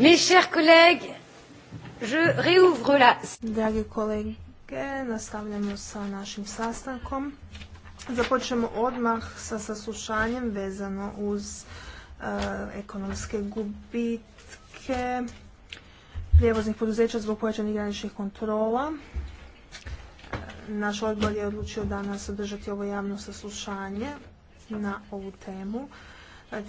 Mes chers collègues, je réouvre la... Dragi kolege, nastavljamo sa našim sastankom. Započemo odmah sa saslušanjem vezano uz eh, ekonomske gubitke prijevoznih poduzeća zbog pojačanih graničnih kontrola. Naš odbor je odlučio danas održati ovo javno saslušanje na ovu temu.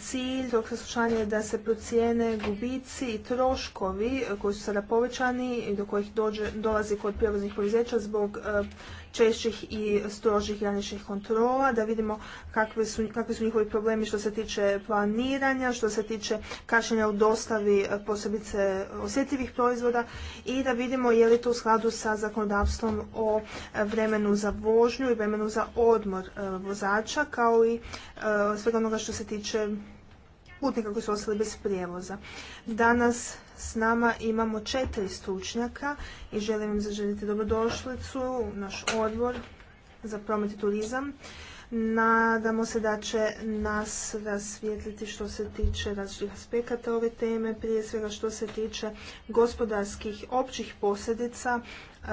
Cilj tog saslušanja je da se procijene gubici i troškovi koji su sada povećani i do kojih dođe, dolazi kod prijevoznih poduzeća zbog e, češćih i strožih graničnih kontrola, da vidimo kakvi su, su njihovi problemi što se tiče planiranja, što se tiče kašnjenja u dostavi e, posebice osjetljivih proizvoda i da vidimo je li to u skladu sa zakonodavstvom o vremenu za vožnju i vremenu za odmor e, vozača, kao i e, svega onoga što se tiče putnika koji su ostali bez prijevoza. Danas s nama imamo četiri stručnjaka i želim vam zaželiti dobrodošlicu u naš odbor za promet i turizam. Nadamo se da će nas rasvijetliti što se tiče različitih aspekata ove teme, prije svega što se tiče gospodarskih općih posljedica e,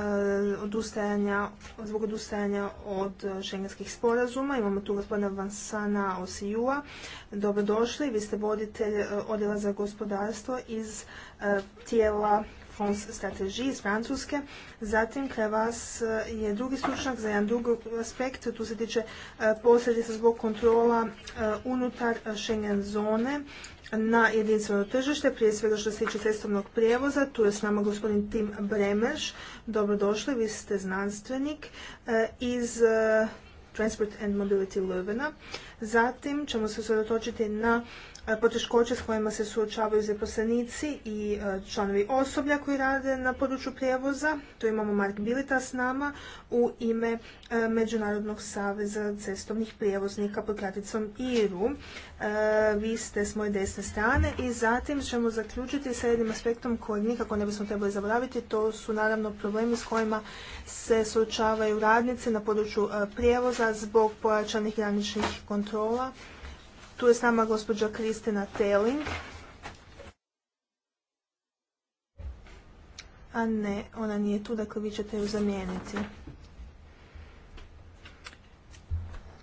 odustajanja, zbog odustajanja od šengenskih sporazuma. Imamo tu gospodina Vansana Osijua. Dobrodošli, vi ste voditelj e, odjela za gospodarstvo iz E, tijela Fonds strategiji iz Francuske. Zatim kraj vas e, je drugi stručnjak za jedan drugi aspekt, tu se tiče e, posljedica zbog kontrola unutar Schengen zone na jedinstveno tržište, prije svega što se tiče cestovnog prijevoza. Tu je s nama gospodin Tim Bremeš. Dobrodošli, vi ste znanstvenik iz Transport and Mobility Leuvena. Zatim ćemo se usredotočiti na E, poteškoće s kojima se suočavaju zaposlenici i e, članovi osoblja koji rade na području prijevoza. Tu imamo Mark Bilita s nama u ime e, Međunarodnog saveza cestovnih prijevoznika pod kraticom IRU. Vi ste s moje desne strane i zatim ćemo zaključiti sa jednim aspektom koji nikako ne bismo trebali zaboraviti. To su naravno problemi s kojima se suočavaju radnice na području prijevoza zbog pojačanih graničnih kontrola tu je s nama gospođa Kristina Teling. A ne, ona nije tu, dakle vi ćete ju zamijeniti.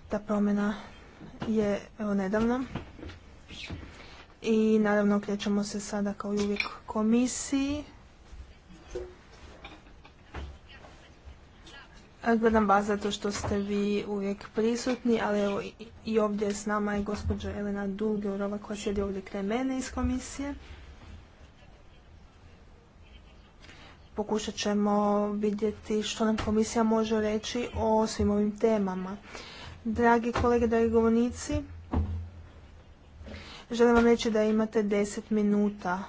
Ta promjena je evo nedavno. I naravno krećemo se sada kao i uvijek komisiji. Gledam vas zato što ste vi uvijek prisutni, ali evo i ovdje s nama je gospođa Elena Dulgeurova koja sjedi ovdje kraj mene iz komisije. Pokušat ćemo vidjeti što nam komisija može reći o svim ovim temama. Dragi kolege, dragi govornici, želim vam reći da imate 10 minuta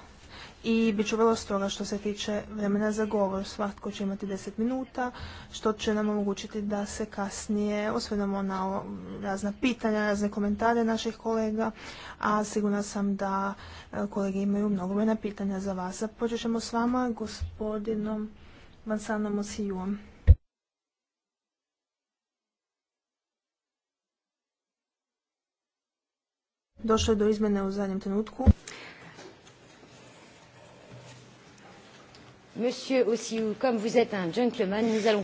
i bit ću vrlo stroga što se tiče vremena za govor. Svatko će imati 10 minuta, što će nam omogućiti da se kasnije osvrnemo na razna pitanja, razne komentare naših kolega, a sigurna sam da e, kolege imaju mnogo vremena pitanja za vas. Započet ćemo s vama, gospodinom Vansanom Osijuom. Došlo je do izmjene u zadnjem trenutku.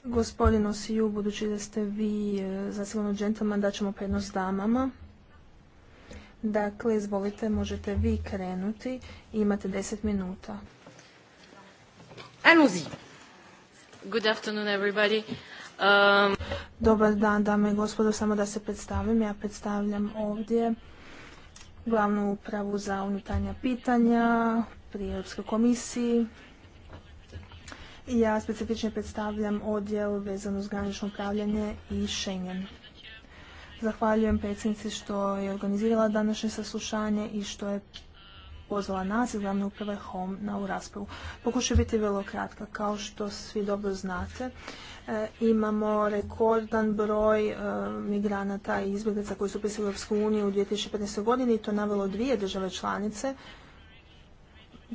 Gospodin Osiju, budući da ste vi e, zasigurno gentleman, daćemo prednost damama. Dakle, izvolite, možete vi krenuti. Imate deset minuta. Good afternoon, everybody. Um, Dobar dan, dame i gospodo. Samo da se predstavim. Ja predstavljam ovdje glavnu upravu za unutarnja pitanja pri Europskoj komisiji. Ja specifično predstavljam odjel vezan uz granično upravljanje i Schengen. Zahvaljujem predsjednici što je organizirala današnje saslušanje i što je pozvala nas iz glavne uprave HOM na ovu raspravu. Pokušaj biti vrlo kratka. Kao što svi dobro znate, eh, imamo rekordan broj eh, migranata i izbjeglica koji su pisali u Europsku uniju u 2015. godini i to navelo dvije države članice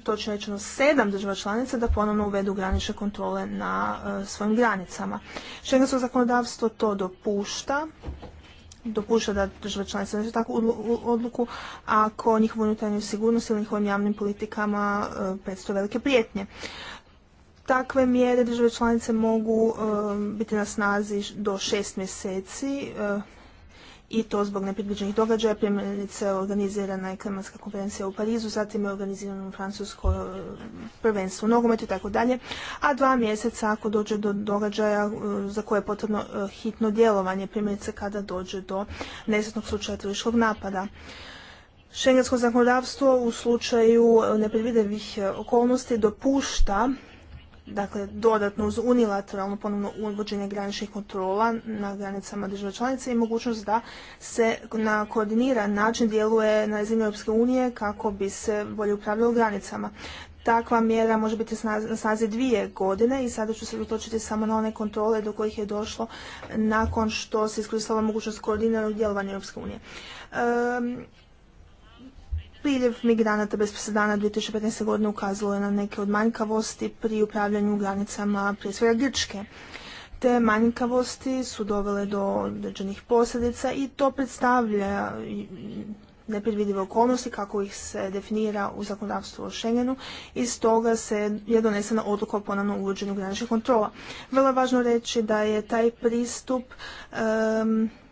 točno rečeno sedam država članica da ponovno uvedu granične kontrole na e, svojim granicama. Šengensko zakonodavstvo to dopušta, dopušta da države članice neće takvu odluku ako njihovu unutarnju sigurnosti ili njihovim javnim politikama e, predstavlja velike prijetnje. Takve mjere države članice mogu e, biti na snazi do šest mjeseci i to zbog nepredviđenih događaja. Primjerice organizirana je klimatska konferencija u Parizu, zatim je organizirano Francusko e, prvenstvo u nogometu i tako dalje. A dva mjeseca ako dođe do događaja e, za koje je potrebno e, hitno djelovanje, primjerice kada dođe do nesretnog slučaja terorističkog napada. Šengensko zakonodavstvo u slučaju nepredvidevih okolnosti dopušta dakle, dodatno uz unilateralno ponovno uvođenje graničnih kontrola na granicama država članica i mogućnost da se na koordiniran način djeluje na razini Europske unije kako bi se bolje upravljalo granicama. Takva mjera može biti na snazi dvije godine i sada ću se utočiti samo na one kontrole do kojih je došlo nakon što se iskoristila mogućnost koordiniranog djelovanja Europske unije. Ehm, Priljev migranata bez presedana 2015. godine ukazalo je na neke od manjkavosti pri upravljanju granicama prije svega Grčke. Te manjkavosti su dovele do određenih posljedica i to predstavlja nepredvidive okolnosti kako ih se definira u zakonodavstvu o Schengenu i stoga se je donesena odluka o ponovnom uvođenju graničnih kontrola. Vrlo je važno reći da je taj pristup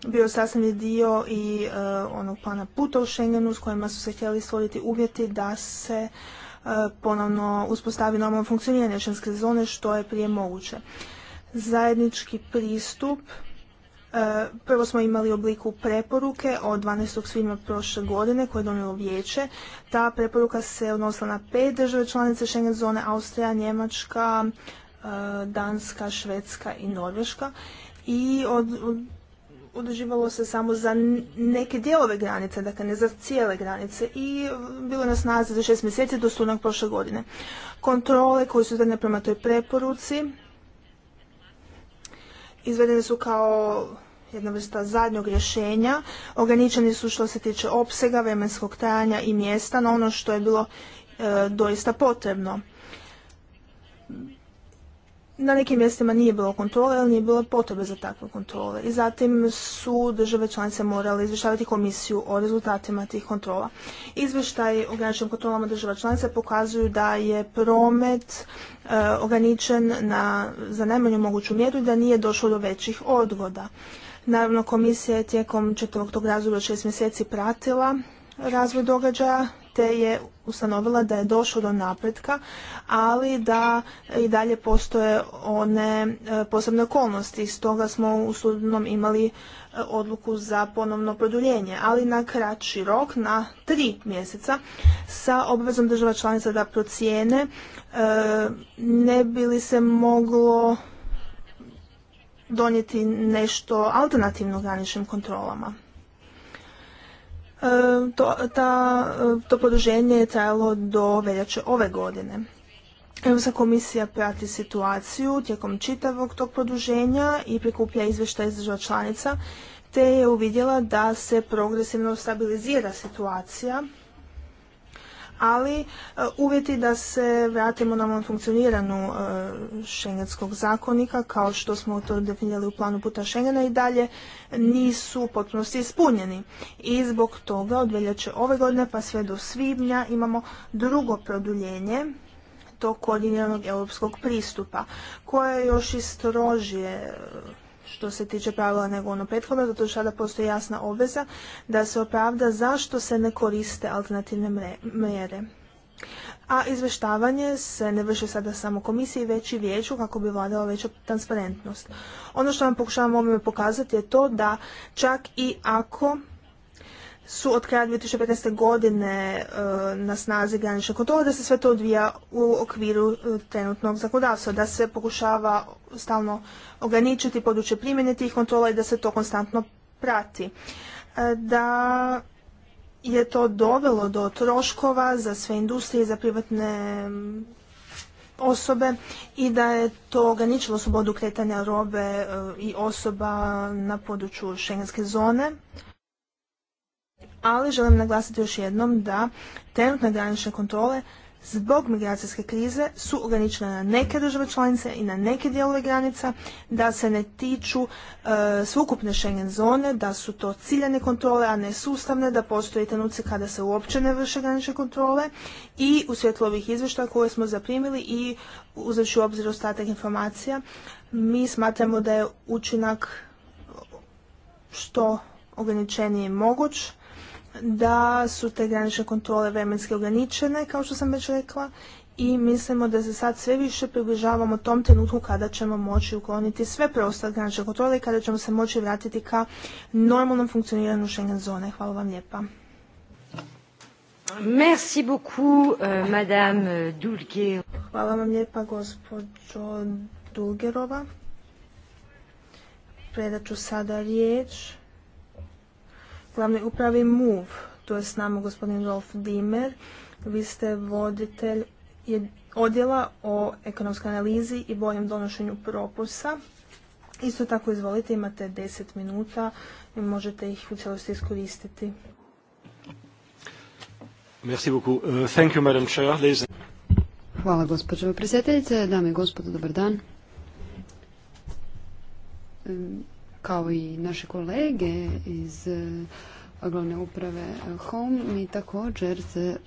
bio sastavni dio i eh, onog plana puta u Schengenu s kojima su se htjeli stvoriti uvjeti da se eh, ponovno uspostavi normalno funkcioniranje šenske zone što je prije moguće. Zajednički pristup E, prvo smo imali obliku preporuke od 12. svibnja prošle godine koje je donijelo vijeće. Ta preporuka se odnosila na pet države članice Schengen zone, Austrija, Njemačka, e, Danska, Švedska i Norveška. I od, se samo za neke dijelove granice, dakle ne za cijele granice i bilo je na snazi za šest mjeseci do studenog prošle godine. Kontrole koje su dane prema toj preporuci izvedene su kao jedna vrsta zadnjog rješenja. Ograničeni su što se tiče opsega, vremenskog trajanja i mjesta na ono što je bilo e, doista potrebno na nekim mjestima nije bilo kontrole, ali nije bilo potrebe za takve kontrole. I zatim su države članice morale izvještavati komisiju o rezultatima tih kontrola. Izvještaj o graničnim kontrolama država članice pokazuju da je promet e, ograničen na, za najmanju moguću mjeru i da nije došlo do većih odgoda. Naravno, komisija je tijekom četvrtog razloga šest mjeseci pratila razvoj događaja te je ustanovila da je došlo do napretka, ali da i dalje postoje one e, posebne okolnosti. Stoga smo u sudnom imali e, odluku za ponovno produljenje, ali na kraći rok, na tri mjeseca, sa obvezom država članica da procijene e, ne bi li se moglo donijeti nešto alternativno graničnim kontrolama. E, to, ta, e, produženje je trajalo do veljače ove godine. Europska komisija prati situaciju tijekom čitavog tog produženja i prikuplja izvještaje iz država članica, te je uvidjela da se progresivno stabilizira situacija ali e, uvjeti da se vratimo na funkcioniranu e, šengenskog zakonika kao što smo to definirali u planu puta Schengena i dalje nisu potpuno potpunosti ispunjeni. I zbog toga od veljače ove godine pa sve do svibnja imamo drugo produljenje tog koordiniranog europskog pristupa koje je još i strožije što se tiče pravila nego ono prethodno, zato što sada postoji jasna obveza da se opravda zašto se ne koriste alternativne mjere. A izveštavanje se ne vrši sada samo komisiji, već i vijeću kako bi vladala veća transparentnost. Ono što vam pokušavam ovime pokazati je to da čak i ako su od kraja 2015. godine e, na snazi granične kontrole, da se sve to odvija u okviru e, trenutnog zakonodavstva, da se pokušava stalno ograničiti područje primjene tih kontrola i da se to konstantno prati. E, da je to dovelo do troškova za sve industrije, za privatne osobe i da je to ograničilo slobodu kretanja robe i osoba na području šengenske zone ali želim naglasiti još jednom da trenutne granične kontrole zbog migracijske krize su ograničene na neke države članice i na neke dijelove granica, da se ne tiču e, svukupne Schengen zone, da su to ciljane kontrole, a ne sustavne, da postoje trenuci kada se uopće ne vrše granične kontrole i u svjetlu ovih izvještaja koje smo zaprimili i uzevši u obzir ostatak informacija, mi smatramo da je učinak što ograničeniji moguć, da su te granične kontrole vremenski ograničene, kao što sam već rekla, i mislimo da se sad sve više približavamo tom trenutku kada ćemo moći ukloniti sve preostale granične kontrole i kada ćemo se moći vratiti ka normalnom funkcioniranju Schengen zone. Hvala vam lijepa. Merci beaucoup, euh, madame Hvala vam lijepa, gospođo Dulgerova. Predat ću sada riječ glavnoj upravi MUV. Tu je s nama gospodin Rolf Dimer. Vi ste voditelj odjela o ekonomskoj analizi i boljem donošenju propusa. Isto tako izvolite, imate 10 minuta i možete ih u cijelosti iskoristiti. Merci beaucoup. Uh, thank you, madam chair. Hvala gospođo predsjedateljice, dame i gospodo, dobar dan. Um, kao i naše kolege iz e, glavne uprave Home, mi također se e,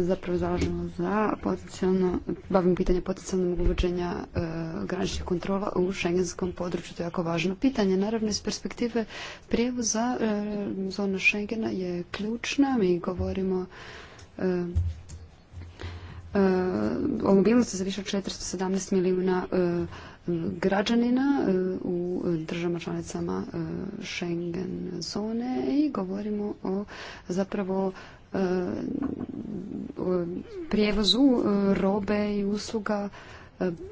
zapravo zalažemo za potencijalno, bavim pitanje potencijalnog uvođenja e, graničnih kontrola u šengenskom području. To je jako važno pitanje. Naravno, iz perspektive prijevoza zona Schengena je ključna. Mi govorimo o mobilnosti za više od 417 milijuna građanina e, u državama članicama e, Schengen zone i govorimo o zapravo e, prijevozu robe i usluga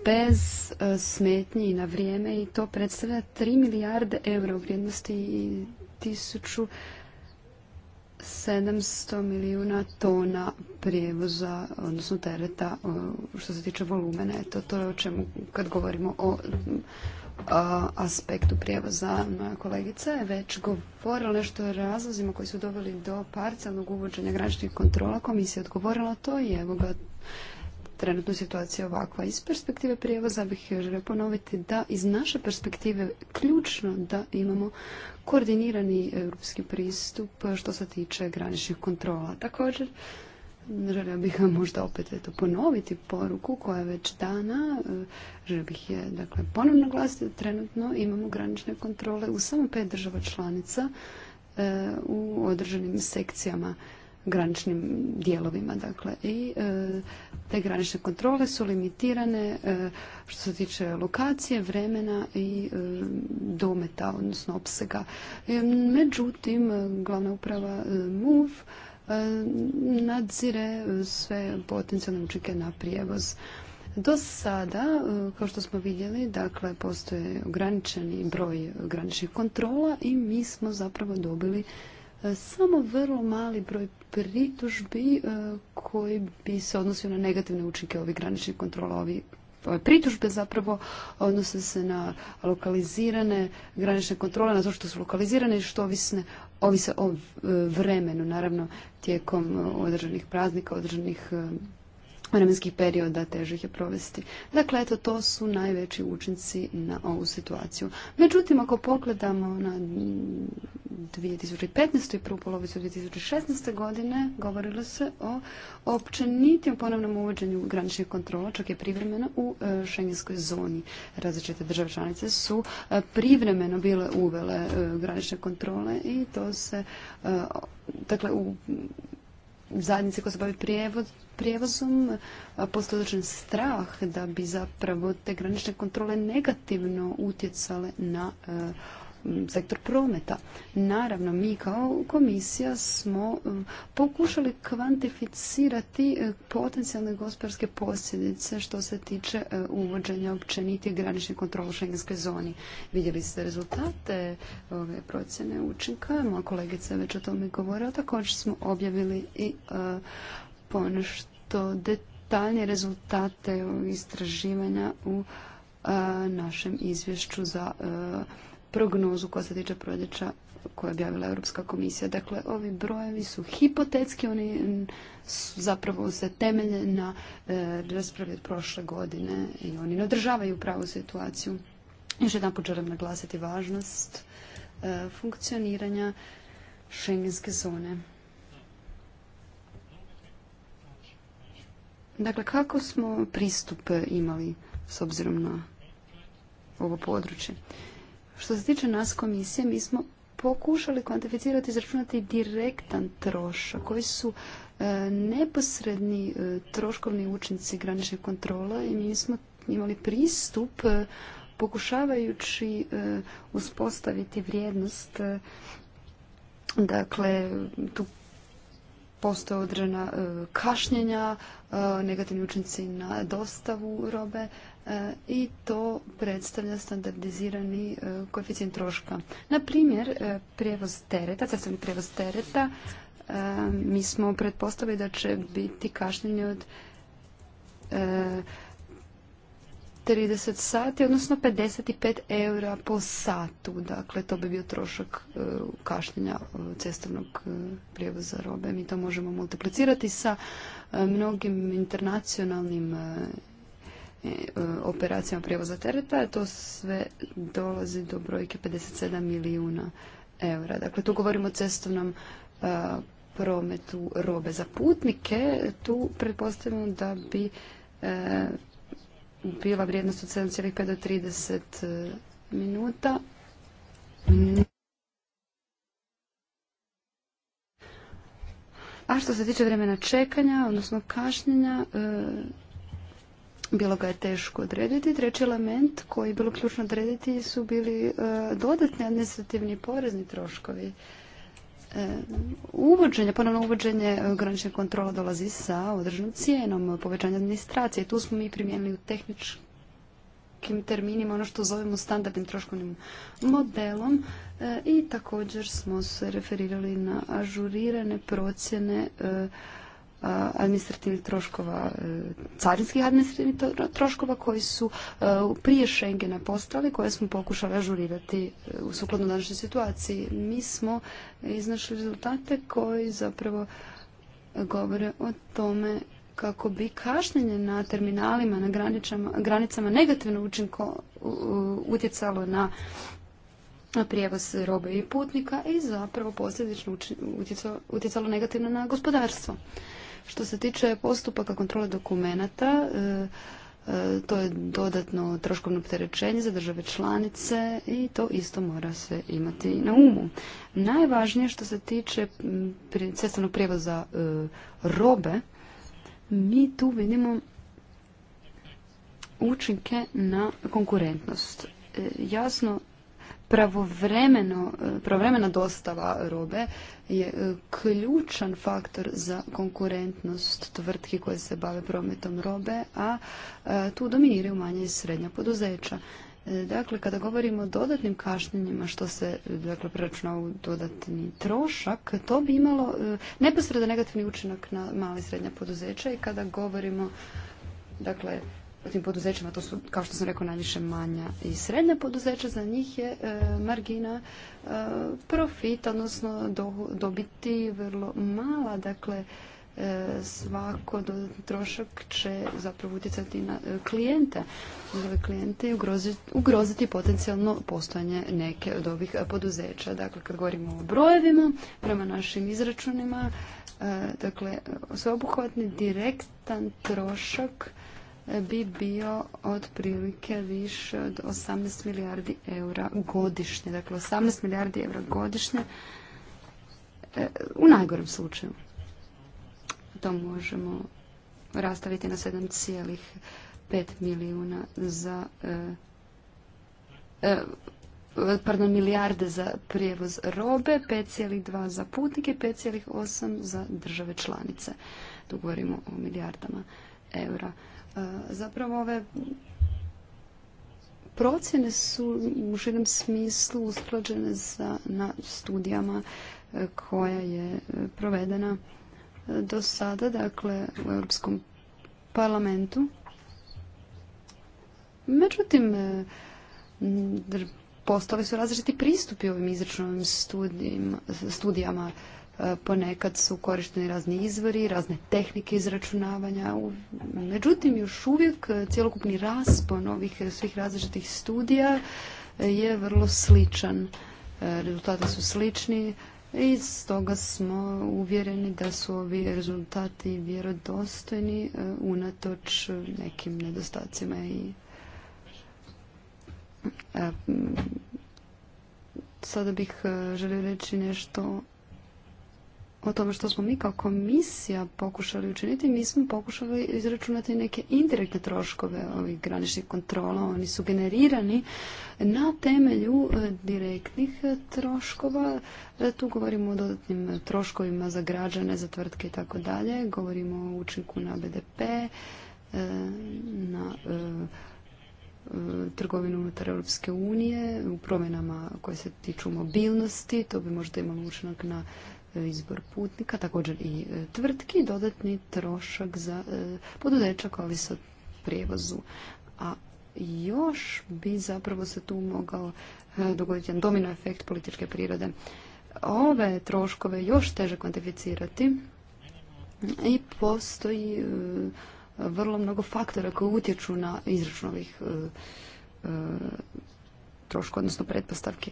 bez smetnji na vrijeme i to predstavlja 3 milijarde EURO u vrijednosti i tisuću 700 milijuna tona prijevoza, odnosno tereta, što se tiče volumena, eto to je o čemu kad govorimo o aspektu prijevoza. Moja kolegica je već govorila nešto o razlozima koji su doveli do parcijalnog uvođenja graničnih kontrola. Komisija je odgovorila to i evo ga trenutno situacija ovakva. Iz perspektive prijevoza bih želio ponoviti da iz naše perspektive ključno da imamo koordinirani europski pristup što se tiče graničnih kontrola. Također, želio bih vam možda opet eto, ponoviti poruku koja je već dana, e, želio bih je dakle, ponovno glasiti, trenutno imamo granične kontrole u samo pet država članica e, u određenim sekcijama graničnim dijelovima. Dakle, i e, te granične kontrole su limitirane e, što se tiče lokacije, vremena i e, dometa, odnosno opsega. Međutim, glavna uprava MUV nadzire sve potencijalne učinke na prijevoz. Do sada, kao što smo vidjeli, dakle, postoje ograničeni broj graničnih kontrola i mi smo zapravo dobili samo vrlo mali broj pritužbi e, koji bi se odnosio na negativne učinke ovih graničnih kontrola ovih pritužbe zapravo odnose se na lokalizirane granične kontrole, na to što su lokalizirane i što ovisne, ovise o e, vremenu, naravno tijekom određenih praznika, određenih e, vremenskih perioda težih je provesti. Dakle, eto, to su najveći učinci na ovu situaciju. Međutim, ako pogledamo na 2015. i prvu polovicu 2016. godine, govorilo se o općenitim ponovnom uvođenju graničnih kontrola, čak je privremeno u e, šengenskoj zoni. Različite države članice su e, privremeno bile uvele e, granične kontrole i to se, dakle, u zajednice koja se bavi prijevozom postoji određen strah da bi zapravo te granične kontrole negativno utjecale na e, sektor prometa. Naravno, mi kao komisija smo e, pokušali kvantificirati e, potencijalne gospodarske posljedice što se tiče e, uvođenja općenitih granične kontrolu u šengenskoj zoni. Vidjeli ste rezultate ove procjene učinka, moja kolegica je već o tome govorila, također smo objavili i ponešto detaljnije rezultate istraživanja u našem izvješću za prognozu koja se tiče proljeća koje je objavila Europska komisija. Dakle, ovi brojevi su hipotetski, oni zapravo se temelje na e, raspravi od prošle godine i oni ne održavaju pravu situaciju. Još jedan put želim naglasiti važnost e, funkcioniranja šengenske zone. Dakle, kako smo pristup imali s obzirom na ovo područje? Što se tiče nas komisije, mi smo pokušali kvantificirati, izračunati direktan trošak, koji su e, neposredni e, troškovni učinci granične kontrola i mi smo imali pristup e, pokušavajući uspostaviti vrijednost dakle tu postoje određena e, kašnjenja, e, negativni učinci na dostavu robe e, i to predstavlja standardizirani koeficijent troška. Na primjer, prijevoz tereta, cestovni prijevoz tereta, mi smo pretpostavili da će biti kašnjenje od 30 sati, odnosno 55 eura po satu. Dakle, to bi bio trošak e, kašnjenja e, cestovnog e, prijevoza robe. Mi to možemo multiplicirati sa mnogim internacionalnim operacijama prijevoza tereta. To sve dolazi do brojke 57 milijuna eura. Dakle, tu govorimo o cestovnom prometu robe za putnike. Tu pretpostavljamo da bi bila vrijednost od 7,5 do 30 e, minuta. A što se tiče vremena čekanja, odnosno kašnjenja, e, bilo ga je teško odrediti. Treći element koji je bilo ključno odrediti su bili e, dodatni administrativni porezni troškovi uvođenje, ponovno uvođenje e, granične kontrola dolazi sa određenom cijenom povećanja administracije. Tu smo mi primijenili u tehničkim terminima ono što zovemo standardnim troškovnim modelom e, i također smo se referirali na ažurirane procjene e, administrativnih troškova, e, carinskih administrativnih troškova koji su e, prije Schengena postali, koje smo pokušali ažurirati e, u sukladno današnjoj situaciji. Mi smo iznašli rezultate koji zapravo govore o tome kako bi kašnjenje na terminalima, na granicama negativno učinko utjecalo na prijevoz robe i putnika i zapravo posljedično utjecalo negativno na gospodarstvo. Što se tiče postupaka kontrole dokumenata, e, e, to je dodatno troškovno opterećenje za države članice i to isto mora se imati na umu. Najvažnije što se tiče cestovnog prijevoza e, robe, mi tu vidimo učinke na konkurentnost. Jasno pravovremeno, e, pravovremena dostava robe je e, ključan faktor za konkurentnost tvrtki koje se bave prometom robe, a e, tu dominiraju manje i srednja poduzeća. Dakle, kada govorimo o dodatnim kašnjenjima, što se dakle, preračuna u dodatni trošak, to bi imalo neposredan negativni učinak na male i srednja poduzeća i kada govorimo dakle, u tim poduzećima, to su, kao što sam rekao, najviše manja i srednja poduzeća, za njih je e, margina e, profita, odnosno dobiti vrlo mala, dakle e, svako dodatni trošak će zapravo utjecati na klijenta. ove klijente dakle, ugroziti, ugroziti potencijalno postojanje neke od ovih poduzeća. Dakle, kad govorimo o brojevima, prema našim izračunima, dakle, sveobuhvatni direktan trošak bi bio otprilike više od 18 milijardi eura godišnje. Dakle, 18 milijardi eura godišnje e, u najgorem slučaju. To možemo rastaviti na 7,5 milijuna za e, e, pardon, milijarde za prijevoz robe, 5,2 za putnike, 5,8 za države članice. Tu govorimo o milijardama eura zapravo ove procjene su u širem smislu usklađene za, na studijama e, koja je e, provedena e, do sada, dakle u Europskom parlamentu. Međutim, postali su različiti pristupi ovim izračunovim studijama ponekad su korišteni razni izvori, razne tehnike izračunavanja. Međutim, još uvijek e, cjelokupni raspon ovih e, svih različitih studija e, je vrlo sličan. Rezultati su slični i stoga smo uvjereni da su ovi rezultati vjerodostojni unatoč nekim nedostacima i Sada bih želio reći nešto o tome što smo mi kao komisija pokušali učiniti, mi smo pokušali izračunati neke indirektne troškove ovih graničnih kontrola. Oni su generirani na temelju e, direktnih e, troškova. E, tu govorimo o dodatnim troškovima za građane, za tvrtke i tako dalje. Govorimo o učinku na BDP, na trgovinu unutar Europske unije, u promjenama koje se tiču mobilnosti, to bi možda imalo učinak na E, izbor putnika, također i e, tvrtki dodatni trošak za e, poduzeća kao sa prijevozu. A još bi zapravo se tu mogao dogoditi jedan domino efekt političke prirode. Ove troškove još teže kvantificirati i postoji vrlo mnogo faktora koji utječu na izračun ovih troškova, odnosno pretpostavki.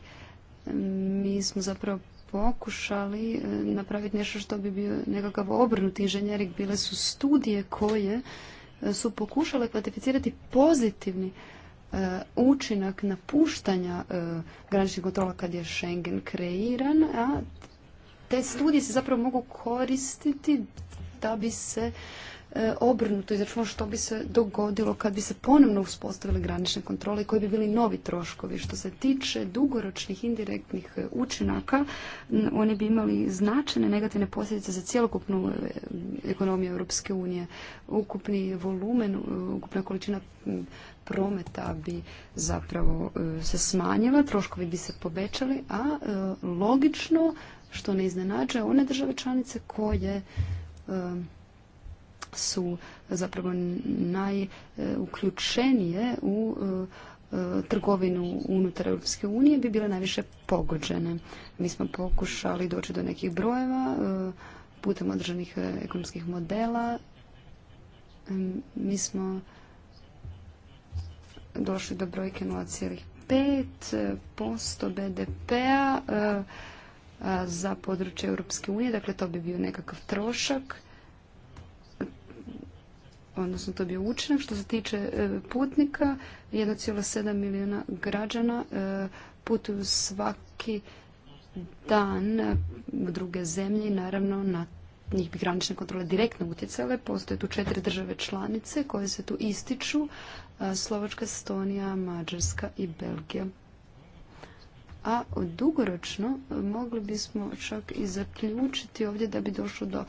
Mi smo zapravo pokušali e, napraviti nešto što bi bio nekakav obrnuti inženjerik. Bile su studije koje e, su pokušale kvantificirati pozitivni e, učinak napuštanja graničnih kontrola kad je Schengen kreiran, a te studije se zapravo mogu koristiti da bi se E, obrnuto izračunalo što bi se dogodilo kad bi se ponovno uspostavile granične kontrole i koji bi bili novi troškovi. Što se tiče dugoročnih indirektnih e, učinaka, oni bi imali značajne negativne posljedice za cijelokupnu e, ekonomiju Europske unije. Ukupni volumen, ukupna količina prometa bi zapravo se smanjila, troškovi bi se povećali, a logično, što ne iznenađuje, one države članice koje su zapravo najuključenije u e, trgovinu unutar Europske unije bi bile najviše pogođene. Mi smo pokušali doći do nekih brojeva e, putem održanih e, ekonomskih modela. Mi smo došli do brojke 0,5% BDP-a za područje Europske unije, dakle to bi bio nekakav trošak odnosno to bio učinak. Što se tiče e, putnika, 1,7 milijuna građana e, putuju svaki dan u druge zemlje i naravno na njih bi granične kontrole direktno utjecale. Postoje tu četiri države članice koje se tu ističu, e, Slovačka, Estonija, Mađarska i Belgija. A dugoročno mogli bismo čak i zaključiti ovdje da bi došlo do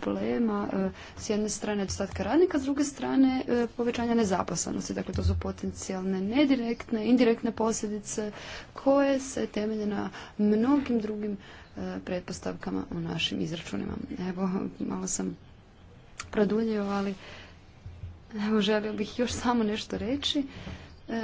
problema e, s jedne strane nedostatka radnika, s druge strane e, povećanja nezaposlenosti. Dakle, to su potencijalne nedirektne, indirektne posljedice koje se temelje na mnogim drugim e, pretpostavkama u našim izračunima. Evo, malo sam produljio, ali evo, želio bih još samo nešto reći.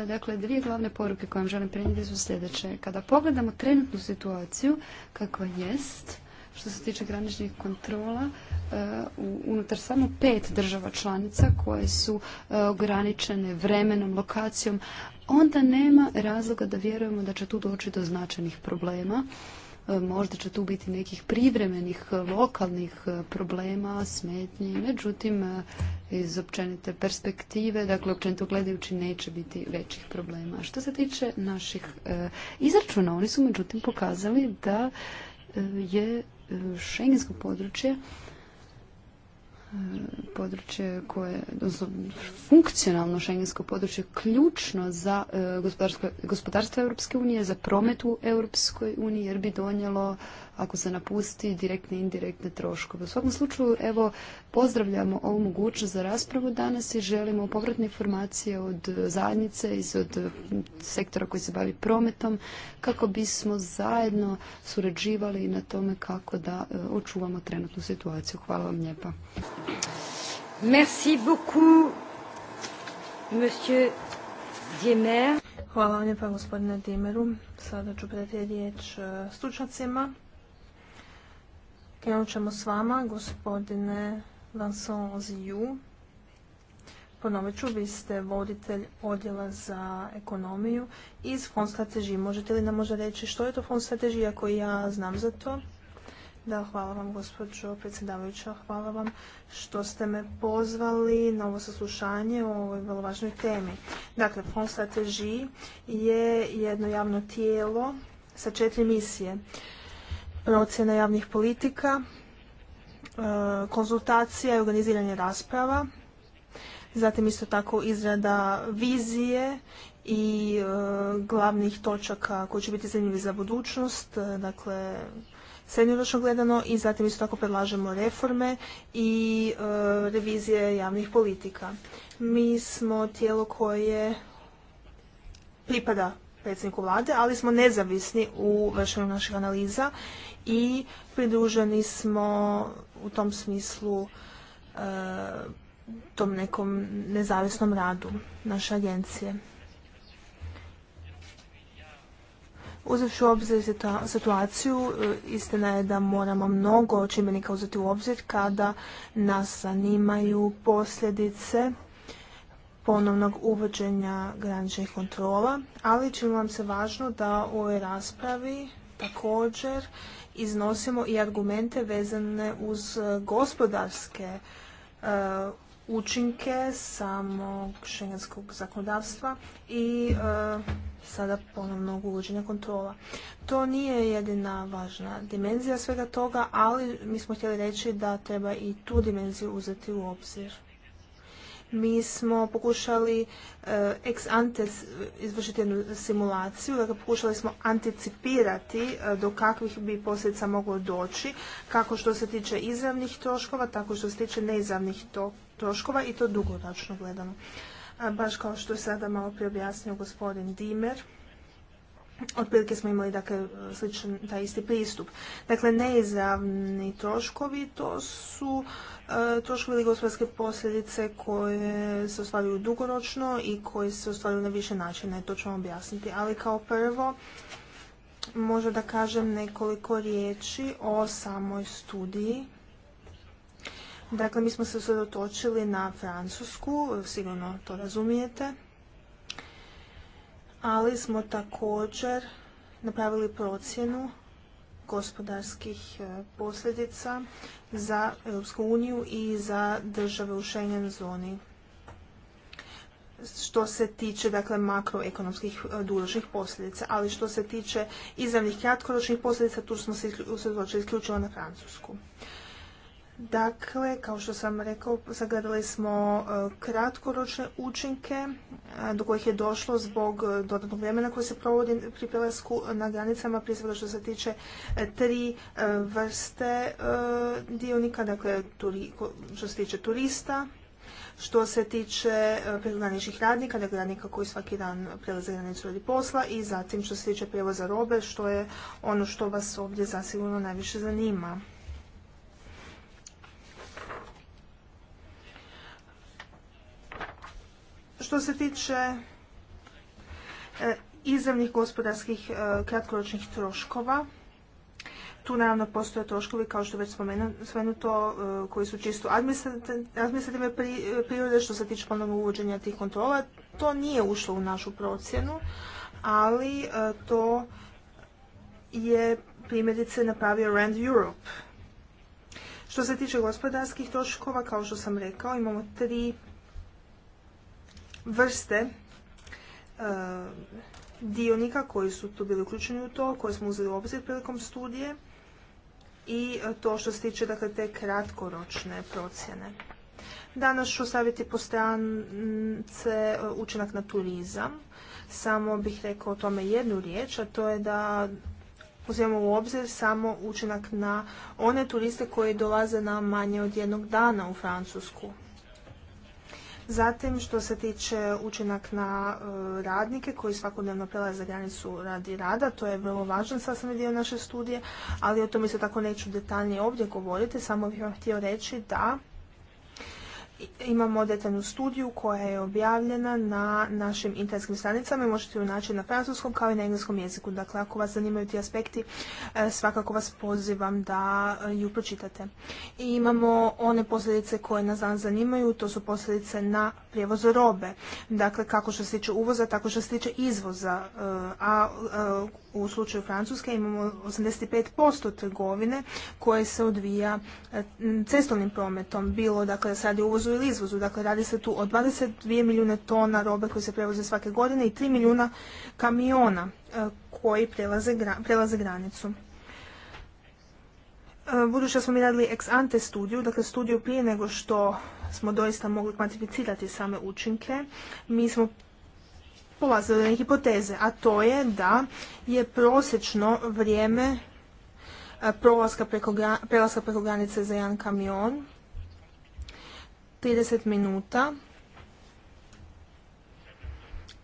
Dakle, dvije glavne poruke koje vam želim prenijeti su sljedeće. Kada pogledamo trenutnu situaciju, kakva jest, što se tiče graničnih kontrola e, unutar samo pet država članica koje su e, ograničene vremenom, lokacijom, onda nema razloga da vjerujemo da će tu doći do značajnih problema. E, možda će tu biti nekih privremenih lokalnih problema, smetnji, međutim iz općenite perspektive, dakle općenito gledajući neće biti većih problema. Što se tiče naših izračuna, oni su međutim pokazali da je šengenskog područje e, područje koje, odnosno funkcionalno šengensko područje ključno za e, gospodarstvo Europske unije, za promet u Europskoj uniji jer bi donijelo ako se napusti direktne i indirektne troškove. U svakom slučaju, evo, pozdravljamo ovu mogućnost za raspravu danas i želimo povratne informacije od zajednice iz od sektora koji se bavi prometom kako bismo zajedno surađivali na tome kako da e, očuvamo trenutnu situaciju. Hvala vam lijepa. Merci Hvala vam lijepa gospodine Dimeru. Sada ću predati riječ e, stručnjacima Krenut ćemo s vama, gospodine Vincent Ziju. Ponovit ću, vi ste voditelj odjela za ekonomiju iz fond strategije. Možete li nam možda reći što je to fond strategije, ako ja znam za to? Da, hvala vam gospođo predsjedavajuća, hvala vam što ste me pozvali na ovo saslušanje o ovoj vrlo važnoj temi. Dakle, Fond strategiji je jedno javno tijelo sa četiri misije procjena javnih politika, e, konzultacija i organiziranje rasprava, zatim isto tako izrada vizije i e, glavnih točaka koji će biti zanimljivi za budućnost, e, dakle srednjoročno gledano i zatim isto tako predlažemo reforme i revizije javnih politika. Mi smo tijelo koje pripada predsjedniku vlade, ali smo nezavisni u vršenju naših analiza i pridruženi smo u tom smislu e, tom nekom nezavisnom radu naše agencije. Uzevši u obzir situaciju, e, istina je da moramo mnogo čimbenika uzeti u obzir kada nas zanimaju posljedice ponovnog uvođenja graničnih kontrola, ali čini vam se važno da u ovoj raspravi također iznosimo i argumente vezane uz e, gospodarske e, učinke samog šengenskog zakonodavstva i e, sada ponovno uvođenja kontrola. To nije jedina važna dimenzija svega toga, ali mi smo htjeli reći da treba i tu dimenziju uzeti u obzir. Mi smo pokušali e, ex ante izvršiti jednu simulaciju, dakle pokušali smo anticipirati e, do kakvih bi posljedica moglo doći, kako što se tiče izravnih troškova, tako što se tiče neizravnih troškova i to dugoročno gledamo. E, baš kao što je sada malo prije objasnio gospodin Dimer, otprilike smo imali dakle, sličan taj isti pristup. Dakle, neizravni troškovi to su E, troškovi ili gospodarske posljedice koje se ostvaruju dugoročno i koje se ostvaruju na više načina e, to ću vam objasniti. Ali kao prvo, možda da kažem nekoliko riječi o samoj studiji. Dakle, mi smo se usredotočili na Francusku, sigurno to razumijete, ali smo također napravili procjenu gospodarskih e, posljedica za Europsku uniju i za države u Schengen zoni što se tiče dakle makroekonomskih e, dužnih posljedica, ali što se tiče izravnih kratkoročnih posljedica tu smo se usredotočili isključivo na Francusku. Dakle, kao što sam rekao, sagledali smo e, kratkoročne učinke do kojih je došlo zbog e, dodatnog vremena koje se provodi pri prelasku na granicama, prije svega što se tiče e, tri vrste dionika, dakle što se tiče turista, što se tiče prekograničnih radnika, dakle radnika koji svaki dan prelaze granicu radi posla i zatim što se tiče prijevoza robe, što je ono što vas ovdje zasigurno najviše zanima. Što se tiče e, izravnih gospodarskih e, kratkoročnih troškova, tu naravno postoje troškovi, kao što je već spomenuto, e, koji su čisto administrativne prirode što se tiče ponovno uvođenja tih kontrola. To nije ušlo u našu procjenu, ali to je primjerice napravio Rand Europe. Što se tiče gospodarskih troškova, kao što sam rekao, imamo tri vrste e, dionika koji su tu bili uključeni u to, koje smo uzeli u obzir prilikom studije i e, to što se tiče dakle, te kratkoročne procjene. Danas ću staviti po strance e, učinak na turizam. Samo bih rekao o tome jednu riječ, a to je da uzmemo u obzir samo učinak na one turiste koji dolaze na manje od jednog dana u Francusku. Zatim, što se tiče učinak na e, radnike koji svakodnevno prelaze granicu radi rada, to je vrlo važan sasvim dio naše studije, ali o tome se tako neću detaljnije ovdje govoriti, samo bih vam htio reći da imamo detaljnu studiju koja je objavljena na našim internetskim stranicama i možete ju naći na francuskom kao i na engleskom jeziku. Dakle, ako vas zanimaju ti aspekti, e, svakako vas pozivam da ju pročitate. I imamo one posljedice koje nas danas zanimaju, to su posljedice na prijevoz robe. Dakle, kako što se tiče uvoza, tako što se tiče izvoza. E, a e, u slučaju Francuske imamo 85% trgovine koje se odvija cestovnim prometom. Bilo, dakle, sad je uvozu uvozu ili izvozu. Dakle, radi se tu o 22 milijune tona robe koje se prevoze svake godine i 3 milijuna kamiona e, koji prelaze, granicu. E, budući da smo mi radili ex ante studiju, dakle studiju prije nego što smo doista mogli kvantificirati same učinke, mi smo polazili na hipoteze, a to je da je prosječno vrijeme e, prelaska preko granice za jedan kamion 30 minuta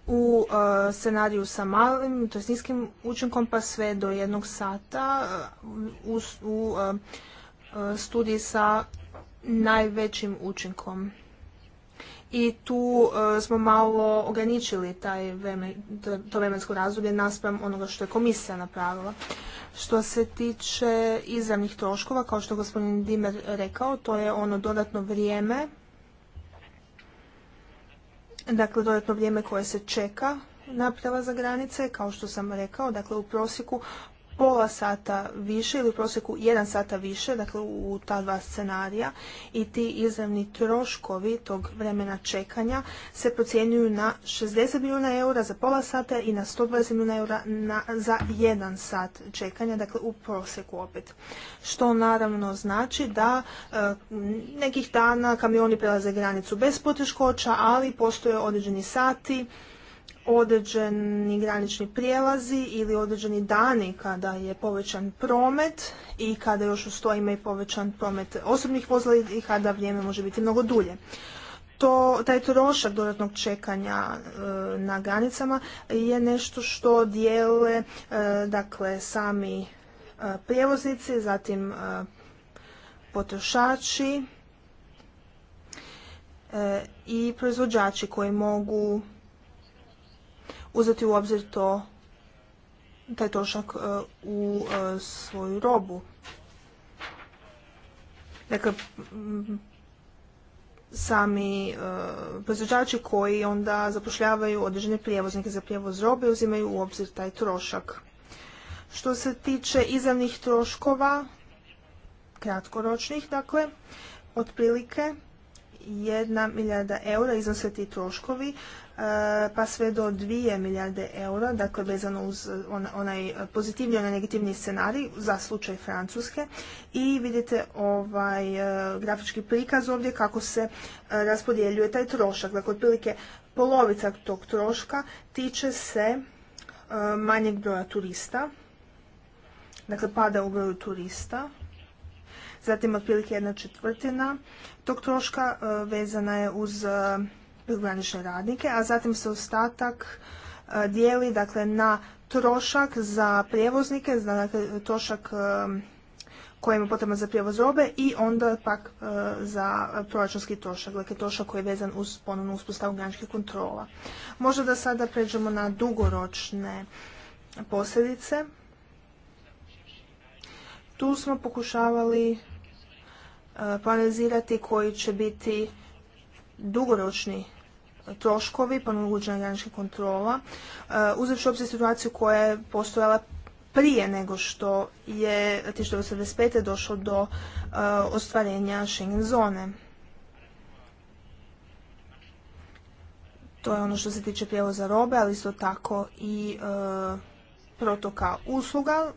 u e, scenariju sa malim, to niskim učinkom pa sve do jednog sata e, u e, studiji sa najvećim učinkom. I tu smo malo ograničili taj vremen, to vremensko razdoblje naspram onoga što je komisija napravila. Što se tiče izravnih troškova, kao što je gospodin Dimer rekao, to je ono dodatno vrijeme dakle dodatno vrijeme koje se čeka na za granice, kao što sam rekao, dakle u prosjeku pola sata više ili u prosjeku jedan sata više, dakle u ta dva scenarija i ti izravni troškovi tog vremena čekanja se procjenjuju na 60 milijuna eura za pola sata i na 120 milijuna eura za jedan sat čekanja, dakle u prosjeku opet. Što naravno znači da e, nekih dana kamioni prelaze granicu bez poteškoća, ali postoje određeni sati određeni granični prijelazi ili određeni dani kada je povećan promet i kada još uz to ima i povećan promet osobnih vozila i kada vrijeme može biti mnogo dulje. To, taj trošak dodatnog čekanja e, na granicama je nešto što dijele e, dakle sami e, prijevoznici, zatim e, potrošači i proizvođači koji mogu uzeti u obzir to, taj trošak e, u e, svoju robu. Dakle, sami e, proizvođači koji onda zapošljavaju određene prijevoznike za prijevoz robe uzimaju u obzir taj trošak. Što se tiče izravnih troškova, kratkoročnih, dakle, otprilike 1 milijarda eura iznose ti troškovi, e, pa sve do 2 milijarde eura, dakle vezano uz onaj pozitivni, onaj negativni scenarij za slučaj Francuske. I vidite ovaj e, grafički prikaz ovdje kako se e, raspodjeljuje taj trošak. Dakle, otprilike polovica tog troška tiče se manjeg broja turista, dakle pada u broju turista Zatim otprilike jedna četvrtina tog troška e, vezana je uz e, prigranične radnike, a zatim se ostatak e, dijeli dakle, na trošak za prijevoznike, dakle, trošak koji je potreban za prijevoz robe i onda pak za proračunski trošak, dakle trošak koji je vezan uz ponovnu uspostavu graničkih kontrola. Možda da sada pređemo na dugoročne posljedice. Tu smo pokušavali poanalizirati koji će biti dugoročni troškovi ponuđenja graničnih kontrola, uh, uzevši obzir situaciju koja je postojala prije nego što je 1985. došlo do uh, ostvarenja Schengen zone. To je ono što se tiče prijevoza robe, ali isto tako i uh, protoka usluga,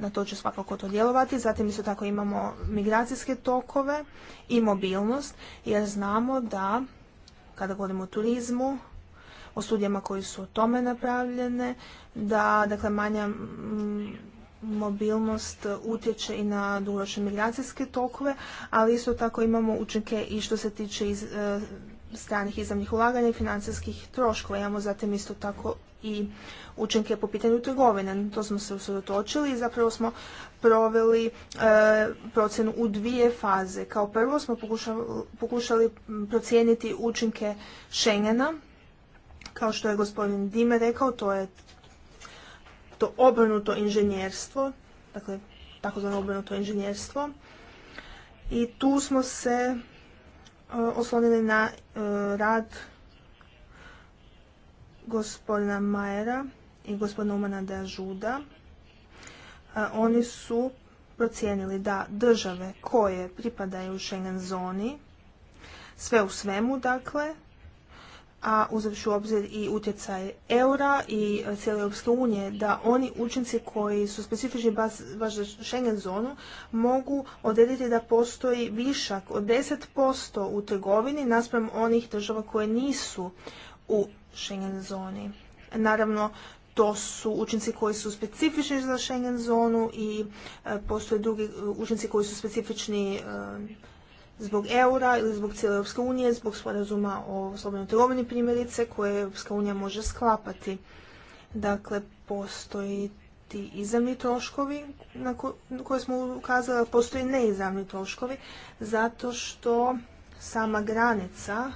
na to će svakako to djelovati. Zatim isto tako imamo migracijske tokove i mobilnost, jer znamo da, kada govorimo o turizmu, o studijama koji su o tome napravljene, da dakle, manja mobilnost utječe i na dugoročne migracijske tokove, ali isto tako imamo učinke i što se tiče iz, e, stranih izravnih ulaganja i financijskih troškova. Imamo zatim isto tako i učinke po pitanju trgovine. to smo se usredotočili i zapravo smo proveli e, procjenu u dvije faze. Kao prvo smo pokušali, pokušali procijeniti učinke Schengena. Kao što je gospodin Dime rekao, to je to obrnuto inženjerstvo, dakle takozvano obrnuto inženjerstvo. I tu smo se oslonili na e, rad gospodina Majera i gospodina Umana de Žuda. E, oni su procijenili da države koje pripadaju Schengen zoni, sve u svemu dakle, a uzevši u obzir i utjecaj eura i e, cijele Europske unije, da oni učinci koji su specifični baš za Schengen zonu mogu odrediti da postoji višak od 10% u trgovini naspram onih država koje nisu u Schengen zoni. Naravno, to su učinci koji su specifični za Schengen zonu i e, postoje drugi e, učinci koji su specifični zbog eura ili zbog cijele Europske unije, zbog sporazuma o slobodnoj trgovini primjerice koje Europska unija može sklapati. Dakle, postoji ti izravni troškovi na koje smo ukazali, ali postoje neizravni troškovi, zato što sama granica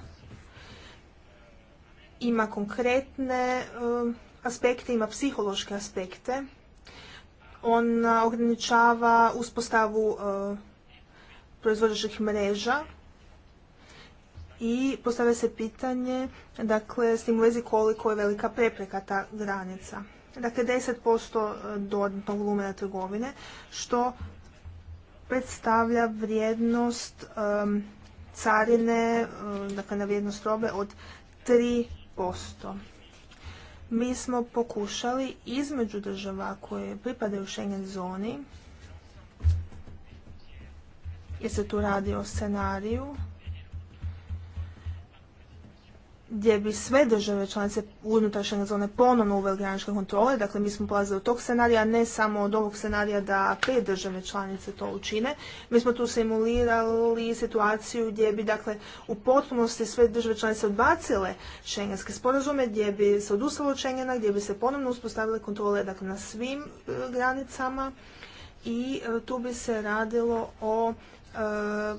ima konkretne um, aspekte, ima psihološke aspekte. Ona ograničava uspostavu uh, proizvođačih mreža i postavlja se pitanje, dakle, s tim u vezi koliko je velika prepreka ta granica. Dakle, 10% e, dodatnog volumena trgovine, što predstavlja vrijednost carine, e, dakle, na vrijednost robe od 3%. Mi smo pokušali između država koje pripadaju Schengen zoni jer se tu radi o scenariju gdje bi sve države članice unutar zone ponovno uveli graničke kontrole. Dakle, mi smo polazili od tog scenarija, ne samo od ovog scenarija da pet države članice to učine. Mi smo tu simulirali situaciju gdje bi dakle, u potpunosti sve države članice odbacile šengenske sporazume, gdje bi se odustalo od Schengena, gdje bi se ponovno uspostavile kontrole dakle, na svim e, granicama i e, tu bi se radilo o E,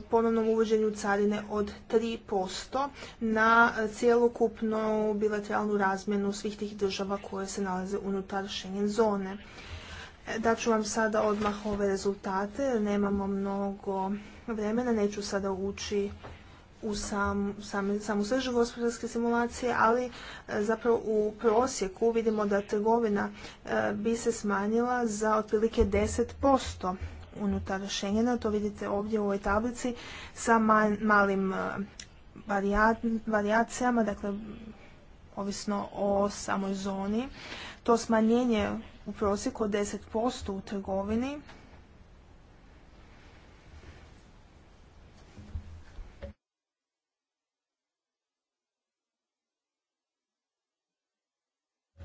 ponovnom uvođenju carine od 3% na cjelokupnu bilateralnu razmjenu svih tih država koje se nalaze unutar Schengen zone. E, Daću vam sada odmah ove rezultate, nemamo mnogo vremena, neću sada ući u samu sržu gospodarske simulacije, ali e, zapravo u prosjeku vidimo da trgovina bi se smanjila za otprilike 10% unutar Schengena. To vidite ovdje u ovoj tablici sa malim e, varijacijama, dakle ovisno o samoj zoni. To smanjenje u prosjeku od 10% u trgovini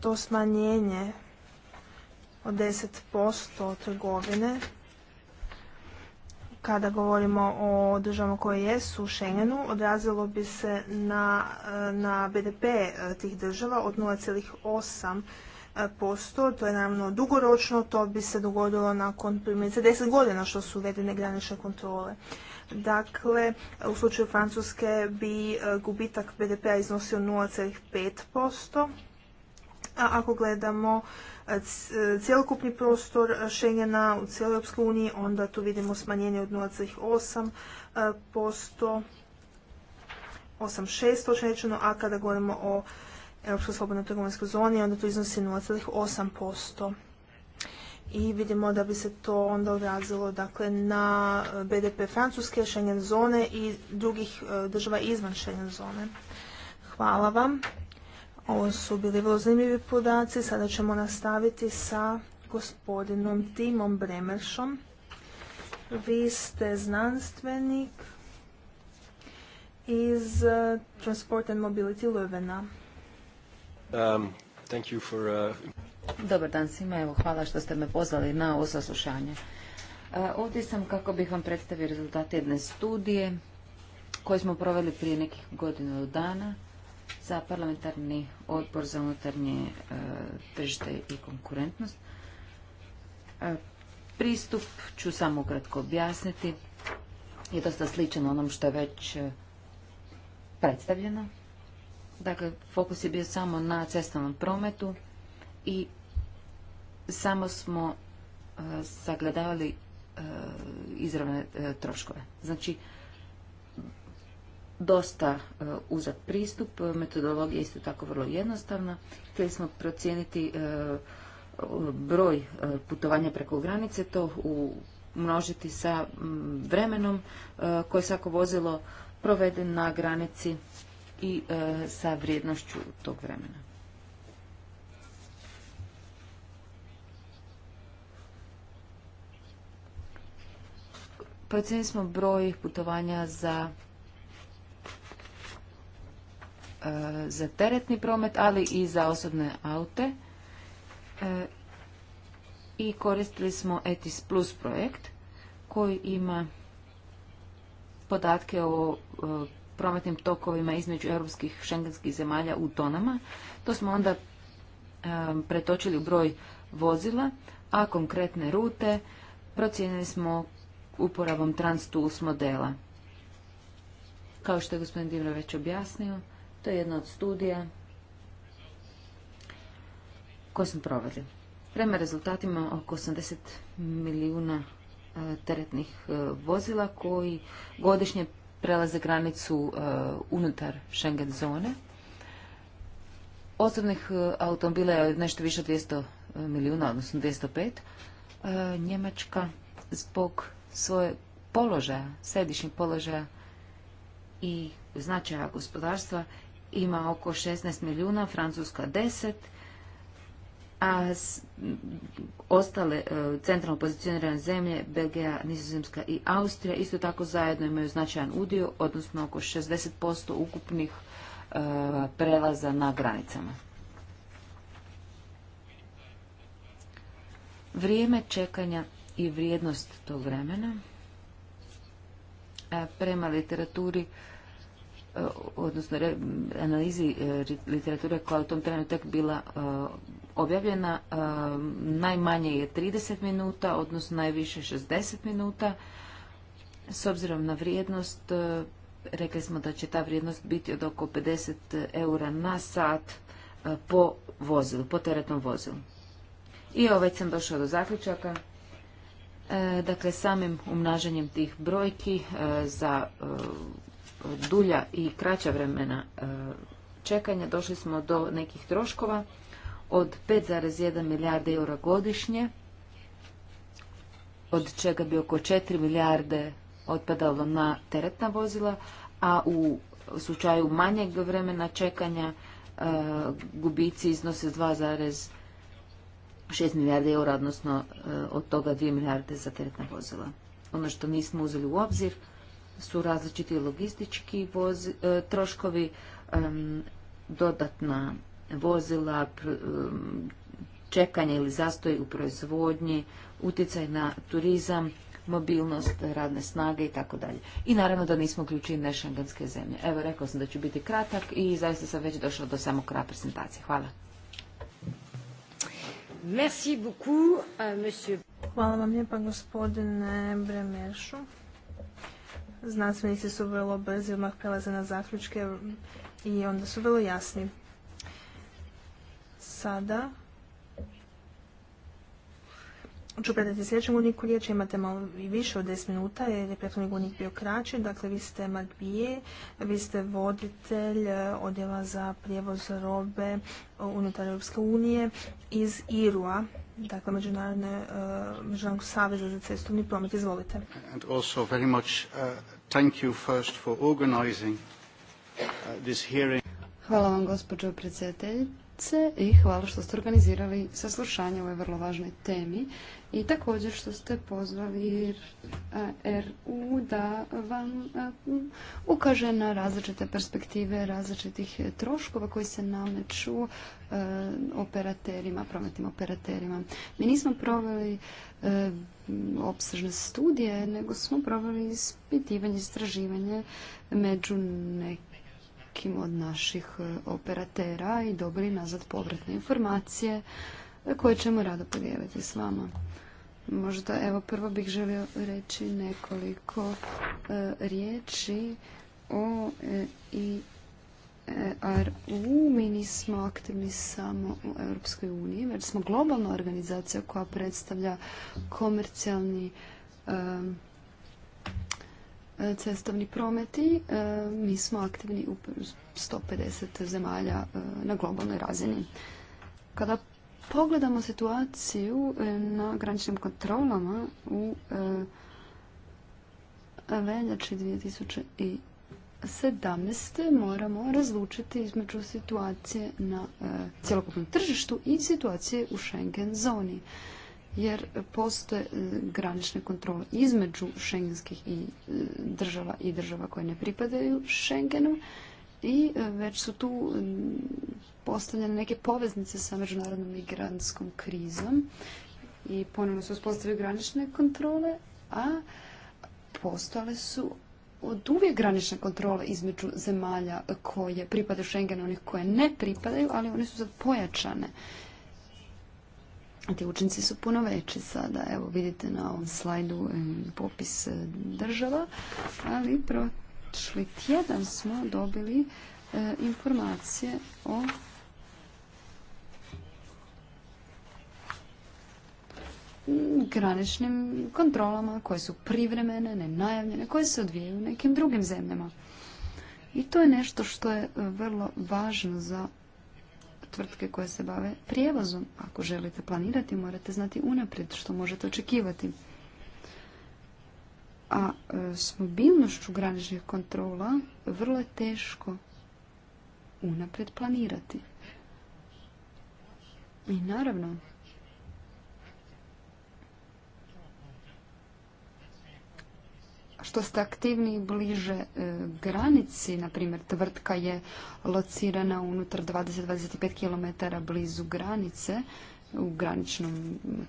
to smanjenje od 10% trgovine kada govorimo o državama koje jesu u Schengenu, odrazilo bi se na, na BDP e, tih država od 0,8%. To je naravno dugoročno, to bi se dogodilo nakon primjerice 10 godina što su uvedene granične kontrole. Dakle, u slučaju Francuske bi e, gubitak BDP-a iznosio 0,5%, a ako gledamo cjelokupni prostor Schengena u cijeloj Europskoj uniji, onda tu vidimo smanjenje od 0,8%, 8,6 eh, rečeno a kada govorimo o Europskoj slobodnoj trgovinskoj zoni, onda to iznosi 0,8%. I vidimo da bi se to onda odrazilo dakle, na BDP Francuske, Schengen zone i drugih eh, država izvan Schengen zone. Hvala vam. Ovo su bili vrlo zanimljivi podaci. Sada ćemo nastaviti sa gospodinom Timom Bremeršom. Vi ste znanstvenik iz eh, Transport and Mobility Lovena. Um, uh, Dobar dan svima, evo hvala što ste me pozvali na ovo saslušanje. Eh, ovdje sam kako bih vam predstavio rezultate jedne studije koje smo proveli prije nekih godinu dana za parlamentarni odbor za unutarnje e, tržište i konkurentnost. E, pristup ću samo kratko objasniti. Je dosta sličan onom što je već e, predstavljeno. Dakle, fokus je bio samo na cestovnom prometu i samo smo sagledavali izravne troškove. Znači, dosta e, uzat pristup, metodologija je isto tako vrlo jednostavna. Htjeli smo procijeniti e, broj e, putovanja preko granice, to umnožiti sa vremenom koje svako vozilo provede na granici i sa vrijednošću tog vremena. Procijenili smo broj putovanja za E, za teretni promet, ali i za osobne aute. E, I koristili smo ETIS Plus projekt koji ima podatke o e, prometnim tokovima između europskih šengenskih zemalja u tonama. To smo onda pretočili u broj vozila, a konkretne rute procijenili smo uporabom TransTools modela. Kao što je gospodin Divra već objasnio, to je jedna od studija koje smo proveli. Prema rezultatima oko 80 milijuna e, teretnih e, vozila koji godišnje prelaze granicu e, unutar Schengen zone. Osobnih automobila je nešto više od 200 milijuna, odnosno 205. Njemačka zbog svoje položaja, središnjeg položaja i značaja gospodarstva ima oko 16 milijuna, Francuska 10, a ostale e, centralno pozicionirane zemlje, Belgija, Nizozemska i Austrija, isto tako zajedno imaju značajan udio, odnosno oko 60% ukupnih e, prelaza na granicama. Vrijeme čekanja i vrijednost tog vremena e, prema literaturi E, odnosno analizi e, literature koja u tom tek bila e, objavljena, najmanje je 30 minuta, odnosno najviše 60 minuta. S obzirom na vrijednost, rekli smo da će ta vrijednost biti od oko 50 eura na sat po vozilu, po teretnom vozilu. I evo već sam došla do zaključaka. Dakle, samim umnaženjem tih brojki za dulja i kraća vremena e, čekanja došli smo do nekih troškova od 5,1 milijarde eura godišnje, od čega bi oko 4 milijarde otpadalo na teretna vozila, a u slučaju manjeg vremena čekanja e, gubici iznose 2,6 milijarde eura, odnosno e, od toga 2 milijarde za teretna vozila. Ono što nismo uzeli u obzir su različiti logistički e, troškovi, dodatna vozila, čekanje ili zastoj u proizvodnji, utjecaj na turizam, mobilnost radne snage i tako dalje. I naravno da nismo uključili nešengenske zemlje. Evo, rekao sam da ću biti kratak i zaista sam već došla do samo kraja prezentacije. Hvala. Merci euh, Hvala vam lijepa gospodine Bremeršu. Znanstvenici su vrlo brzi odmah prelaze na zaključke i onda su vrlo jasni. Sada ću predati sljedećem govorniku riječ, imate malo i više od 10 minuta jer je prethodni godnik bio kraći, dakle vi ste Magbije, vi ste voditelj eh, odjela za prijevoz robe unutar Europske unije iz Irua, dakle Međunarodne, e, Međunarodnog saveza za cestovni promet. Izvolite. And also very much uh, thank you first for organizing uh, this hearing. Hvala vam gospođo predsjedateljice i hvala što ste organizirali saslušanje o ovoj vrlo važnoj temi i također što ste pozvali eh, RU da vam eh, ukaže na različite perspektive različitih troškova koji se nameću eh, operaterima, prometnim operaterima. Mi nismo proveli opsežne studije, nego smo proveli ispitivanje, istraživanje među nekim od naših operatera i dobili nazad povratne informacije koje ćemo rado podijeliti s vama. Možda evo prvo bih želio reći nekoliko e, riječi o e, i e, RU. Mi nismo aktivni samo u Europskoj uniji, već smo globalna organizacija koja predstavlja komercijalni cestovni prometi. Mi smo aktivni u 150 zemalja na globalnoj razini. Kada pogledamo situaciju e, na graničnim kontrolama u e, veljači 2017. moramo razlučiti između situacije na e, cjelokupnom tržištu i situacije u Schengen zoni jer postoje granične kontrole između šengenskih i država i država koje ne pripadaju Schengenu i e, već su tu postavljene neke poveznice sa međunarodnom migrantskom krizom i ponovno su uspostavili granične kontrole, a postale su od uvijek granične kontrole između zemalja koje pripadaju Schengenu, onih koje ne pripadaju, ali one su sad pojačane. Ti učinci su puno veći sada. Evo vidite na ovom slajdu popis e, država, ali prvo prošli tjedan smo dobili e, informacije o graničnim kontrolama koje su privremene, nenajavljene, koje se odvijaju u nekim drugim zemljama. I to je nešto što je e, vrlo važno za tvrtke koje se bave prijevozom. Ako želite planirati, morate znati unaprijed što možete očekivati a e, s mobilnošću graničnih kontrola vrlo je teško unapred planirati. I naravno, što ste aktivni bliže e, granici, na primjer tvrtka je locirana unutar 20-25 km blizu granice u graničnom e,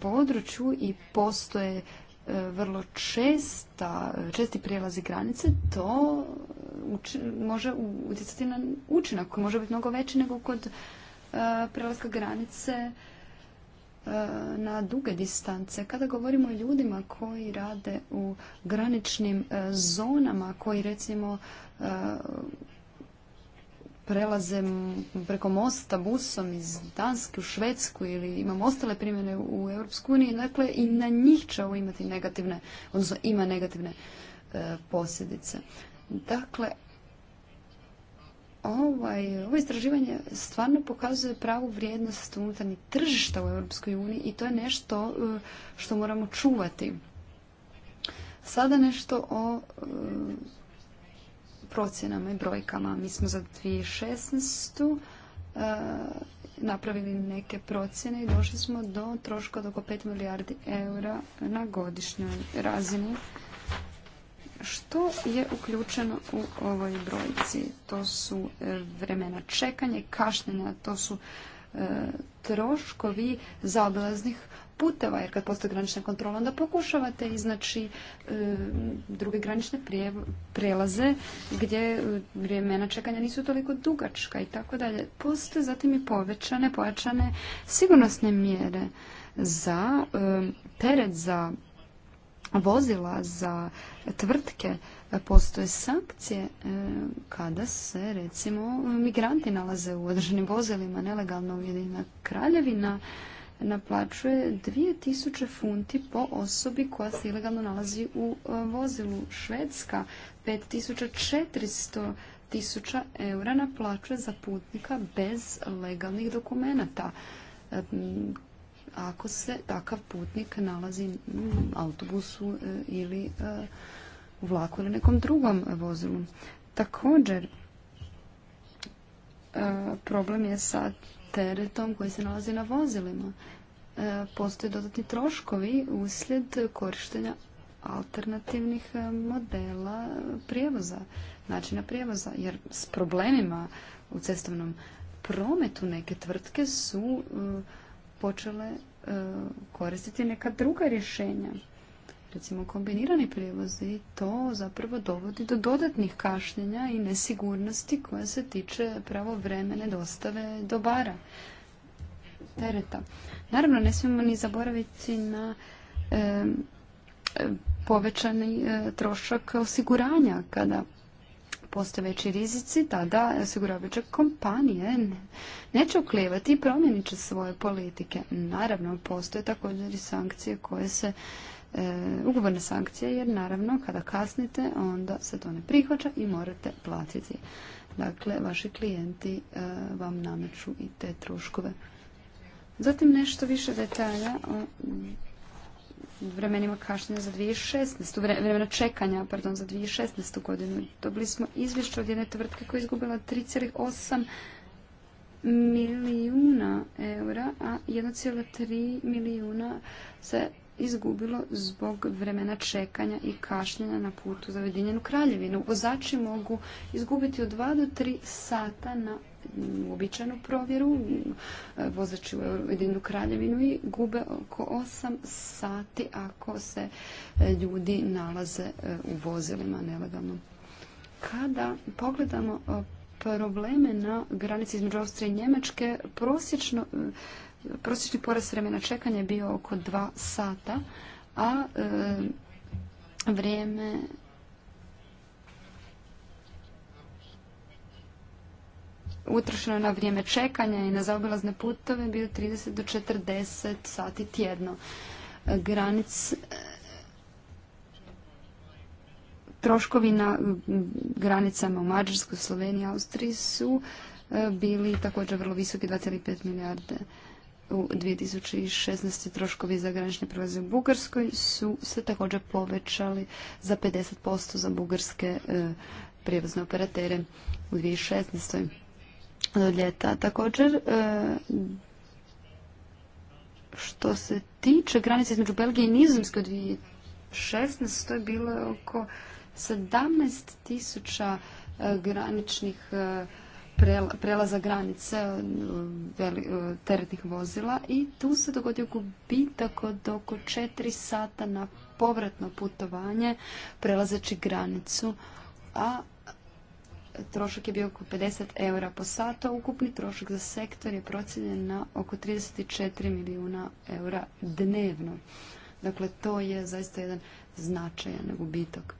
području i postoje E, vrlo česta, česti prijelazi granice, to e, može utjecati na učinak koji može biti mnogo veći nego kod e, prelaska granice na duge distance. Kada govorimo o ljudima koji rade u graničnim zonama, koji recimo prelaze preko mosta busom iz Danske u Švedsku ili imamo ostale primjene u Europskoj uniji, dakle i na njih će ovo imati negativne, odnosno ima negativne e, posljedice. Dakle, ovaj, ovo istraživanje stvarno pokazuje pravu vrijednost unutarnjih tržišta u Europskoj uniji i to je nešto e, što moramo čuvati. Sada nešto o e, procjenama i brojkama. Mi smo za 2016. E, napravili neke procjene i došli smo do troška od oko 5 milijardi eura na godišnjoj razini. Što je uključeno u ovoj brojci? To su e, vremena čekanja i kašnjenja, to su e, troškovi zaobilaznih puteva, jer kad postoje granična kontrola, onda pokušavate iznaći e, druge granične prelaze gdje e, vremena čekanja nisu toliko dugačka i tako dalje. Postoje zatim i povećane, pojačane sigurnosne mjere za e, teret za vozila, za tvrtke, postoje sankcije kada se recimo migranti nalaze u određenim vozilima nelegalno ujedinjena kraljevina naplaćuje 2000 funti po osobi koja se ilegalno nalazi u e, vozilu. Švedska 5400 tisuća eura naplaćuje za putnika bez legalnih dokumenata. E, ako se takav putnik nalazi u autobusu e, ili u vlaku ili nekom drugom vozilu. Također, problem je sa teretom koji se nalazi na vozilima. E, postoje dodatni troškovi uslijed korištenja alternativnih e, modela prijevoza, načina prijevoza, jer s problemima u cestovnom prometu neke tvrtke su e, počele koristiti neka druga rješenja recimo kombinirani prijevozi, i to zapravo dovodi do dodatnih kašnjenja i nesigurnosti koja se tiče pravovremene dostave dobara tereta. Naravno, ne smijemo ni zaboraviti na povećani e, trošak osiguranja kada postoje veći rizici, tada osiguravajuće kompanije neće oklijevati i promjenit će svoje politike. Naravno, postoje također i sankcije koje se E, ugovorne sankcije jer naravno kada kasnite onda se to ne prihvaća i morate platiti. Dakle, vaši klijenti e, vam nameću i te troškove. Zatim nešto više detalja o vremenima kašnjenja za 2016. vremena čekanja, pardon, za 2016. godinu. Dobili smo izvješće od jedne tvrtke koja je izgubila 3,8 milijuna eura, a 1,3 milijuna se izgubilo zbog vremena čekanja i kašnjenja na putu za Ujedinjenu kraljevinu. Vozači mogu izgubiti od 2 do 3 sata na uobičajenu provjeru, vozači u Ujedinjenu kraljevinu i gube oko 8 sati ako se e, ljudi nalaze e, u vozilima nelegalno. Kada pogledamo e, probleme na granici između Austrije i Njemačke, prosječno prosječni porast vremena čekanja je bio oko dva sata, a e, vrijeme utrošeno na vrijeme čekanja i na zaobilazne putove bio 30 do 40 sati tjedno. Granic e, troškovi na granicama u Mađarskoj, Sloveniji, Austriji su e, bili također vrlo visoki 2,5 milijarde u 2016. troškovi za granične prelaze u Bugarskoj su se također povećali za 50% za bugarske e, prijevozne operatere u 2016. do ljeta. Također, e, što se tiče granice između Belgije i Nizozemske u 2016. bilo je oko sedamnaest tisuća e, graničnih prelaza granice um, uh, teretnih vozila i tu se dogodio gubitak od oko 4 sata na povratno putovanje prelazeći granicu, a trošak je bio oko 50 eura po satu, ukupni trošak za sektor je procijenjen na oko 34 milijuna eura dnevno. Dakle, to je zaista jedan značajan gubitak.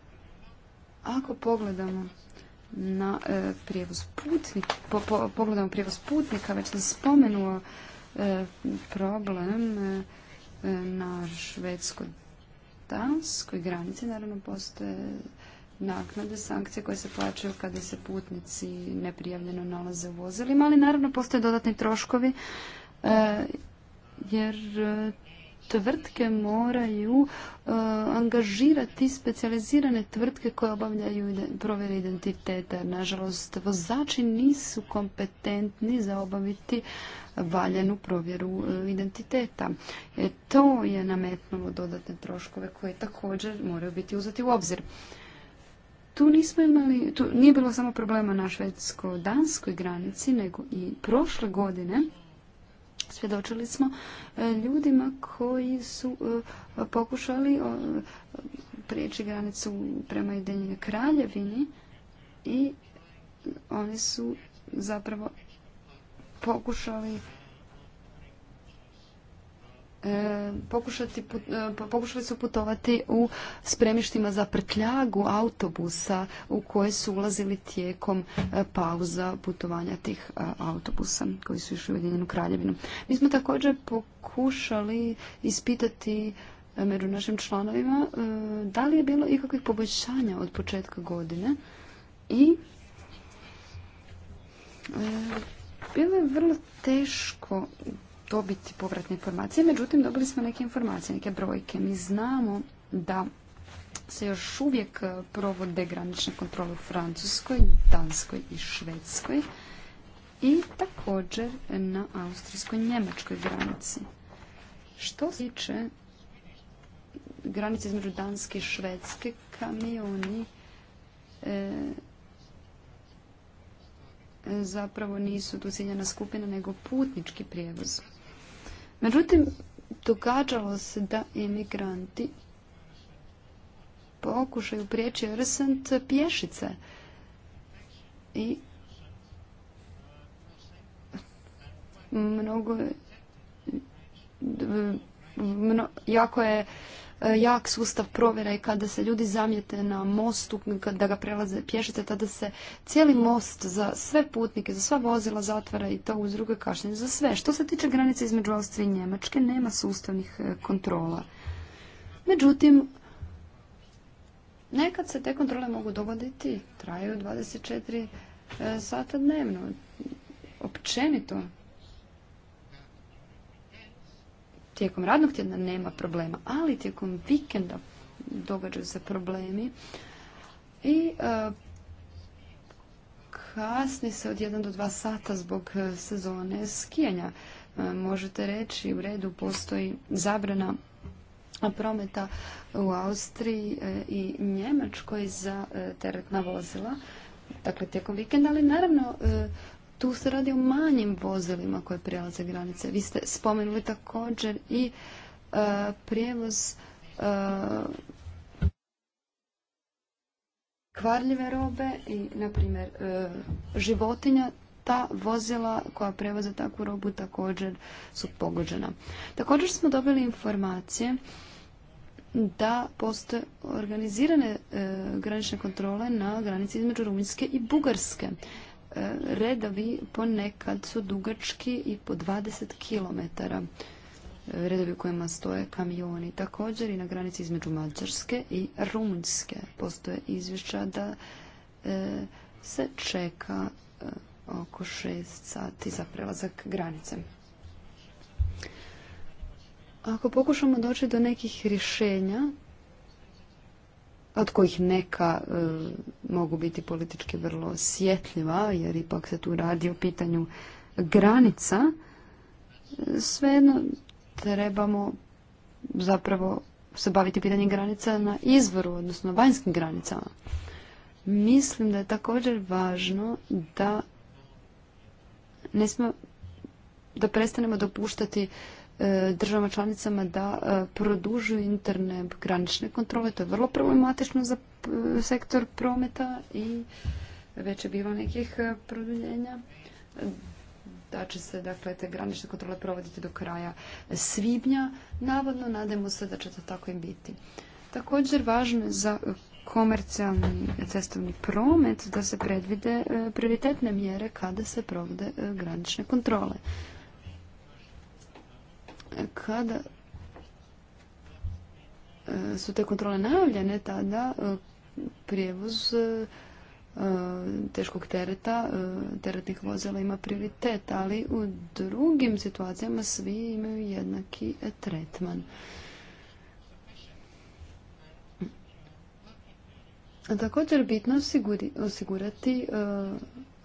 Ako pogledamo na e, prijevoz putnika, po, po, pogledamo prijevoz putnika, već sam spomenuo e, problem e, e, na švedskoj danskoj granici. Naravno, postoje naknade, sankcije koje se plaćaju kada se putnici neprijavljeno nalaze u vozilima, ali naravno postoje dodatni troškovi jer tvrtke moraju e, angažirati specijalizirane tvrtke koje obavljaju provjere identiteta. Nažalost, vozači nisu kompetentni za obaviti valjanu provjeru e, identiteta. E, to je nametnulo dodatne troškove koje također moraju biti uzeti u obzir. Tu nismo imali, tu nije bilo samo problema na švedsko-danskoj granici, nego i prošle godine svjedočili smo e, ljudima koji su e, pokušali prijeći granicu prema Jedinjenoj kraljevini i oni su zapravo pokušali E, pokušati, e, pokušali su putovati u spremištima za prtljagu autobusa u koje su ulazili tijekom e, pauza putovanja tih autobusa koji su išli u Ujedinjenu kraljevinu. Mi smo također pokušali ispitati među našim članovima da li je bilo ikakvih poboljšanja od početka godine i bilo je vrlo teško dobiti povratne informacije, međutim dobili smo neke informacije, neke brojke. Mi znamo da se još uvijek e, provode granične kontrole u Francuskoj, Danskoj i Švedskoj i također na Austrijskoj-Njemačkoj granici. Što se tiče granice između Danske i Švedske, kamioni e, zapravo nisu tu ciljena skupina, nego putnički prijevoz. Međutim, događalo se da imigranti pokušaju prijeći Rsent pješice i mnogo mno, jako je E, jak sustav provjera i kada se ljudi zamijete na mostu, kada ga prelaze pješice, tada se cijeli most za sve putnike, za sva vozila zatvara i to uz druge kašnjenje, za sve. Što se tiče granice između Austrije i Njemačke, nema sustavnih e, kontrola. Međutim, nekad se te kontrole mogu dogoditi, traju 24 e, sata dnevno. Općenito, Tijekom radnog tjedna nema problema, ali tijekom vikenda događaju se problemi i e, kasni se od 1 do 2 sata zbog e, sezone skijanja. E, možete reći u redu postoji zabrana prometa u Austriji i Njemačkoj za teretna vozila, dakle tijekom vikenda, ali naravno tu se radi o manjim vozilima koje prelaze granice. Vi ste spomenuli također i e, prijevoz e, kvarljive robe i, na primjer, e, životinja. Ta vozila koja prevoze takvu robu također su pogođena. Također smo dobili informacije da postoje organizirane granične kontrole na granici između Rumunjske i Bugarske. E, redovi ponekad su dugački i po 20 km e, redovi u kojima stoje kamioni. Također i na granici između Mađarske i Rumunjske postoje izvješća da e, se čeka oko 6 sati za prelazak granice. Ako pokušamo doći do nekih rješenja, od kojih neka e, mogu biti politički vrlo osjetljiva, jer ipak se tu radi o pitanju granica, svejedno trebamo zapravo se baviti pitanjem granica na izvoru, odnosno vanjskim granicama. Mislim da je također važno da ne smo, da prestanemo dopuštati E, državama članicama da e, produžuju interne granične kontrole. To je vrlo problematično za e, sektor prometa i već je bilo nekih produljenja da će se dakle, te granične kontrole provoditi do kraja svibnja. Navodno, nadamo se da će to tako i biti. Također, važno je za komercijalni cestovni promet da se predvide prioritetne mjere kada se provode granične kontrole. Kada e, su te kontrole najavljene tada e, prijevoz e, teškog tereta, teretnih vozila ima prioritet, ali u drugim situacijama svi imaju jednaki tretman. Također bitno osigurati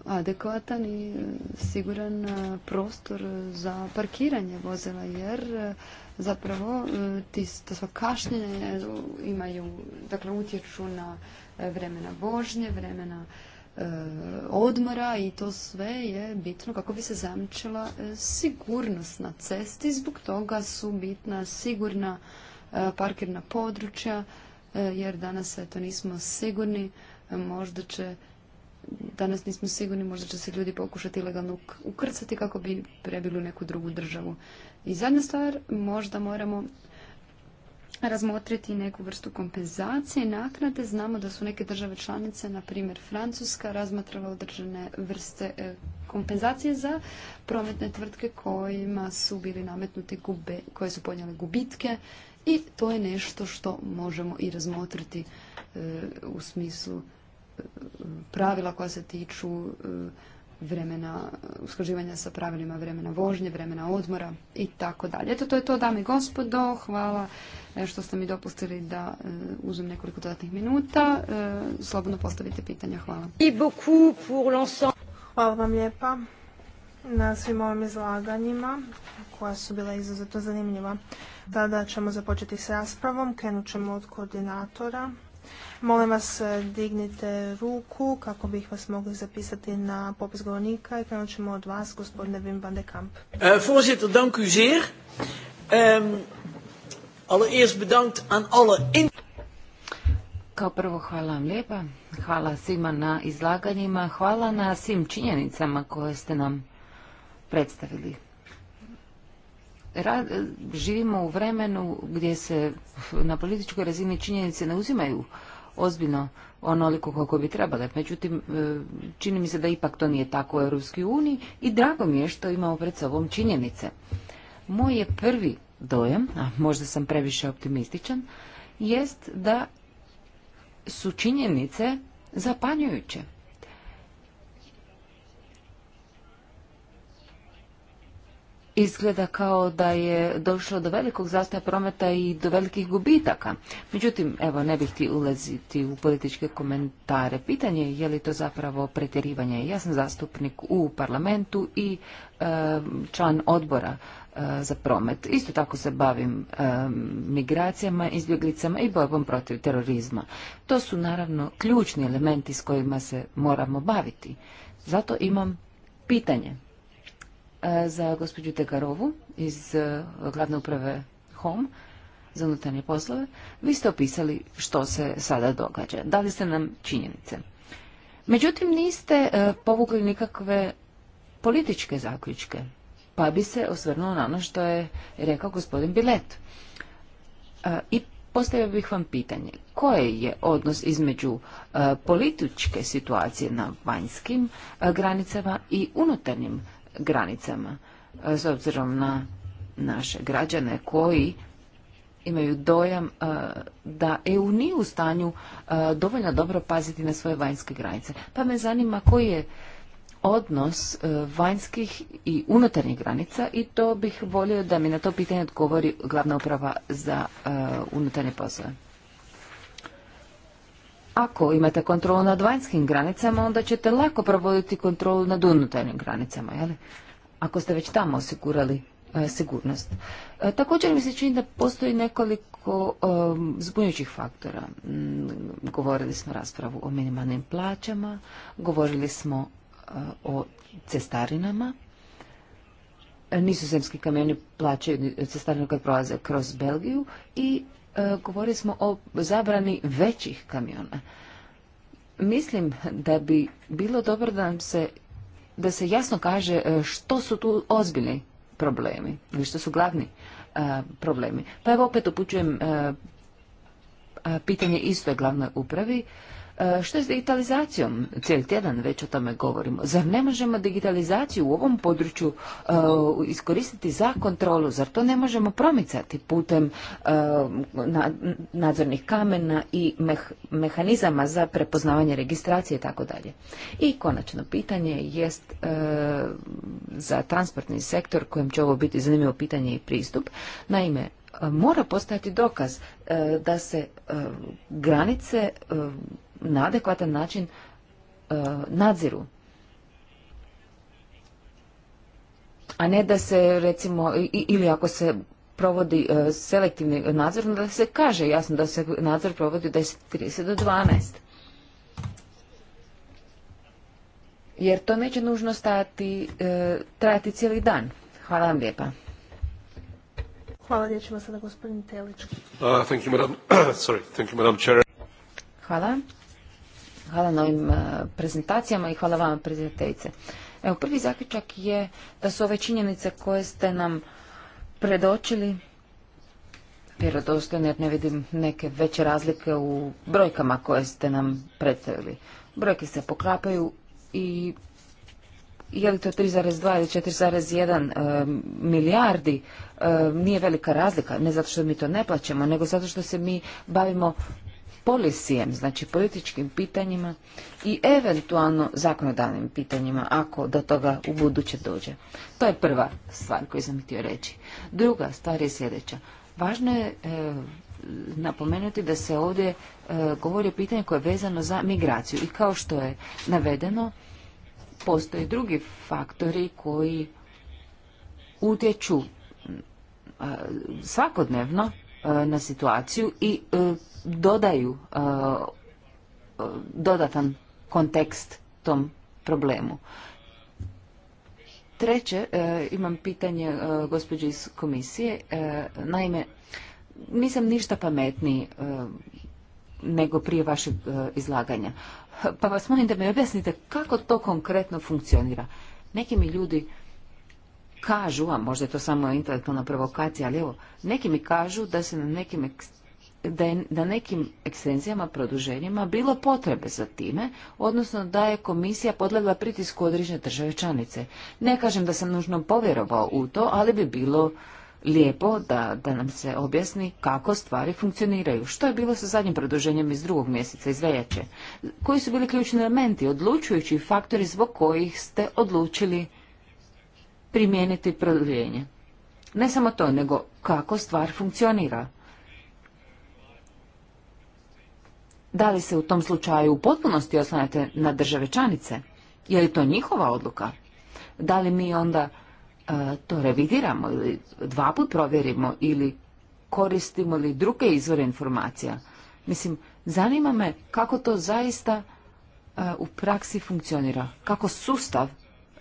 adekvatan i siguran e, prostor za parkiranje vozila jer e, zapravo e, ti sva kašnjenja imaju, dakle utječu na vremena vožnje, vremena odmora i to sve je bitno kako bi se zamčila sigurnost na cesti. Zbog toga su bitna sigurna parkirna područja jer danas to nismo sigurni. Možda će danas nismo sigurni, možda će se ljudi pokušati ilegalno ukrcati kako bi prebili u neku drugu državu. I zadnja stvar, možda moramo razmotriti neku vrstu kompenzacije i naknade. Znamo da su neke države članice, na primjer Francuska, razmatrala određene vrste e, kompenzacije za prometne tvrtke kojima su bili nametnuti gube, koje su podnijele gubitke i to je nešto što možemo i razmotriti e, u smislu pravila koja se tiču e, vremena usklaživanja sa pravilima vremena vožnje, vremena odmora i tako dalje. Eto, to je to, dame i gospodo. Hvala e, što ste mi dopustili da e, uzmem nekoliko dodatnih minuta. Slobodno postavite pitanja. Hvala. Hvala vam lijepa na svim ovim izlaganjima koja su bila izuzetno zanimljiva. Tada ćemo započeti s raspravom, krenut ćemo od koordinatora. Molim vas e, dignite ruku kako bih vas mogli zapisati na popis govornika i krenut ćemo od vas, gospodine Wim van de Kamp. Eh, voorzitter, dank u zeer. Ehm, allereerst bedankt aan alle... Kao prvo hvala vam lijepa, hvala svima na izlaganjima, hvala na svim činjenicama koje ste nam predstavili živimo u vremenu gdje se na političkoj razini činjenice ne uzimaju ozbiljno onoliko koliko bi trebale. Međutim, e, čini mi se da ipak to nije tako u Europskoj uniji i drago mi je što imamo pred sobom činjenice. Moj je prvi dojam, a možda sam previše optimističan, jest da su činjenice zapanjujuće. izgleda kao da je došlo do velikog zastaja prometa i do velikih gubitaka. Međutim, evo, ne bih ti ulaziti u političke komentare. Pitanje je li to zapravo pretjerivanje. Ja sam zastupnik u parlamentu i e, član odbora e, za promet. Isto tako se bavim e, migracijama, izbjeglicama i borbom protiv terorizma. To su naravno ključni elementi s kojima se moramo baviti. Zato imam pitanje E, za gospođu Tegarovu iz e, glavne uprave HOM za unutarnje poslove, vi ste opisali što se sada događa. Dali ste nam činjenice. Međutim, niste e, povukli nikakve političke zaključke, pa bi se osvrnuo na ono što je rekao gospodin Bilet. I postavio bih vam pitanje, koji je odnos između političke situacije na vanjskim granicama i unutarnjim granicama e, s obzirom na naše građane koji imaju dojam e, da EU nije u stanju e, dovoljno dobro paziti na svoje vanjske granice. Pa me zanima koji je odnos vanjskih i unutarnjih granica i to bih volio da mi na to pitanje odgovori glavna uprava za unutarnje poslove. Ako imate kontrolu nad vanjskim granicama, onda ćete lako provoditi kontrolu nad unutarnjim granicama, jel? Ako ste već tamo osigurali e, sigurnost. E, također mi se čini da postoji nekoliko e, zbunjućih faktora. Mm, govorili smo raspravu o minimalnim plaćama, govorili smo o cestarinama. zemski kamioni plaćaju cestarinu kad prolaze kroz Belgiju i E, govorili smo o zabrani većih kamiona. Mislim da bi bilo dobro da nam se da se jasno kaže e, što su tu ozbiljni problemi ili što su glavni e, problemi. Pa evo opet upućujem pitanje istoj glavnoj upravi. E, što je s digitalizacijom? Cijeli tjedan već o tome govorimo. Zar ne možemo digitalizaciju u ovom području e, iskoristiti za kontrolu? Zar to ne možemo promicati putem e, nadzornih kamena i mehanizama za prepoznavanje registracije itd.? tako dalje? I konačno pitanje jest za transportni sektor kojem će ovo biti zanimljivo pitanje i pristup. Naime, mora postati dokaz da se granice na adekvatan način e, nadziru. A ne da se recimo, ili ako se provodi e, selektivni nadzor, onda se kaže jasno da se nadzor provodi od 10.30 do 12. Jer to neće nužno stajati, e, trajati cijeli dan. Hvala vam lijepa. Hvala riječima sada gospodin Telić. Hvala. Hvala na ovim e, prezentacijama i hvala vama prezenteljice. Evo, prvi zaključak je da su ove činjenice koje ste nam predočili vjerodostojne jer ne vidim neke veće razlike u brojkama koje ste nam predstavili. Brojke se poklapaju i je li to 3,2 ili 4,1 e, milijardi e, nije velika razlika, ne zato što mi to ne plaćamo, nego zato što se mi bavimo polisijem, znači političkim pitanjima i eventualno zakonodavnim pitanjima ako do toga u buduće dođe. To je prva stvar koju sam htio reći. Druga stvar je sljedeća. Važno je e, napomenuti da se ovdje e, govori o pitanju koje je vezano za migraciju i kao što je navedeno postoje drugi faktori koji utječu e, svakodnevno E, na situaciju i e, dodaju e, dodatan kontekst tom problemu. Treće, imam pitanje gospođe iz komisije. Naime, nisam ništa pametniji nego prije vašeg izlaganja. Pa vas molim da mi objasnite kako to konkretno funkcionira. Neki mi ljudi kažu, a možda je to samo intelektualna provokacija, ali evo, neki mi kažu da se na nekim da je na nekim ekstenzijama, produženjima bilo potrebe za time, odnosno da je komisija podlegla pritisku određene države članice. Ne kažem da sam nužno povjerovao u to, ali bi bilo lijepo da, da nam se objasni kako stvari funkcioniraju. Što je bilo sa zadnjim produženjem iz drugog mjeseca, iz veljače? Koji su bili ključni elementi, odlučujući faktori zbog kojih ste odlučili primijeniti produljenje. Ne samo to, nego kako stvar funkcionira. Da li se u tom slučaju u potpunosti oslanjate na države članice? Je li to njihova odluka? Da li mi onda e, to revidiramo ili dva put provjerimo ili koristimo li druge izvore informacija? Mislim, zanima me kako to zaista e, u praksi funkcionira. Kako sustav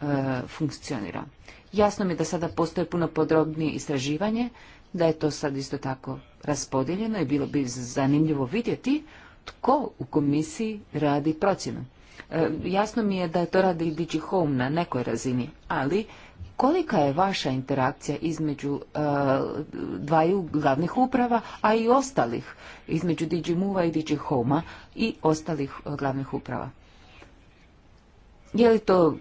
E, funkcionira. Jasno mi je da sada postoje puno podrobnije istraživanje, da je to sad isto tako raspodijeljeno i bilo bi zanimljivo vidjeti tko u komisiji radi procjenu. E, jasno mi je da to radi Digi Home na nekoj razini, ali kolika je vaša interakcija između e, dvaju glavnih uprava, a i ostalih, između Digi Move i Digi home i ostalih glavnih uprava? Je li to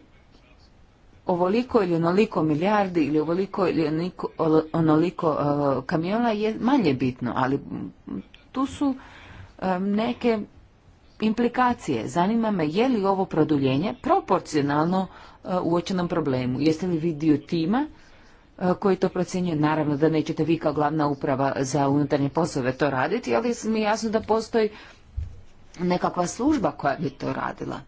ovoliko ili onoliko milijardi ili ovoliko ili ono- onoliko, e, kamiona je manje bitno, ali tu su e, neke implikacije. Zanima me je li ovo produljenje proporcionalno e, uočenom problemu. Jeste li vi dio tima koji to procjenjuje? Naravno da nećete vi kao glavna uprava za unutarnje poslove to raditi, ali mi je jasno da postoji nekakva služba koja bi to radila.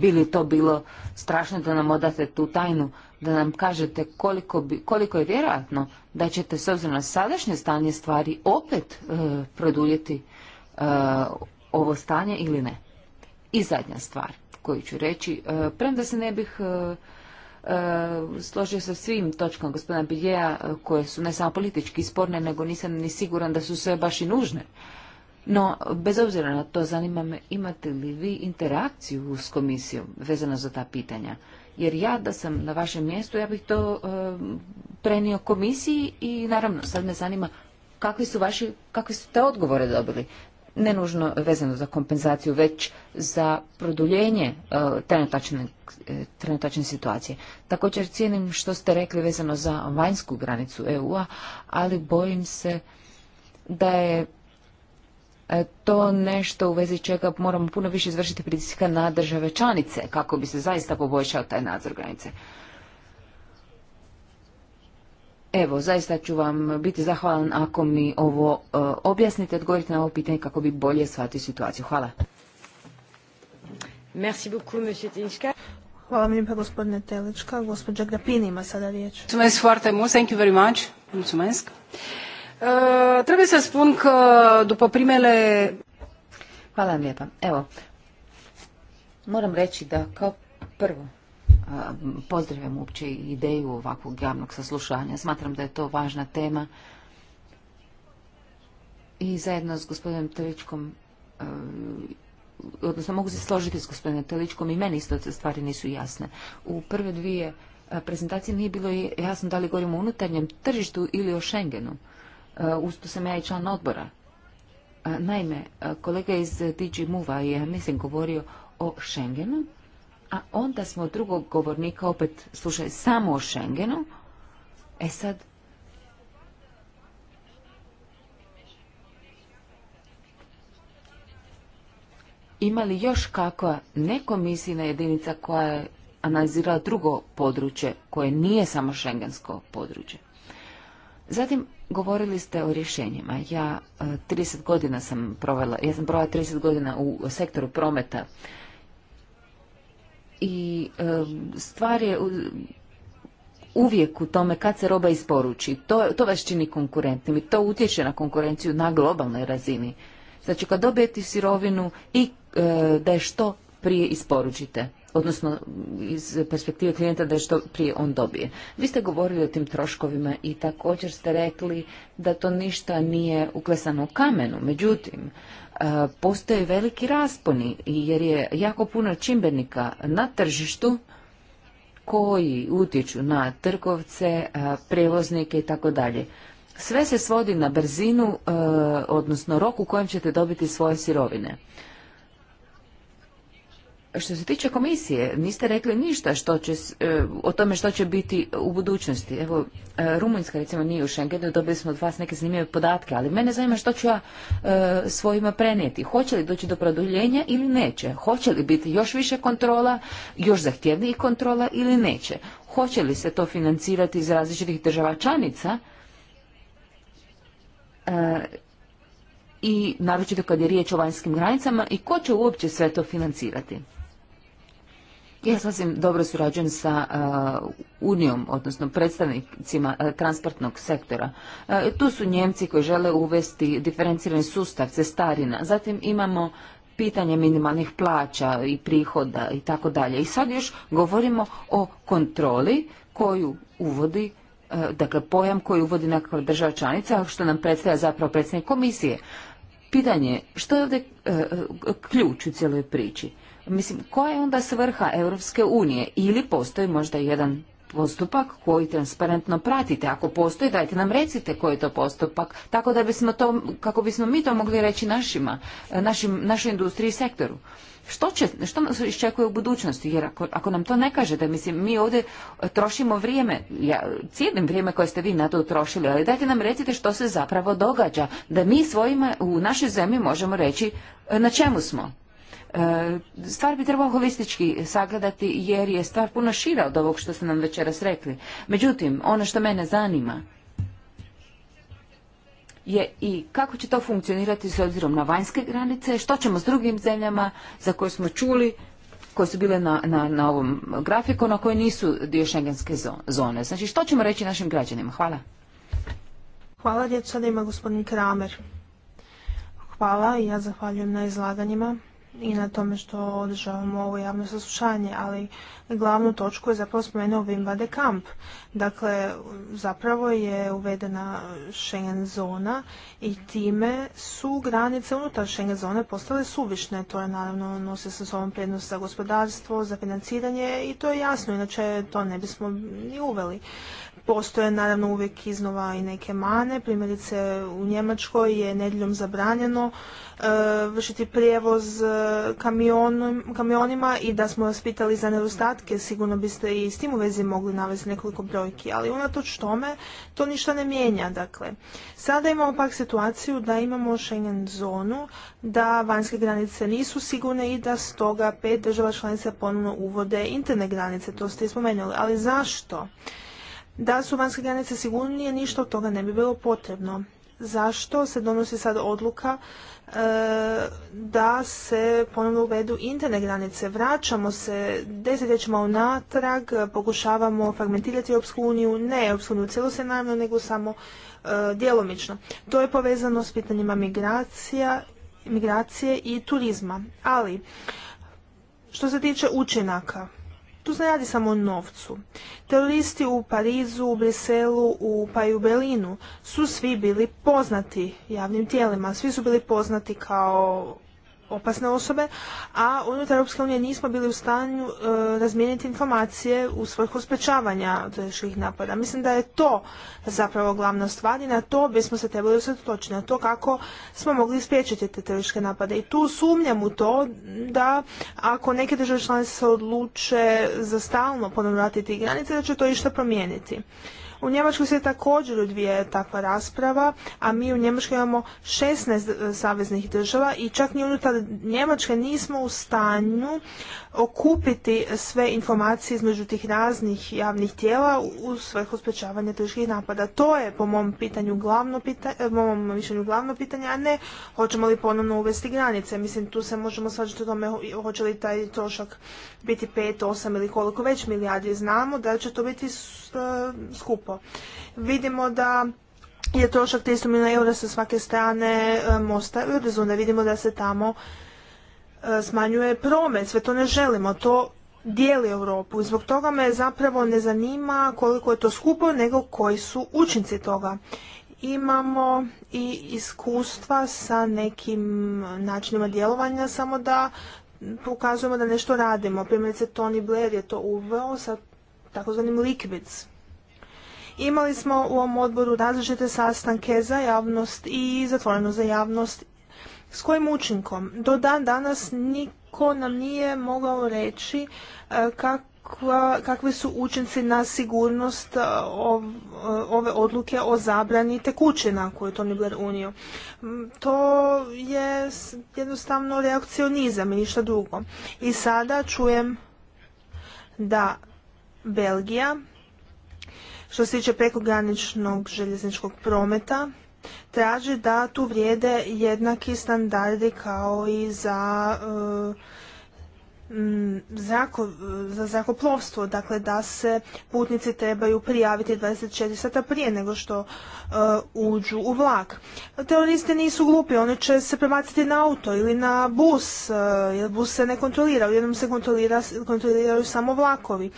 bi li to bilo strašno da nam odate tu tajnu, da nam kažete koliko, bi, koliko je vjerojatno da ćete s obzirom na sadašnje stanje stvari opet e, produljiti e, ovo stanje ili ne. I zadnja stvar koju ću reći, e, premda se ne bih e, složio sa svim točkama gospodina Biljeja koje su ne samo politički sporne, nego nisam ni siguran da su sve baš i nužne. No, bez obzira na to, zanima me imate li vi interakciju s komisijom vezano za ta pitanja? Jer ja da sam na vašem mjestu, ja bih to e, prenio komisiji i naravno sad me zanima kakvi su vaši, kakvi su te odgovore dobili? Ne nužno vezano za kompenzaciju, već za produljenje e, e, trenutačne situacije. Također cijenim što ste rekli vezano za vanjsku granicu EU-a, ali bojim se da je E, to nešto u vezi čega moramo puno više izvršiti pritiska na države članice kako bi se zaista poboljšao taj nadzor granice. Evo, zaista ću vam biti zahvalan ako mi ovo e, objasnite, odgovorite na ovo pitanje kako bi bolje shvatio situaciju. Hvala. Merci beaucoup, monsieur Tinska. Hvala mi pa gospodine Telička. Gospođa Grapini ima sada riječ. Mulțumesc foarte mult. Thank you very much. Mulțumesc. Treba eh, trebuie să spun că după primele... Hvala vam lijepa. Evo, moram reći da kao prvo pozdravim uopće ideju ovakvog javnog saslušanja. Smatram da je to važna tema i zajedno s gospodinom Teličkom e, odnosno mogu se složiti s gospodinom Teličkom i meni isto stvari nisu jasne. U prve dvije e, prezentacije nije bilo jasno da li govorimo o unutarnjem tržištu ili o Schengenu usto sam ja i član odbora. Naime, kolega iz DG Move-a je, mislim, govorio o Schengenu, a onda smo drugog govornika opet slušali samo o Schengenu. E sad, ima li još kakva nekomisijna jedinica koja je analizirala drugo područje koje nije samo šengensko područje? Zatim, govorili ste o rješenjima. Ja 30 e, godina sam provela, ja sam provela 30 godina u sektoru prometa i e, stvar je uvijek u tome kad se roba isporuči. To, vas čini konkurentnim i to utječe na konkurenciju na globalnoj razini. Znači kad dobijete sirovinu i e, da je što prije isporučite odnosno iz perspektive klijenta da što prije on dobije. Vi ste govorili o tim troškovima i također ste rekli da to ništa nije uklesano u kamenu. Međutim, e, postoje veliki rasponi jer je jako puno čimbenika na tržištu koji utječu na trgovce, e, prevoznike i tako dalje. Sve se svodi na brzinu, e, odnosno rok u kojem ćete dobiti svoje sirovine. Što se tiče komisije, niste rekli ništa što će, e, o tome što će biti u budućnosti. Evo, e, Rumunjska recimo nije u Schengenu, dobili smo od vas neke zanimljive podatke, ali mene zanima što ću ja e, svojima prenijeti. Hoće li doći do produljenja ili neće? Hoće li biti još više kontrola, još zahtjevnijih kontrola ili neće? Hoće li se to financirati iz različitih država članica? i naročito kad je riječ o vanjskim granicama i ko će uopće sve to financirati. Ja sasvim dobro surađujem sa uh, Unijom, odnosno predstavnicima uh, transportnog sektora. Uh, tu su Njemci koji žele uvesti diferencirani sustav cestarina. Zatim imamo pitanje minimalnih plaća i prihoda i tako dalje. I sad još govorimo o kontroli koju uvodi dakle pojam koji uvodi nekakva država članica, što nam predstavlja zapravo predsjednik komisije. Pitanje što je ovdje ključ u cijeloj priči? Mislim, koja je onda svrha Europske unije? Ili postoji možda jedan postupak koji transparentno pratite. Ako postoji, dajte nam recite koji je to postupak, tako da bismo to, kako bismo mi to mogli reći našima, našim, našoj industriji i sektoru. Što, što nas iščekuje u budućnosti? Jer ako, ako nam to ne kažete, mislim, mi ovdje trošimo vrijeme, ja cijenim vrijeme koje ste vi na to trošili, ali dajte nam recite što se zapravo događa, da mi svojima u našoj zemlji možemo reći e, na čemu smo. E, stvar bi trebao holistički sagledati jer je stvar puno šira od ovog što ste nam večeras rekli. Međutim, ono što mene zanima je i kako će to funkcionirati s obzirom na vanjske granice, što ćemo s drugim zemljama za koje smo čuli koje su bile na, na, na ovom grafiku, na koje nisu dio šengenske zone. Znači, što ćemo reći našim građanima? Hvala. Hvala, djeca da ima gospodin Kramer. Hvala i ja zahvaljujem na izlaganjima i na tome što održavamo ovo javno saslušanje, ali glavnu točku je zapravo spomenuo Wim Kamp. Dakle, zapravo je uvedena Schengen zona i time su granice unutar Schengen zone postale suvišne. To je naravno nosi sa sobom prednost za gospodarstvo, za financiranje i to je jasno, inače to ne bismo ni uveli. Postoje naravno uvijek iznova i neke mane. Primjerice u Njemačkoj je nedjeljom zabranjeno e, vršiti prijevoz e, kamionima i da smo vas pitali za nedostatke, sigurno biste i s tim u vezi mogli navesti nekoliko brojki, ali unatoč tome to ništa ne mijenja. Dakle, sada imamo pak situaciju da imamo Schengen zonu, da vanjske granice nisu sigurne i da stoga pet država članica ponovno uvode interne granice, to ste i spomenuli. Ali zašto? Da su vanjske granice sigurnije, ništa od toga ne bi bilo potrebno. Zašto se donosi sad odluka e, da se ponovno uvedu interne granice? Vraćamo se desetljećima unatrag, pokušavamo fragmentirati Europsku uniju, ne Europsku uniju cijelu se naravno, nego samo e, djelomično. To je povezano s pitanjima migracija, migracije i turizma. Ali, što se tiče učinaka, tu se radi samo o novcu. Teroristi u Parizu, u Briselu, u, pa i u Berlinu su svi bili poznati javnim tijelima. Svi su bili poznati kao opasne osobe, a unutar Europske unije nismo bili u stanju e, razmijeniti informacije u svrhu sprečavanja teških napada. Mislim da je to zapravo glavna stvar i na to bismo se trebali usredotočiti, na to kako smo mogli spriječiti te terorističke napade. I tu sumnjam u to da ako neke države članice se odluče za stalno ponovratiti granice, da će to išta promijeniti. U Njemačkoj se također odvija takva rasprava, a mi u Njemačkoj imamo 16 e, saveznih država i čak ni unutar Njemačke nismo u stanju okupiti sve informacije između tih raznih javnih tijela u svrhu sprečavanja teških napada. To je po mom pitanju glavno pitanje, po mom mišljenju glavno pitanje, a ne hoćemo li ponovno uvesti granice. Mislim, tu se možemo svađati o tome hoće li taj trošak biti 5, 8 ili koliko već milijardi. Znamo da će to biti e, skupo. Vidimo da je trošak 300 milijuna eura sa svake strane e, mosta Eurizona. Vidimo da se tamo e, smanjuje promet. Sve to ne želimo. To dijeli Europu. Zbog toga me zapravo ne zanima koliko je to skupo, nego koji su učinci toga. Imamo i iskustva sa nekim načinima djelovanja, samo da pokazujemo da nešto radimo. Primjerice Tony Blair je to uveo sa takozvanim liquids Imali smo u ovom odboru različite sastanke za javnost i zatvoreno za javnost. S kojim učinkom? Do dan danas niko nam nije mogao reći e, kakvi su učinci na sigurnost e, e, ove odluke o zabrani tekućina koju je Tony Blair unio. To je jednostavno reakcionizam i ništa drugo. I sada čujem da Belgija što se tiče prekograničnog željezničkog prometa traži da tu vrijede jednaki standardi kao i za e, za zrakoplovstvo, dakle da se putnici trebaju prijaviti 24 sata prije nego što e, uđu u vlak. Teoriste nisu glupi, oni će se prebaciti na auto ili na bus, e, jer bus se ne kontrolira, u jednom se kontroliraju samo vlakovi.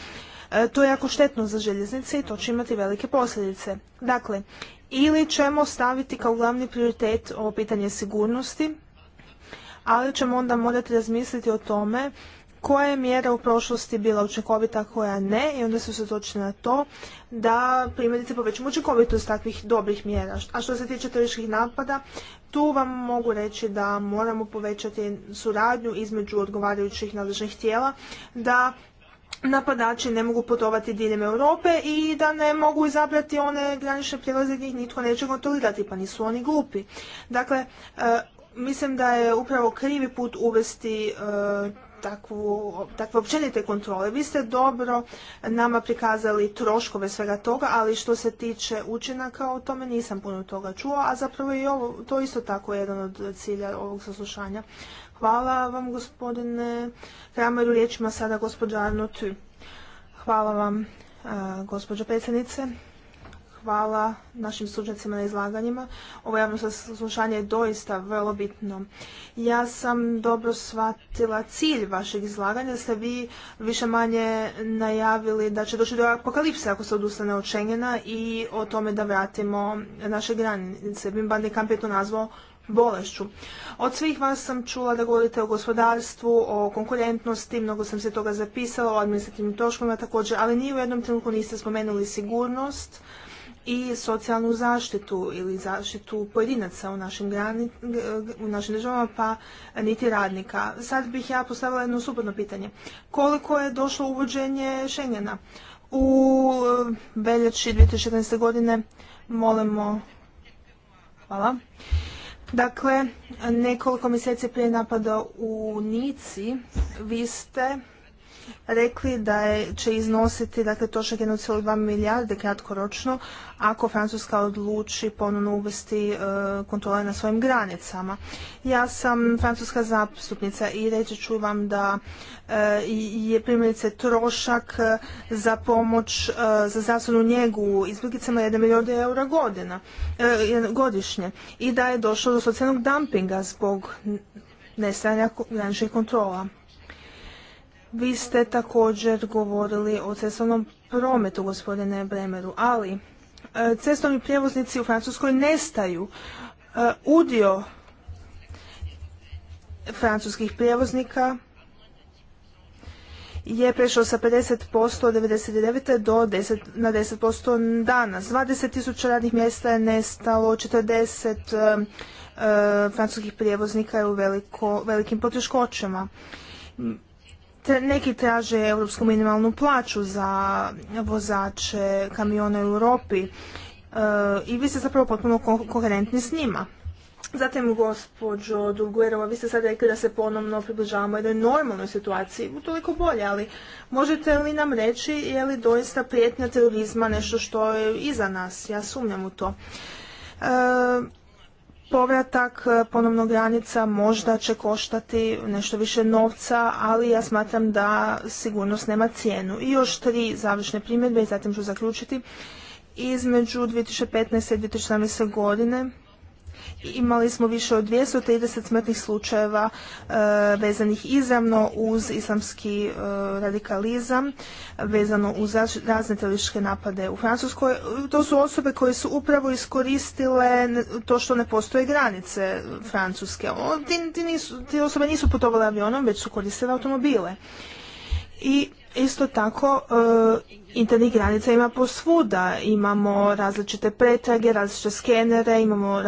E, to je jako štetno za željeznice i to će imati velike posljedice. Dakle, ili ćemo staviti kao glavni prioritet ovo pitanje sigurnosti, ali ćemo onda morati razmisliti o tome koja je mjera u prošlosti bila učinkovita, koja ne i onda su se točili na to da primjerice povećamo učinkovitost takvih dobrih mjera. A što se tiče terorističkih napada, tu vam mogu reći da moramo povećati suradnju između odgovarajućih nadležnih tijela, da napadači ne mogu putovati diljem Europe i da ne mogu izabrati one granične prijelaze gdje ih nitko neće kontrolirati, pa nisu oni glupi. Dakle, e, mislim da je upravo krivi put uvesti e, takve općenite kontrole. Vi ste dobro nama prikazali troškove svega toga, ali što se tiče učinaka o tome nisam puno toga čuo, a zapravo i ovo, to isto tako jedan od cilja ovog saslušanja. Hvala vam gospodine Krameru, riječima sada gospođa Arnotu. Hvala vam e, gospođo predsjednice. Hvala našim stručnjacima na izlaganjima. Ovo javno slušanje je doista vrlo bitno. Ja sam dobro shvatila cilj vašeg izlaganja. Ste vi više manje najavili da će doći do apokalipse ako se odustane od Schengena i o tome da vratimo naše granice. Bim Kamp je to nazvao bolešću. Od svih vas sam čula da govorite o gospodarstvu, o konkurentnosti, mnogo sam se toga zapisala, o administrativnim troškovima također, ali ni u jednom trenutku niste spomenuli sigurnost i socijalnu zaštitu ili zaštitu pojedinaca u našim, u našim državama pa niti radnika. Sad bih ja postavila jedno suprotno pitanje. Koliko je došlo uvođenje Schengena? U eh, veljači 2014. godine molimo Hvala. Dakle, nekoliko mjeseci prije napada u Nici vi ste rekli da će iznositi dakle, trošak 1,2 milijarde kratkoročno ako Francuska odluči ponovno uvesti e, kontrole na svojim granicama. Ja sam francuska zastupnica i reći ću vam da e, je primjerice trošak e, za pomoć za zdravstvenu njegu izbjeglicama 1 milijarde eura godina, godišnje i da je došlo do socijalnog dumpinga zbog nestajanja graničnih kontrola. Vi ste također govorili o cestovnom prometu, gospodine Bremeru, ali e, cestovni prijevoznici u Francuskoj nestaju. E, udio francuskih prijevoznika je prešao sa 50% od 99. do 10, na 10% danas. 20 tisuća radnih mjesta je nestalo, 40 e, francuskih prijevoznika je u velikim poteškoćama neki traže europsku minimalnu plaću za vozače kamiona u Europi e, i vi ste zapravo potpuno koherentni s njima. Zatim, gospođo Dugujerova, vi ste sad rekli da se ponovno približavamo jednoj normalnoj situaciji, toliko bolje, ali možete li nam reći je li doista prijetnja terorizma nešto što je iza nas? Ja sumnjam u to. E, povratak e, ponovno granica možda će koštati nešto više novca, ali ja smatram da sigurnost nema cijenu. I još tri završne primjedbe i zatim ću zaključiti. Između 2015. i 2017. godine Imali smo više od 230 smrtnih slučajeva e, vezanih izravno uz islamski e, radikalizam, vezano uz razne teoriške napade u Francuskoj. To su osobe koje su upravo iskoristile to što ne postoje granice Francuske. Te osobe nisu putovale avionom, već su koristile automobile. I Isto tako, e, internih granica ima posvuda. Imamo različite pretrage, različite skenere, imamo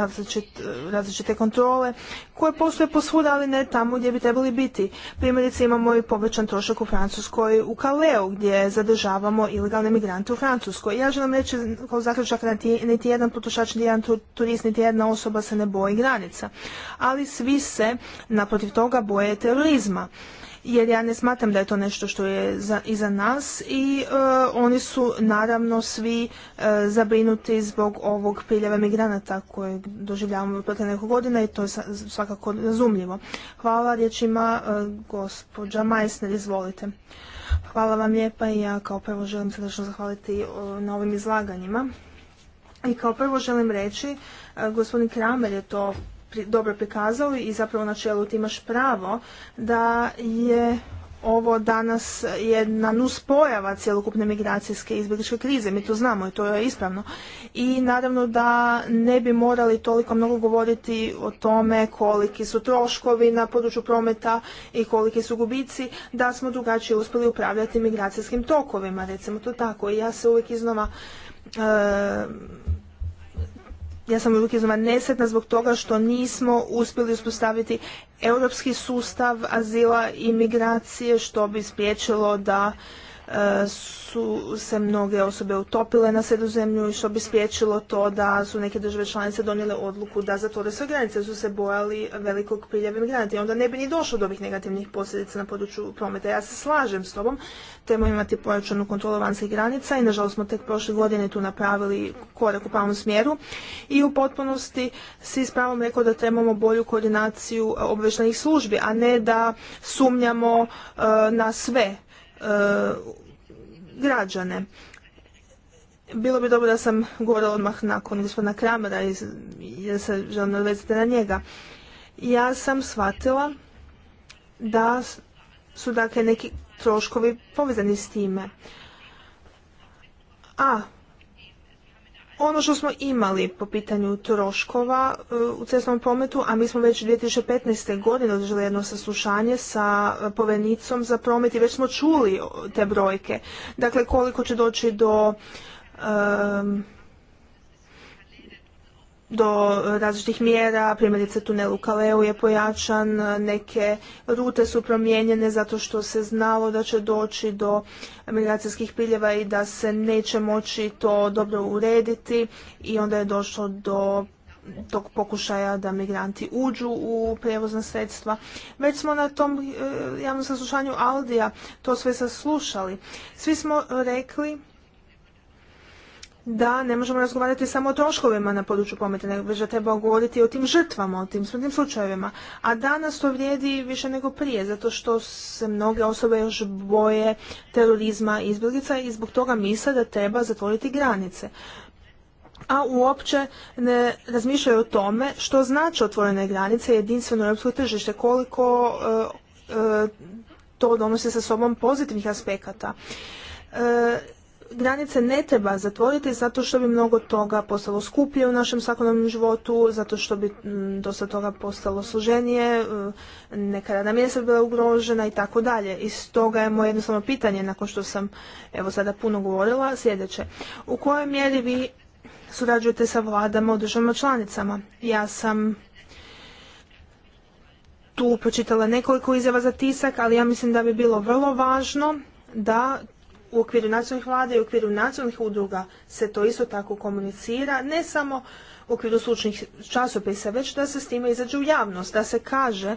različite, kontrole koje postoje posvuda, ali ne tamo gdje bi trebali biti. Primjerice imamo i povećan trošak u Francuskoj u Kaleu gdje zadržavamo ilegalne migrante u Francuskoj. Ja želim reći kao zaključak niti jedan potrošač, niti jedan turist, niti jedna osoba se ne boji granica. Ali svi se naprotiv toga boje terorizma jer ja ne smatram da je to nešto što je za, iza nas i e, oni su naravno svi e, zabrinuti zbog ovog priljeva migranata koje doživljavamo u protiv nekog godina i to je svakako razumljivo. Hvala riječima e, gospođa Majsner, izvolite. Hvala vam lijepa i ja kao prvo želim srdečno zahvaliti e, na ovim izlaganjima. I kao prvo želim reći, gospodin Kramer je to dobro prikazali i zapravo na čelu ti imaš pravo da je ovo danas jedna nuspojava cjelokupne migracijske izbjegličke krize, mi to znamo i to je ispravno. I naravno da ne bi morali toliko mnogo govoriti o tome koliki su troškovi na području prometa i koliki su gubici, da smo drugačije uspjeli upravljati migracijskim tokovima, recimo to tako. I ja se uvijek iznova e, ja sam uvijek iznova nesretna zbog toga što nismo uspjeli uspostaviti europski sustav azila i migracije što bi spriječilo da su se mnoge osobe utopile na sredozemlju i što bi spriječilo to da su neke države članice donijele odluku da zatvore sve granice, su se bojali velikog priljeva migranata i onda ne bi ni došlo do ovih negativnih posljedica na području prometa. Ja se slažem s tobom, trebamo imati pojačanu kontrolu vanjskih granica i nažalost smo tek prošle godine tu napravili korak u pravom smjeru i u potpunosti si s pravom rekao da trebamo bolju koordinaciju obveštenih službi, a ne da sumnjamo e, na sve E, građane. Bilo bi dobro da sam govorila odmah nakon gospodina Kramera jer se želim odvezati na njega. Ja sam shvatila da su dakle neki troškovi povezani s time. A ono što smo imali po pitanju troškova e, u cestnom prometu, a mi smo već 2015. godine održali jedno saslušanje sa e, povenicom za promet i već smo čuli te brojke. Dakle, koliko će doći do e, do različitih mjera, primjerice tunel u Kaleu je pojačan, neke rute su promijenjene zato što se znalo da će doći do migracijskih priljeva i da se neće moći to dobro urediti i onda je došlo do tog pokušaja da migranti uđu u prijevozna sredstva. Već smo na tom eh, javnom saslušanju Aldija to sve saslušali. Svi smo rekli da ne možemo razgovarati samo o troškovima na području pometa, nego da treba govoriti o tim žrtvama, o tim smrtnim slučajevima. A danas to vrijedi više nego prije, zato što se mnoge osobe još boje terorizma i izbjeglica i zbog toga misle da treba zatvoriti granice a uopće ne razmišljaju o tome što znači otvorene granice jedinstveno europsko tržište, koliko e, e, to donosi sa sobom pozitivnih aspekata. E, granice ne treba zatvoriti zato što bi mnogo toga postalo skuplje u našem svakodnevnom životu, zato što bi mm, dosta toga postalo složenije, mm, neka radna mjesta bila ugrožena i tako dalje. I stoga je moje jednostavno pitanje, nakon što sam evo sada puno govorila, sljedeće. U kojoj mjeri vi surađujete sa vladama u državama članicama? Ja sam tu pročitala nekoliko izjava za tisak, ali ja mislim da bi bilo vrlo važno da u okviru nacionalnih vlada i u okviru nacionalnih udruga se to isto tako komunicira, ne samo u okviru slučnih časopisa, već da se s time izađe u javnost, da se kaže e,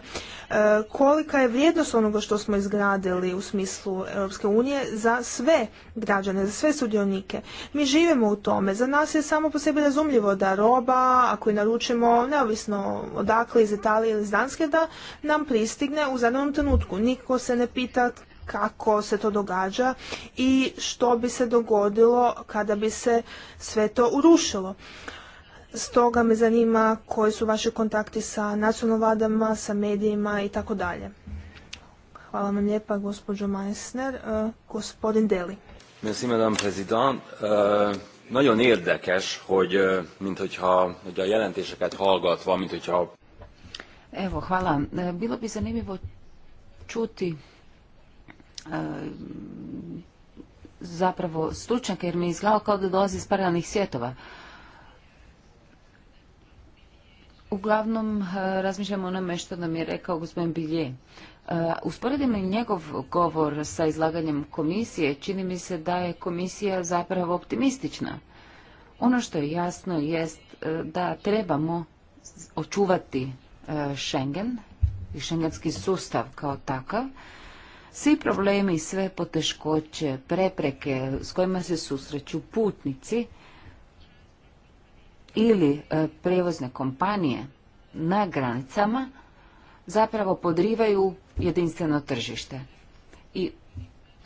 kolika je vrijednost onoga što smo izgradili u smislu Europske unije za sve građane, za sve sudionike. Mi živimo u tome, za nas je samo po sebi razumljivo da roba, ako je naručimo neovisno odakle iz Italije ili iz Danske, da nam pristigne u zadanom trenutku. Niko se ne pita kako se to događa i što bi se dogodilo kada bi se sve to urušilo. Stoga me zanima koji su vaši kontakti sa nacionalnim vladama, sa medijima i tako dalje. Hvala vam lijepa, gospođo Meissner. E, gospodin Deli. Merci, madame président. E, nagyon érdekes, hogy, e, mint hogyha, hogy a jelentéseket hallgatva, mint hogyha... Evo, hvala. Bilo bi zanimljivo čuti zapravo stručnjaka jer mi je izgledao kao da dolazi iz paralelnih svjetova. Uglavnom, eh, razmišljamo o onome što nam je rekao gospodin Bilje. Eh, Usporedimo njegov govor sa izlaganjem komisije. Čini mi se da je komisija zapravo optimistična. Ono što je jasno jest eh, da trebamo očuvati Schengen i šengenski sustav kao takav, svi problemi, sve poteškoće, prepreke s kojima se susreću putnici ili e, prijevozne kompanije na granicama zapravo podrivaju jedinstveno tržište. I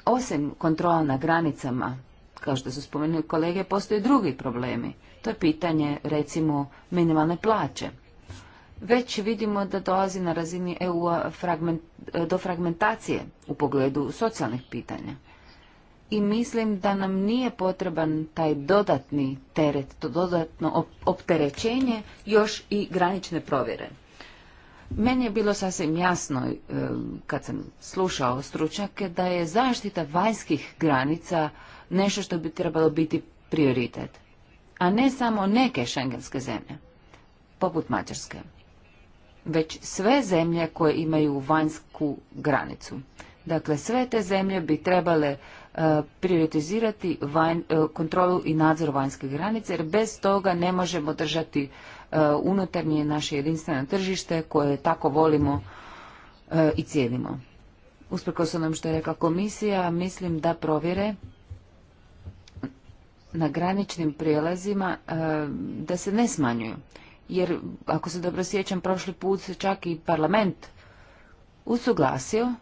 osim kontrola na granicama, kao što su spomenuli kolege, postoje drugi problemi. To je pitanje recimo minimalne plaće već vidimo da dolazi na razini EU do fragmentacije u pogledu socijalnih pitanja. I mislim da nam nije potreban taj dodatni teret, to dodatno opterećenje, još i granične provjere. Meni je bilo sasvim jasno e, kad sam slušao stručnjake da je zaštita vanjskih granica nešto što bi trebalo biti prioritet, a ne samo neke šengenske zemlje, poput Mađarske već sve zemlje koje imaju vanjsku granicu. Dakle, sve te zemlje bi trebale e, prioritizirati e, kontrolu i nadzor vanjske granice, jer bez toga ne možemo držati e, unutarnje naše jedinstveno tržište koje tako volimo i cijenimo. Usprkos onom što je rekla komisija, mislim da provjere na graničnim prijelazima da se ne smanjuju jer ako se dobro sjećam prošli put se čak i parlament usuglasio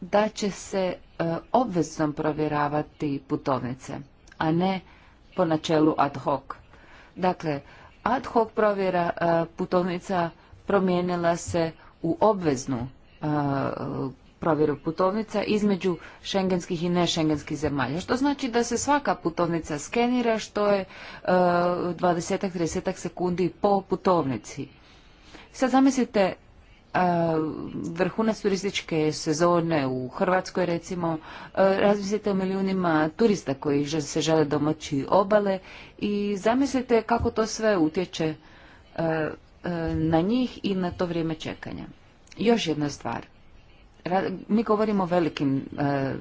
da će se e, obvezno provjeravati putovnice, a ne po načelu ad hoc. Dakle, ad hoc provjera e, putovnica promijenila se u obveznu e, provjeru putovnica između šengenskih i nešengenskih zemalja. Što znači da se svaka putovnica skenira što je 20-30 e, sekundi po putovnici. Sad zamislite e, vrhunac turističke sezone u Hrvatskoj recimo, e, razmislite o milijunima turista koji se žele domaći obale i zamislite kako to sve utječe na njih i na to vrijeme čekanja. Još jedna stvar mi govorimo o velikim e,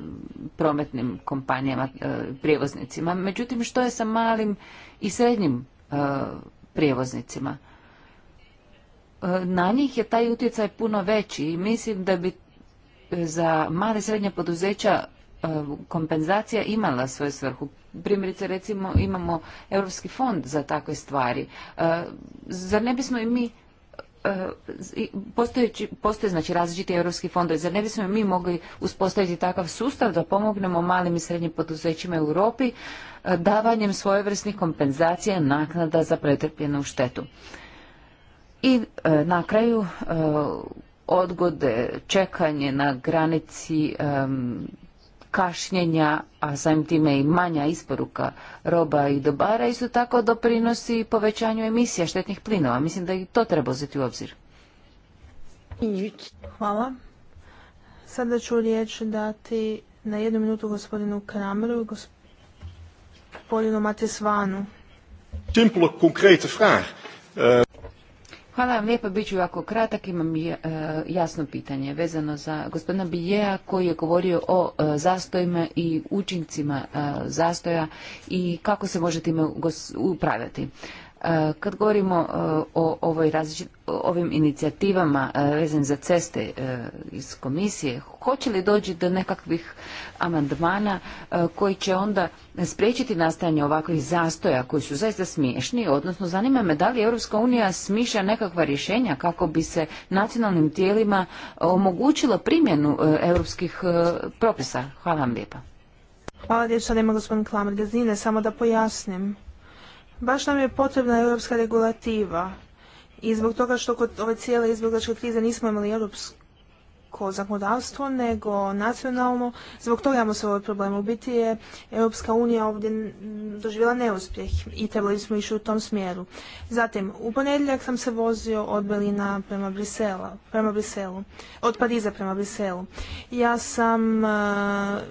prometnim kompanijama, e, prijevoznicima. Međutim, što je sa malim i srednjim e, prijevoznicima? E, na njih je taj utjecaj puno veći i mislim da bi za male i srednje poduzeća kompenzacija imala svoju svrhu. Primjerice, recimo, imamo Europski fond za takve stvari. Zar ne bismo i mi E, postoje znači različiti europski fondovi. Zar ne bismo mi mogli uspostaviti takav sustav da pomognemo malim i srednjim poduzećima u Europi e, davanjem svojevrsnih kompenzacija naknada za pretrpljenu štetu. I e, na kraju odgode, čekanje na granici kašnjenja, a samim time i manja isporuka roba i dobara, su tako doprinosi povećanju emisija štetnih plinova. Mislim da i to treba uzeti u obzir. Hvala. Sada ću riječ dati na jednu minutu gospodinu Krameru i gospodinu Matesvanu. Simple, konkrete vraag. Eh, Hvala vam lijepa, bit ću jako kratak, imam e, jasno pitanje vezano za gospodina Biljeja koji je govorio o e, zastojima i učincima e, zastoja i kako se može time upravljati. E, kad govorimo e, o ovoj ovim inicijativama e, vezanim za ceste iz komisije, hoće li doći do nekakvih amandmana koji će onda spriječiti nastajanje ovakvih zastoja koji su zaista smiješni, odnosno zanima me da li Europska unija smišlja nekakva rješenja kako bi se nacionalnim tijelima omogućila primjenu europskih propisa. Hvala vam lijepa. Hvala lijepa, ima gospodin Klamar Gazine, samo da pojasnim. Baš nam je potrebna europska regulativa i zbog toga što kod ove cijele izbjegličke krize nismo imali europsko zakonodavstvo, nego nacionalno, zbog toga imamo se ovaj problem. U biti je Europska unija ovdje doživjela neuspjeh i trebali smo išli u tom smjeru. Zatim, u ponedjeljak sam se vozio od Belina prema Brisela, prema Briselu, od Pariza prema Briselu. Ja sam eh,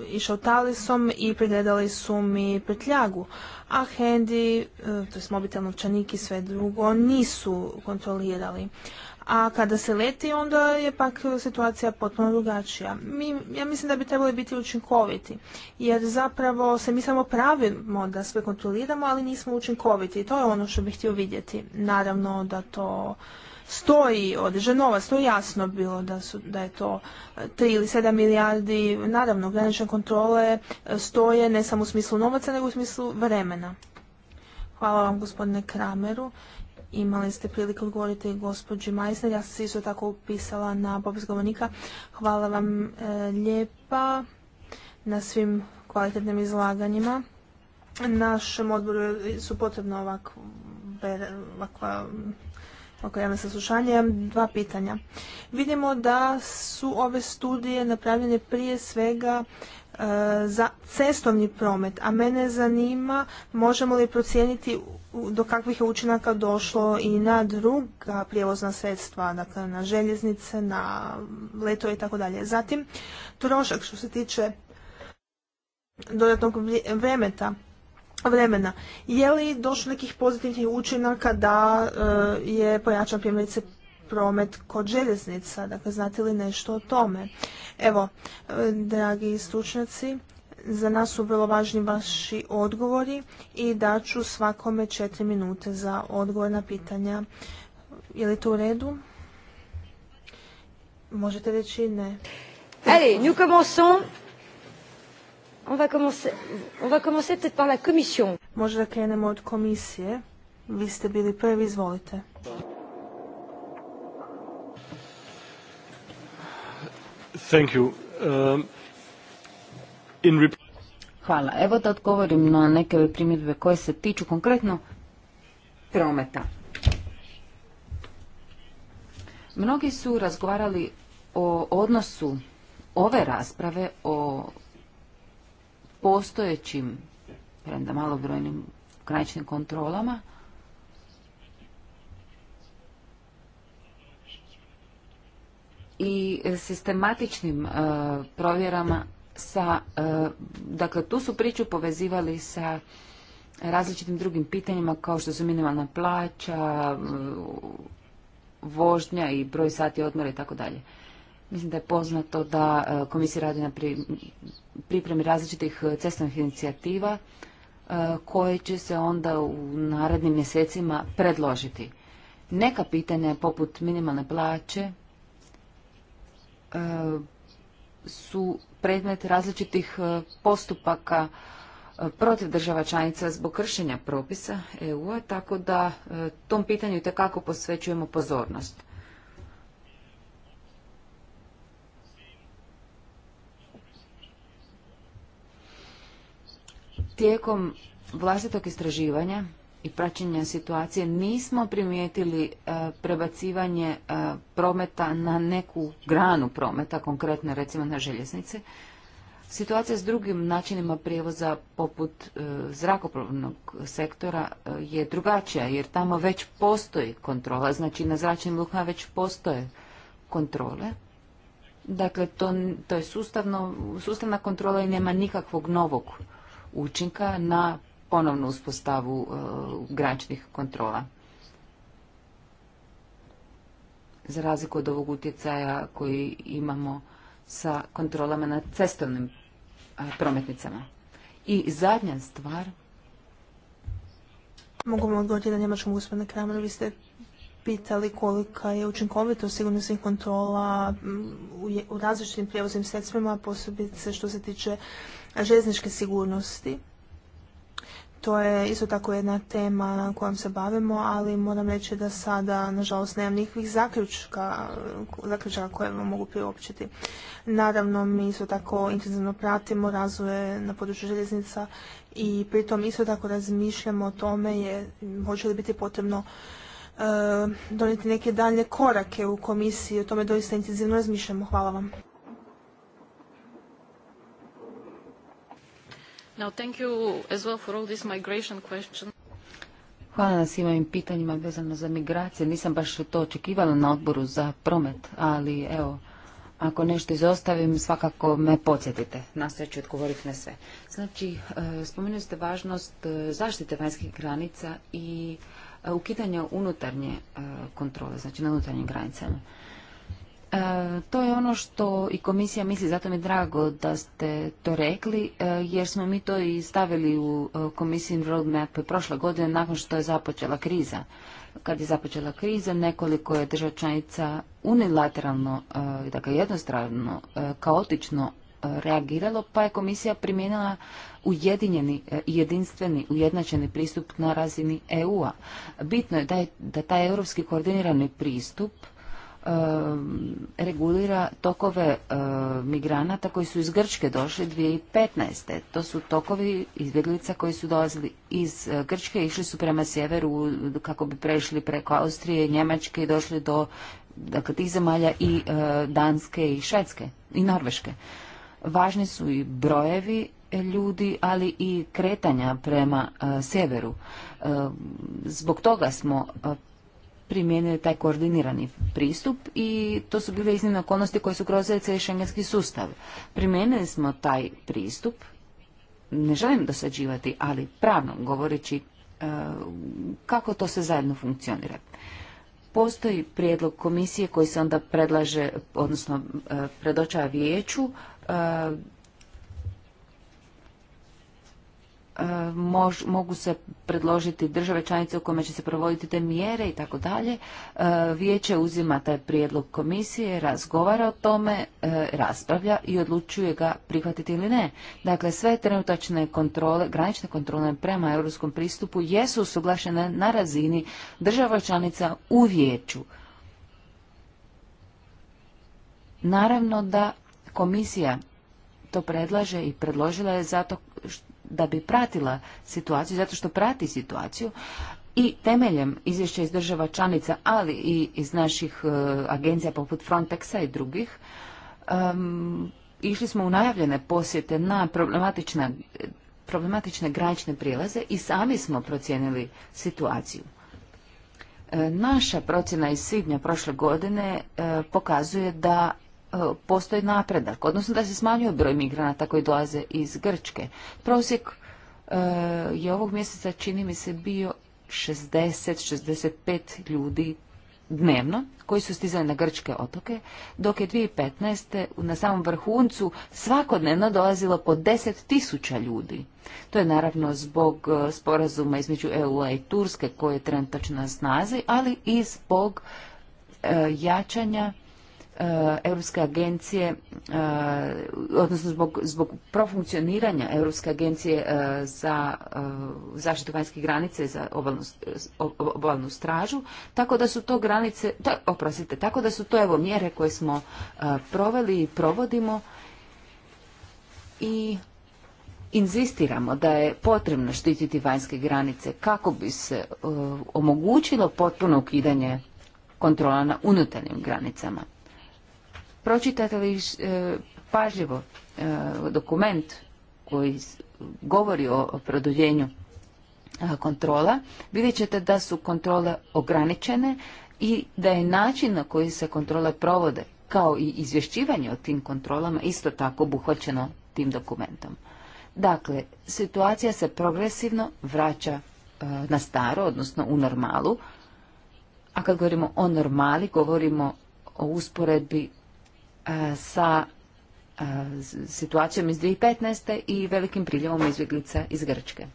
išao talisom i pregledali su mi prtljagu, a handy, e, to je mobitel, novčanik i sve drugo, nisu kontrolirali. A kada se leti, onda je pak situacija potpuno drugačija. Mi, ja mislim da bi trebali biti učinkoviti, jer zapravo se mi samo pravimo da sve kontroliramo, ali nismo učinkoviti. I to je ono što bih htio vidjeti. Naravno da to stoji određen novac, to je jasno bilo da, su, da je to 3 e, ili 7 milijardi, naravno granične kontrole e, stoje ne samo u smislu novaca nego u smislu vremena. Hvala vam gospodine Krameru. Imali ste priliku odgovoriti gospođi Majsner. Ja sam se isto tako upisala na popis govornika. Hvala vam e, lijepa na svim kvalitetnim izlaganjima. Našem odboru su potrebno ovakva oko ja saslušanje, imam dva pitanja. Vidimo da su ove studije napravljene prije svega e, za cestovni promet, a mene zanima možemo li procijeniti do kakvih je učinaka došlo i na druga prijevozna sredstva, dakle na željeznice, na leto i tako dalje. Zatim, trošak što se tiče dodatnog vremeta vremena. Je li došlo nekih pozitivnih učinaka da e, je pojačan primjerice promet kod željeznica? Dakle, znate li nešto o tome? Evo, e, dragi stručnjaci, za nas su vrlo važni vaši odgovori i daću svakome četiri minute za odgovor na pitanja. Je li to u redu? Možete reći ne. Allez, nous commençons on va commencer, on va commencer peut-être par la commission. Možda da krenemo od komisije. Vi ste bili prvi, izvolite. Thank you. Um, in... Hvala. Evo da odgovorim na neke primjedbe koje se tiču konkretno prometa. Mnogi su razgovarali o odnosu ove rasprave o postojećim, premda malobrojnim graničnim kontrolama, i sistematičnim e, provjerama sa, e, dakle tu su priču povezivali sa različitim drugim pitanjima kao što su minimalna plaća, e, vožnja i broj sati odmora i tako dalje. Mislim da je poznato da e, komisija radi na pripremi različitih e, cestovnih inicijativa e, koje će se onda u narednim mjesecima predložiti. Neka pitanja poput minimalne plaće su predmet različitih postupaka protiv država članica zbog kršenja propisa EU-a, tako da tom pitanju itekako posvećujemo pozornost. tijekom vlastitog istraživanja i praćenja situacije nismo primijetili e, prebacivanje e, prometa na neku granu prometa, konkretno recimo na željeznice. Situacija s drugim načinima prijevoza poput e, zrakoplovnog sektora je drugačija jer tamo već postoji kontrola, znači na zračnim lukama već postoje kontrole. Dakle, to, to je sustavno, sustavna kontrola i nema nikakvog novog učinka na ponovnu uspostavu e, graničnih kontrola. Za razliku od ovog utjecaja koji imamo sa kontrolama na cestovnim e, prometnicama. I zadnja stvar. Mogu vam odgovoriti na njemačkom gospodine Kramer, vi ste pitali kolika je učinkovitost sigurnosnih kontrola u različitim prijevoznim sredstvima, posebice što se tiče željezničke sigurnosti. To je isto tako jedna tema na kojom se bavimo, ali moram reći da sada, nažalost, nemam nikakvih zaključaka koje vam mogu priopćiti. Naravno, mi isto tako intenzivno pratimo razvoje na području željeznica i pritom isto tako razmišljamo o tome je, hoće li biti potrebno eh, donijeti neke dalje korake u komisiji. O tome doista intenzivno razmišljamo. Hvala vam. thank you as Hvala na svim ovim pitanjima vezano za migracije. Nisam baš to očekivala na odboru za promet, ali evo, ako nešto izostavim, svakako me podsjetite. Na ću odgovoriti na sve. Znači, e, spomenuli ste važnost e, zaštite vanjskih granica i e, ukidanja unutarnje kontrole, znači na unutarnjim granicama. E, to je ono što i komisija misli, zato mi je drago da ste to rekli, e, jer smo mi to i stavili u e, komisiji roadmap prošle godine nakon što je započela kriza. Kad je započela kriza, nekoliko je država članica unilateralno, dakle jednostrano, kaotično reagiralo, pa je komisija primijenila ujedinjeni, jedinstveni, ujednačeni pristup na razini EU-a. Bitno je da, je da taj europski koordinirani pristup Eh, regulira tokove eh, migranata koji su iz Grčke došli 2015. To su tokovi izbjeglica koji su dolazili iz eh, Grčke, išli su prema sjeveru kako bi prešli preko Austrije, Njemačke i došli do dakle, tih zemalja i Danske i Švedske i Norveške. Važni su i brojevi ljudi, ali i kretanja prema sjeveru. zbog toga smo primijenili taj koordinirani pristup i to su bile iznimne okolnosti koje su grozile cijeli šengenski sustav. Primijenili smo taj pristup, ne želim dosađivati, ali pravno govoreći e, kako to se zajedno funkcionira. Postoji prijedlog komisije koji se onda predlaže, odnosno e, predočava vijeću e, E, mož, mogu se predložiti države članice u kome će se provoditi te mjere i tako dalje. E, vijeće uzima taj prijedlog komisije, razgovara o tome, e, raspravlja i odlučuje ga prihvatiti ili ne. Dakle, sve trenutačne kontrole, granične kontrole prema europskom pristupu jesu usuglašene na razini država članica u vijeću. Naravno da komisija to predlaže i predložila je zato što da bi pratila situaciju, zato što prati situaciju i temeljem izvješća iz država članica, ali i iz naših e, agencija poput Frontexa i drugih, išli smo u najavljene posjete na problematične, problematične granične prijelaze i sami smo procijenili situaciju. E, naša procjena iz svibnja prošle godine e, pokazuje da E, postoji napredak, odnosno da se smanjuje broj migranata koji dolaze iz Grčke. Prosjek e, je ovog mjeseca čini mi se bio 60-65 ljudi dnevno koji su stizali na grčke otoke, dok je 2015. na samom vrhuncu svakodnevno dolazilo po 10.000 ljudi. To je naravno zbog e, sporazuma između eu i Turske koje je trenutačno na snazi, ali i zbog jačanja E, Europske agencije, e, odnosno zbog, profunkcioniranja Europske agencije e, za zaštitu vanjske granice za obalnu, stražu, tako da su to granice, oprostite, tako da su to evo mjere koje smo proveli i provodimo i inzistiramo da je potrebno štititi vanjske granice kako bi se omogućilo potpuno ukidanje kontrola na unutarnjim granicama. Pročitate li e, pažljivo e, dokument koji govori o produljenju e, kontrola, vidjet ćete da su kontrole ograničene i da je način na koji se kontrole provode, kao i izvješćivanje o tim kontrolama, isto tako obuhvaćeno tim dokumentom. Dakle, situacija se progresivno vraća na staro, odnosno u normalu, a kad govorimo o normali, govorimo o usporedbi E, sa e, situacijom iz 2015. i velikim priljevom izbjeglica iz Grčke.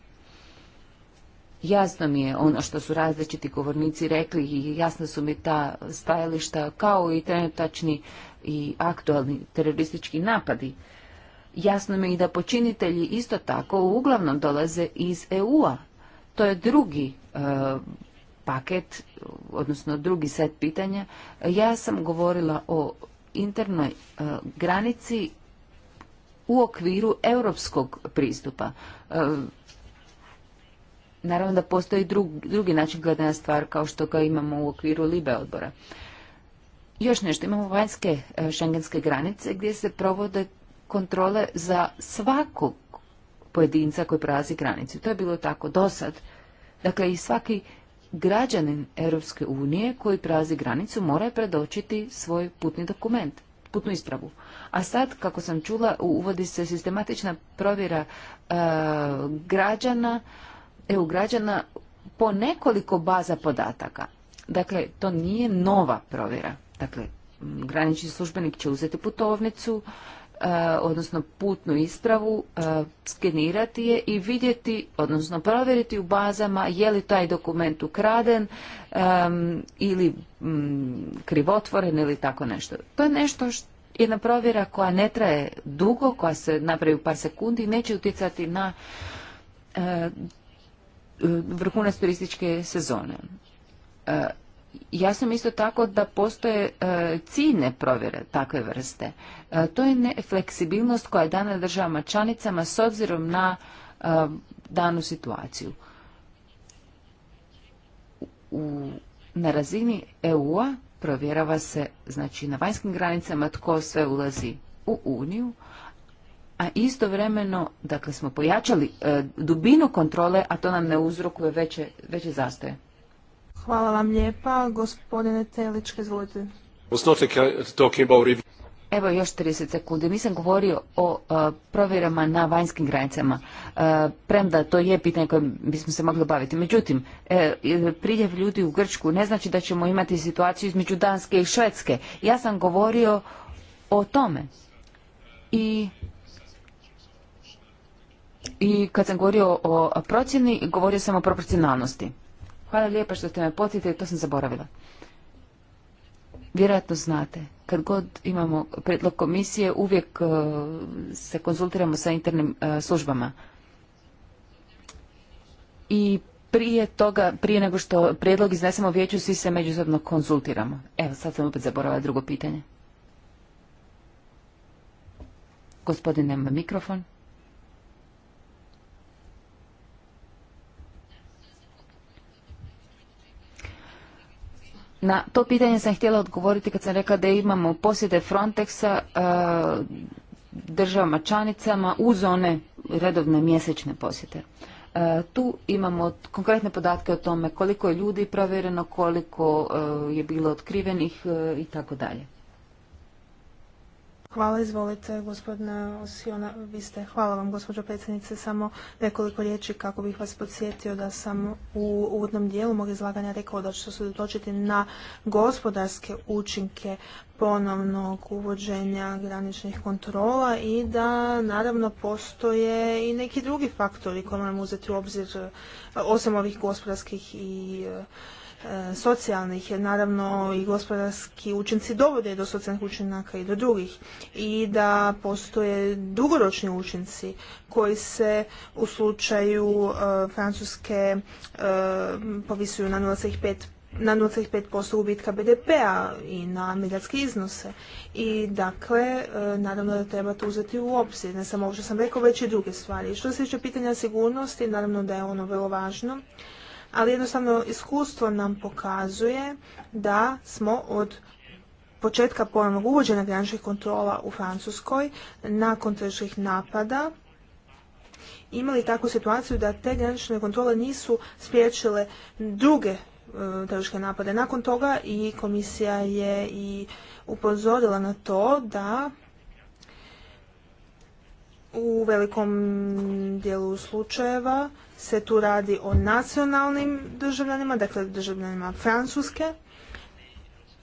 Jasno mi je ono što su različiti govornici rekli i jasno su mi ta stajališta kao i trenutačni i aktualni teroristički napadi. Jasno mi je i da počinitelji isto tako uglavnom dolaze iz EU-a. To je drugi e, paket, odnosno drugi set pitanja. Ja sam govorila o internoj e, granici u okviru europskog pristupa. E, naravno da postoji drugi način gledanja stvar kao što ga imamo u okviru Libe odbora. Još nešto, imamo vanjske e, šengenske granice gdje se provode kontrole za svakog pojedinca koji prelazi granicu. To je bilo tako do sad. Dakle, i svaki građanin Europske unije koji prazi granicu mora predočiti svoj putni dokument, putnu ispravu. A sad, kako sam čula, uvodi se sistematična provjera e, građana, EU građana po nekoliko baza podataka. Dakle, to nije nova provjera. Dakle, granični službenik će uzeti putovnicu, E, odnosno putnu ispravu, e, skenirati je i vidjeti, odnosno provjeriti u bazama je li taj dokument ukraden e, ili mm, krivotvoren ili tako nešto. To je nešto jedna provjera koja ne traje dugo, koja se napravi u par sekundi, neće utjecati na vrhunac turističke sezone ja sam isto tako da postoje e, ciljne provjere takve vrste. E, to je ne fleksibilnost koja je dana državama članicama s obzirom na e, danu situaciju. na razini EU-a provjerava se znači na vanjskim granicama tko sve ulazi u Uniju, a istovremeno dakle smo pojačali dubinu kontrole, a to nam ne uzrokuje veće, veće zastoje. Hvala vam lijepa. Gospodine Telička, izvolite. Evo još 30 sekundi. Nisam govorio o e, provjerama na vanjskim granicama. E, premda to je pitanje koje bismo se mogli baviti. Međutim, e, priljev ljudi u Grčku ne znači da ćemo imati situaciju između Danske i Švedske. Ja sam govorio o tome. I i kad sam govorio o procjeni, govorio sam o proporcionalnosti. Hvala lijepa što ste me podsjetili, to sam zaboravila. Vjerojatno znate, kad god imamo predlog komisije, uvijek e, se konzultiramo sa internim e, službama. I prije toga, prije nego što predlog iznesemo vijeću, svi se međusobno konzultiramo. Evo, sad sam opet zaboravila drugo pitanje. Gospodine, nema mikrofon. Na to pitanje sam htjela odgovoriti kad sam rekla da imamo posjede Frontexa e, državama članicama uz one redovne mjesečne posjete. E, tu imamo konkretne podatke o tome koliko je ljudi provjereno, koliko e, je bilo otkrivenih i tako dalje. Hvala, izvolite, gospodina Osiona, vi ste. Hvala vam, gospođo predsjednice, samo nekoliko riječi kako bih vas podsjetio da sam u uvodnom dijelu mog izlaganja rekao da ću se usredotočiti na gospodarske učinke ponovnog uvođenja graničnih kontrola i da naravno postoje i neki drugi faktori koje moramo uzeti u obzir osim ovih gospodarskih i E, socijalnih, jer naravno i gospodarski učinci dovode do socijalnih učinaka i do drugih i da postoje dugoročni učinci koji se u slučaju e, Francuske e, povisuju na 0,5 na 0,5% ubitka BDP-a i na milijarske iznose. I dakle, naravno da treba to uzeti u obzir, ne samo ovo što sam rekao, već i druge stvari. Što se tiče pitanja sigurnosti, naravno da je ono vrlo važno ali jednostavno iskustvo nam pokazuje da smo od početka ponovnog uvođenja graničnih kontrola u Francuskoj nakon teških napada imali takvu situaciju da te granične kontrole nisu spriječile druge e, teroriške napade. Nakon toga i komisija je i upozorila na to da u velikom dijelu slučajeva se tu radi o nacionalnim državljanima, dakle državljanima Francuske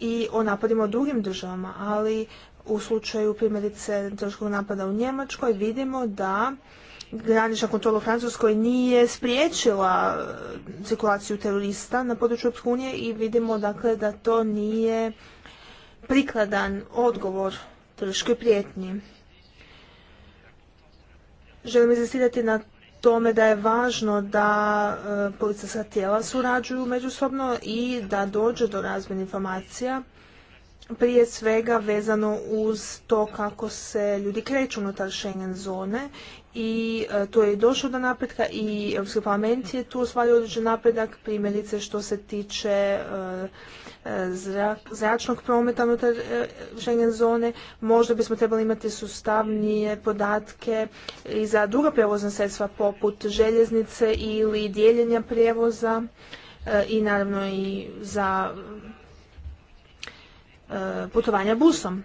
i o napadima u drugim državama, ali u slučaju primjerice državskog napada u Njemačkoj vidimo da granična kontrola u Francuskoj nije spriječila e, cirkulaciju terorista na području Europske i vidimo dakle da to nije prikladan odgovor teroriškoj prijetnji. Želim izvestirati na tome da je važno da e, policijska tijela surađuju međusobno i da dođe do razmjene informacija prije svega vezano uz to kako se ljudi kreću unutar Schengen zone i e, tu je došlo do napretka i Europski parlament je tu ostvario određen napredak, primjerice što se tiče e, e, zračnog prometa unutar Schengen zone. Možda bismo trebali imati sustavnije podatke i za druga prijevozna sredstva poput željeznice ili dijeljenja prijevoza i naravno i za putovanja busom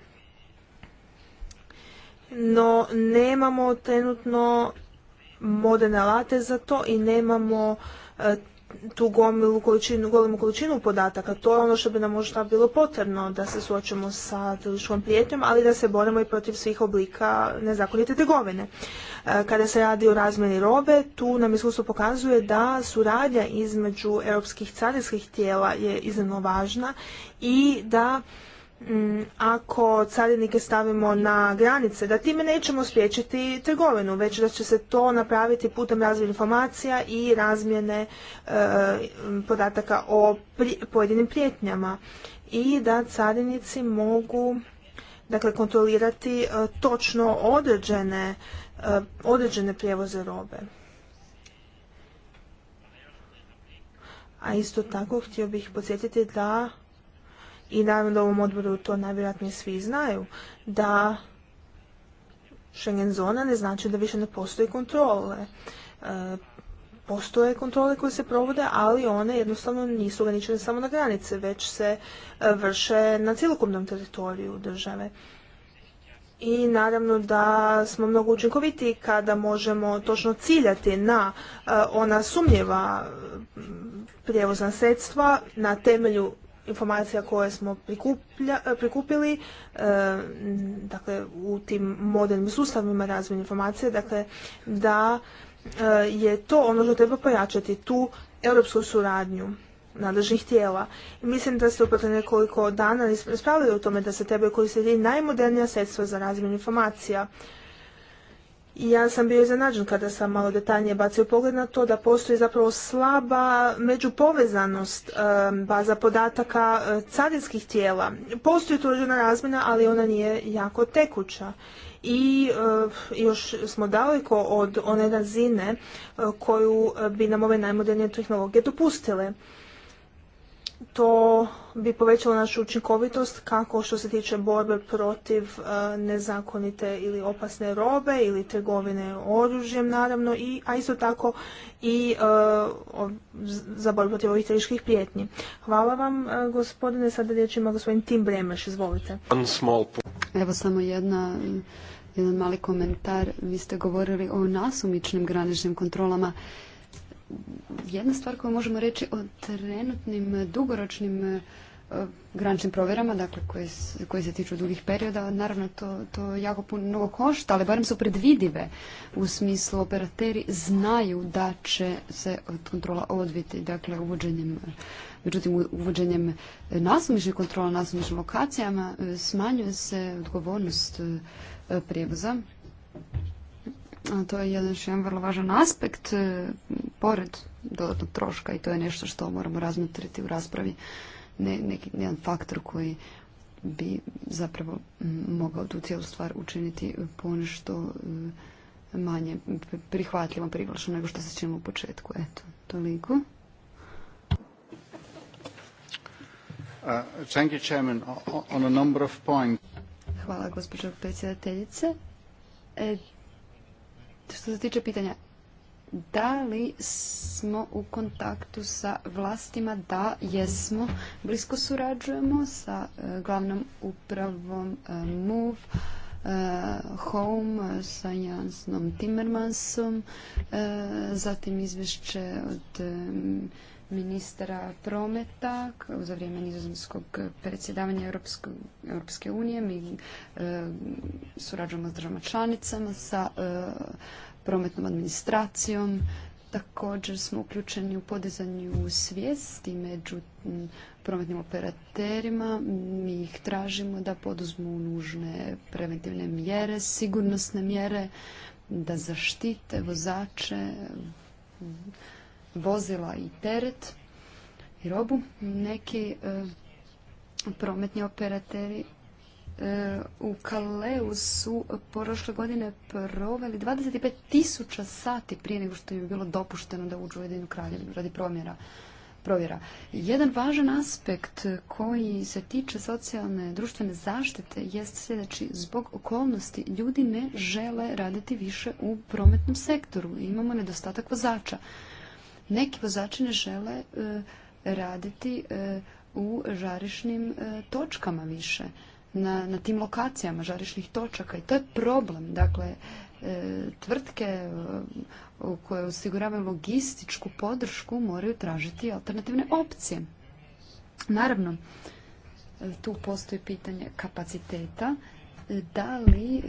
no nemamo trenutno moderne alate za to i nemamo e, tu gomilu količinu, golemu količinu podataka. To je ono što bi nam možda bilo potrebno da se suočimo sa tržiškom prijetnjom, ali da se borimo i protiv svih oblika nezakonite trgovine. E, kada se radi o razmjeni robe, tu nam iskustvo pokazuje da suradnja između europskih carinskih tijela je iznimno važna i da Mm, ako carinike stavimo na granice, da time nećemo spriječiti trgovinu, već da će se to napraviti putem razmjene informacija i razmjene e, podataka o pojedinim prijetnjama i da carinici mogu dakle, kontrolirati e, točno određene, e, određene prijevoze robe. A isto tako htio bih podsjetiti da i naravno da u ovom odboru to najvjerojatnije svi znaju, da Schengen zona ne znači da više ne postoje kontrole. E, postoje kontrole koje se provode, ali one jednostavno nisu ograničene samo na granice, već se e, vrše na cjelokupnom teritoriju države. I naravno da smo mnogo učinkoviti kada možemo točno ciljati na e, ona sumnjiva prijevozna sredstva na temelju informacija koje smo e, prikupili e, dakle, u tim modernim sustavima razmjene informacije, dakle da e, je to ono što treba pojačati, tu europsku suradnju nadležnih tijela. Mislim da ste upravo nekoliko dana raspravljali o tome da se trebaju koristiti najmodernija sredstva za razmjenu informacija ja sam bio iznenađen kada sam malo detaljnije bacio pogled na to da postoji zapravo slaba međupovezanost baza podataka e, carinskih tijela. Postoji to određena razmjena, ali ona nije jako tekuća. I e, još smo daleko od one razine e, koju bi nam ove najmodernije tehnologije dopustile to bi povećalo našu učinkovitost kako što se tiče borbe protiv e, nezakonite ili opasne robe ili trgovine oružjem naravno, i, a isto tako i e, za borbu protiv ovih teških prijetnji. Hvala vam e, gospodine, sada riječ ima gospodin Tim Bremeš, izvolite. Evo samo jedna jedan mali komentar. Vi ste govorili o nasumičnim graničnim kontrolama jedna stvar koju možemo reći o trenutnim dugoročnim e, graničnim provjerama, dakle koje, se tiču dugih perioda, naravno to, to jako puno mnogo košta, ali barem su predvidive u smislu operateri znaju da će se kontrola odviti, dakle uvođenjem Međutim, uvođenjem nasumišnjih kontrola nasumičnim lokacijama e, smanjuje se odgovornost e, prijevoza to je jedan, jedan vrlo važan aspekt e, pored dodatnog troška i to je nešto što moramo razmotriti u raspravi. Ne, jedan faktor koji bi zapravo mogao tu cijelu stvar učiniti ponešto e, manje prihvatljivo privlačno nego što se činimo u početku. Eto, toliko. Hvala gospođo predsjedateljice. E, što se tiče pitanja, da li smo u kontaktu sa vlastima? Da, jesmo. Blisko surađujemo sa e, glavnom upravom e, MOVE, e, Home sa Jansnom Timmermansom, zatim izvješće od ministra prometa za vrijeme nizozemskog predsjedavanja Europske, unije. Mi e, surađujemo s državama članicama, sa e, prometnom administracijom. Također smo uključeni u podizanju svijesti među prometnim operaterima. Mi ih tražimo da poduzmu nužne preventivne mjere, sigurnosne mjere, da zaštite vozače, vozila i teret i robu. Neki e, prometni operateri e, u Kaleu su prošle godine proveli 25 tisuća sati prije nego što im je bilo dopušteno da uđu u jedinu kraljevinu radi promjera provjera. Jedan važan aspekt koji se tiče socijalne društvene zaštite jest sljedeći. Zbog okolnosti ljudi ne žele raditi više u prometnom sektoru. Imamo nedostatak vozača. Neki vozači ne žele e, raditi e, u žarišnim e, točkama više, na, na tim lokacijama žarišnih točaka i to je problem. Dakle, tvrtke koje osiguravaju logističku podršku moraju tražiti alternativne opcije. Naravno, tu postoji pitanje kapaciteta. Da li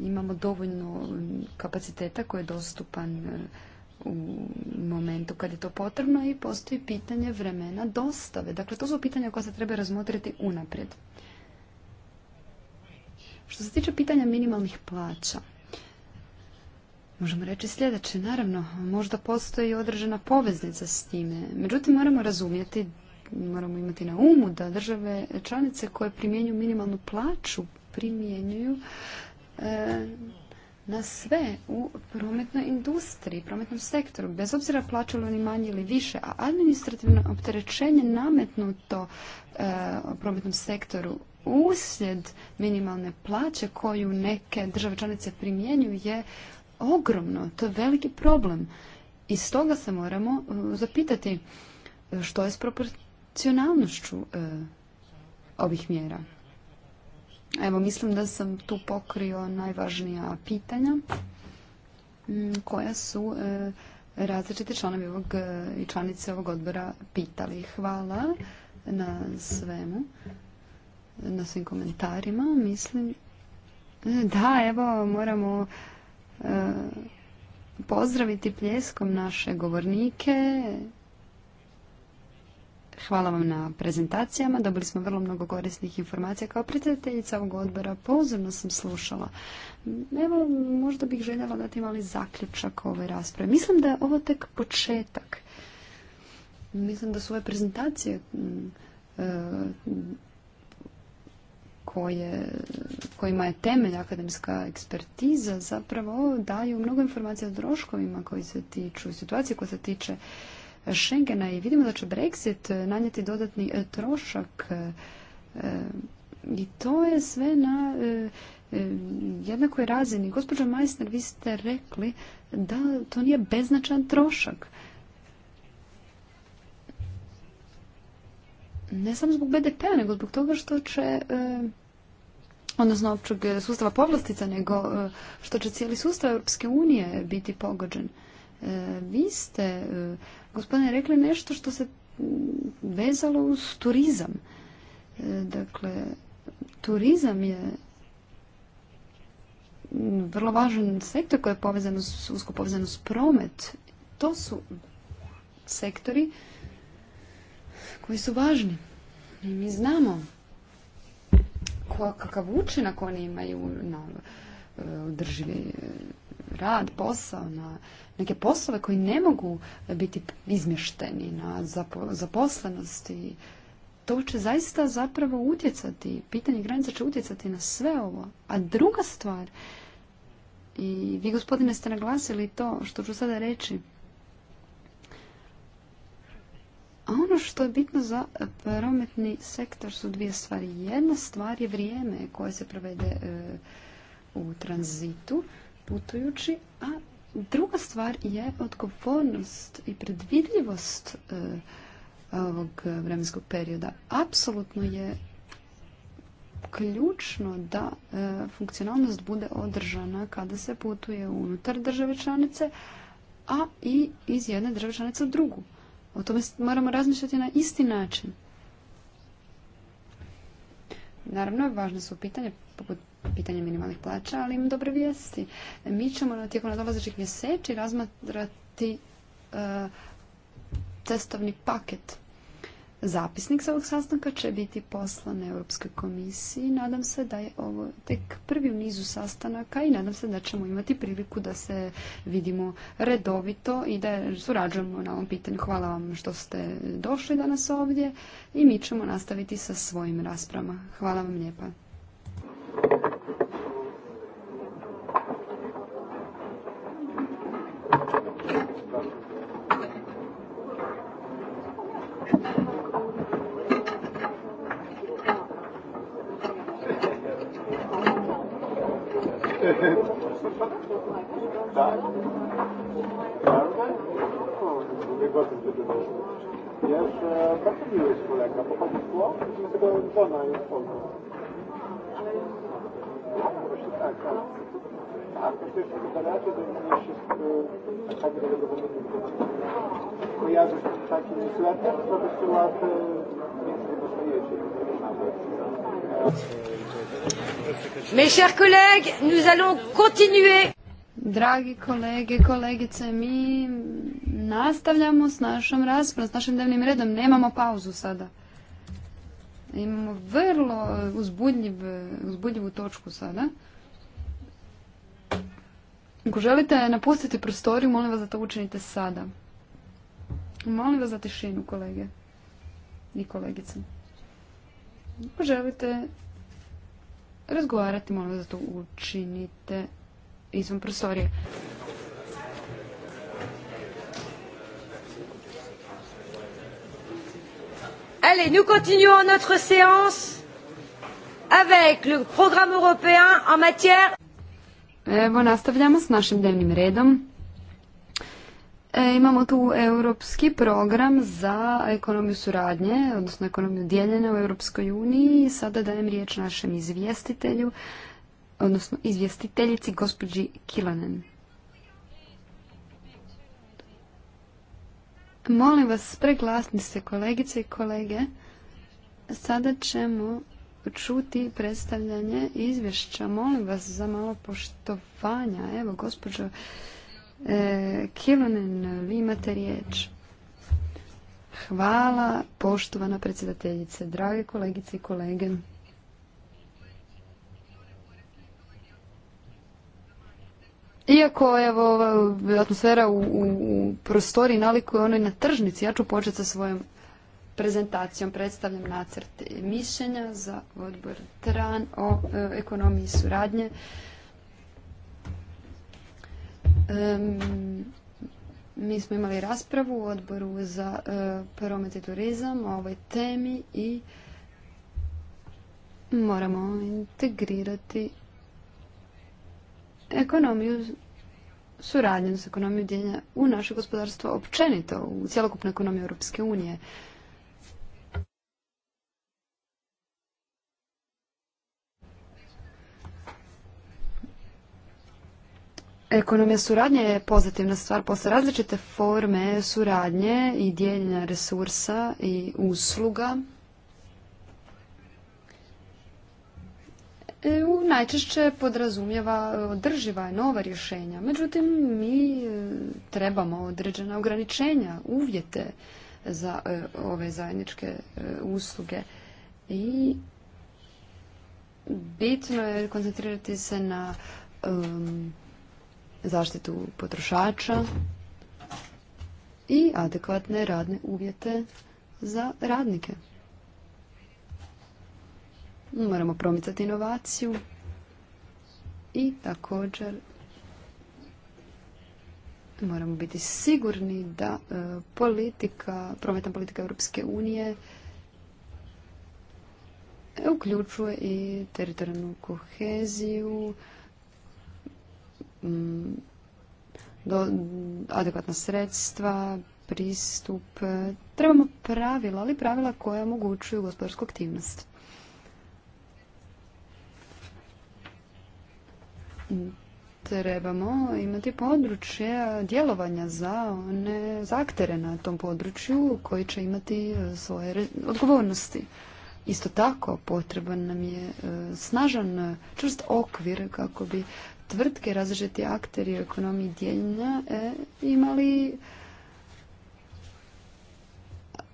imamo dovoljno kapaciteta koji je dostupan u momentu kad je to potrebno i postoji pitanje vremena dostave. Dakle, to su pitanja koja se treba razmotriti unaprijed. Što se tiče pitanja minimalnih plaća, možemo reći sljedeće. Naravno, možda postoji određena poveznica s time. Međutim, moramo razumjeti, moramo imati na umu da države članice koje primjenjuju minimalnu plaću primjenjuju e, na sve u prometnoj industriji, prometnom sektoru, bez obzira plaćali oni manje ili više, a administrativno opterećenje nametnuto e, prometnom sektoru uslijed minimalne plaće koju neke države članice primjenjuju je ogromno, to je veliki problem. I stoga se moramo e, zapitati e, što je s proporcionalnošću ovih mjera. Evo, mislim da sam tu pokrio najvažnija pitanja koja su e, različiti članovi ovog e, i članice ovog odbora pitali. Hvala na svemu, na svim komentarima. Mislim, da, evo, moramo e, pozdraviti pljeskom naše govornike, Hvala vam na prezentacijama. Dobili smo vrlo mnogo korisnih informacija. Kao predsjedateljica ovog odbora pozorno sam slušala. Evo, možda bih željela dati mali zaključak ove rasprave. Mislim da je ovo tek početak. Mislim da su ove prezentacije mm, e, koje, kojima je temelj akademska ekspertiza zapravo daju mnogo informacija o troškovima koji se tiču, situacije koja se tiče Schengena i vidimo da će Brexit e, nanijeti dodatni e, trošak e, i to je sve na jednakoj razini. Gospođo Majsner, vi ste rekli da to nije beznačan trošak. Ne samo zbog BDP-a, nego zbog toga što će odnosno općeg sustava povlastica, nego što će cijeli sustav Europske unije biti pogođen. Vi ste gospodine rekli nešto što se vezalo uz turizam. E, dakle, turizam je vrlo važan sektor koji je povezan usko povezan s promet. To su sektori koji su važni. I mi znamo kakav učinak oni imaju na e, održivi rad, posao, na neke poslove koji ne mogu biti izmješteni na zaposlenosti. To će zaista zapravo utjecati, pitanje granica će utjecati na sve ovo. A druga stvar, i vi gospodine ste naglasili to što ću sada reći, a ono što je bitno za prometni sektor su dvije stvari. Jedna stvar je vrijeme koje se provede e, u tranzitu, putujući, a druga stvar je odgovornost i predvidljivost e, ovog vremenskog perioda. Apsolutno je ključno da e, funkcionalnost bude održana kada se putuje unutar države članice, a i iz jedne države članice u drugu. O tome moramo razmišljati na isti način. Naravno, važne su pitanje poput pitanje minimalnih plaća, ali imam dobre vijesti. Mi ćemo tijekom nadolazećih mjeseci razmatrati e, cestovni paket. Zapisnik sa ovog sastanka će biti poslan Europskoj komisiji. Nadam se da je ovo tek prvi u nizu sastanaka i nadam se da ćemo imati priliku da se vidimo redovito i da surađujemo na ovom pitanju. Hvala vam što ste došli danas ovdje i mi ćemo nastaviti sa svojim raspravama. Hvala vam lijepa. Mes chers collègues, nous allons continuer. Dragi kolege, kolegice, mi nastavljamo s našom raspravom, s našim dnevnim redom. Nemamo pauzu sada. Imamo vrlo uzbudljiv, uzbudljivu točku sada. Ako želite napustiti prostoriju, molim vas da to učinite sada. Molim vas za tišinu, kolege i kolegice. Ako želite razgovarati, molim vas da to učinite izvan prostorije. Allez, nous continuons notre séance avec le programme européen en matière. Evo, nastavljamo s našim dnevnim redom. E, imamo tu europski program za ekonomiju suradnje, odnosno ekonomiju dijeljenja u Europskoj uniji. Sada dajem riječ našem izvjestitelju, odnosno izvjestiteljici gospođi Kilanen. Molim vas, preglasni se kolegice i kolege. Sada ćemo čuti predstavljanje izvješća. Molim vas za malo poštovanja. Evo, gospođo e, Kilanen, vi imate riječ. Hvala, poštovana predsjedateljice, drage kolegice i kolege. Iako je ova atmosfera u, u prostoriji nalikuje onoj na tržnici, ja ću početi sa svojom prezentacijom. Predstavljam nacrt mišljenja za odbor TRAN o e, ekonomiji suradnje. mi smo imali raspravu u odboru za e, promet i turizam o ovoj temi i moramo integrirati ekonomiju suradnju ekonomiju ekonomiju u naše gospodarstvo općenito, u cjelokupnu ekonomiji Europske unije. Ekonomija suradnje je pozitivna stvar. Postoje različite forme suradnje i dijeljenja resursa i usluga. EU najčešće podrazumijeva e, održiva nova rješenja. Međutim, mi e, trebamo određena ograničenja, uvjete za e, ove zajedničke usluge i bitno je koncentrirati se na zaštitu potrošača i adekvatne radne uvjete za radnike. Moramo promicati inovaciju i također moramo biti sigurni da e, politika, prometna politika Europske unije e, uključuje i teritorijalnu koheziju, mm, adekvatna sredstva, pristup. E, trebamo pravila, ali pravila koja omogućuju gospodarsku aktivnost. trebamo imati područje djelovanja za one zaktere na tom području koji će imati e, svoje odgovornosti. Isto tako potreban nam je e, snažan, e, čvrst okvir kako bi tvrtke, različiti akteri u ekonomiji dijeljenja imali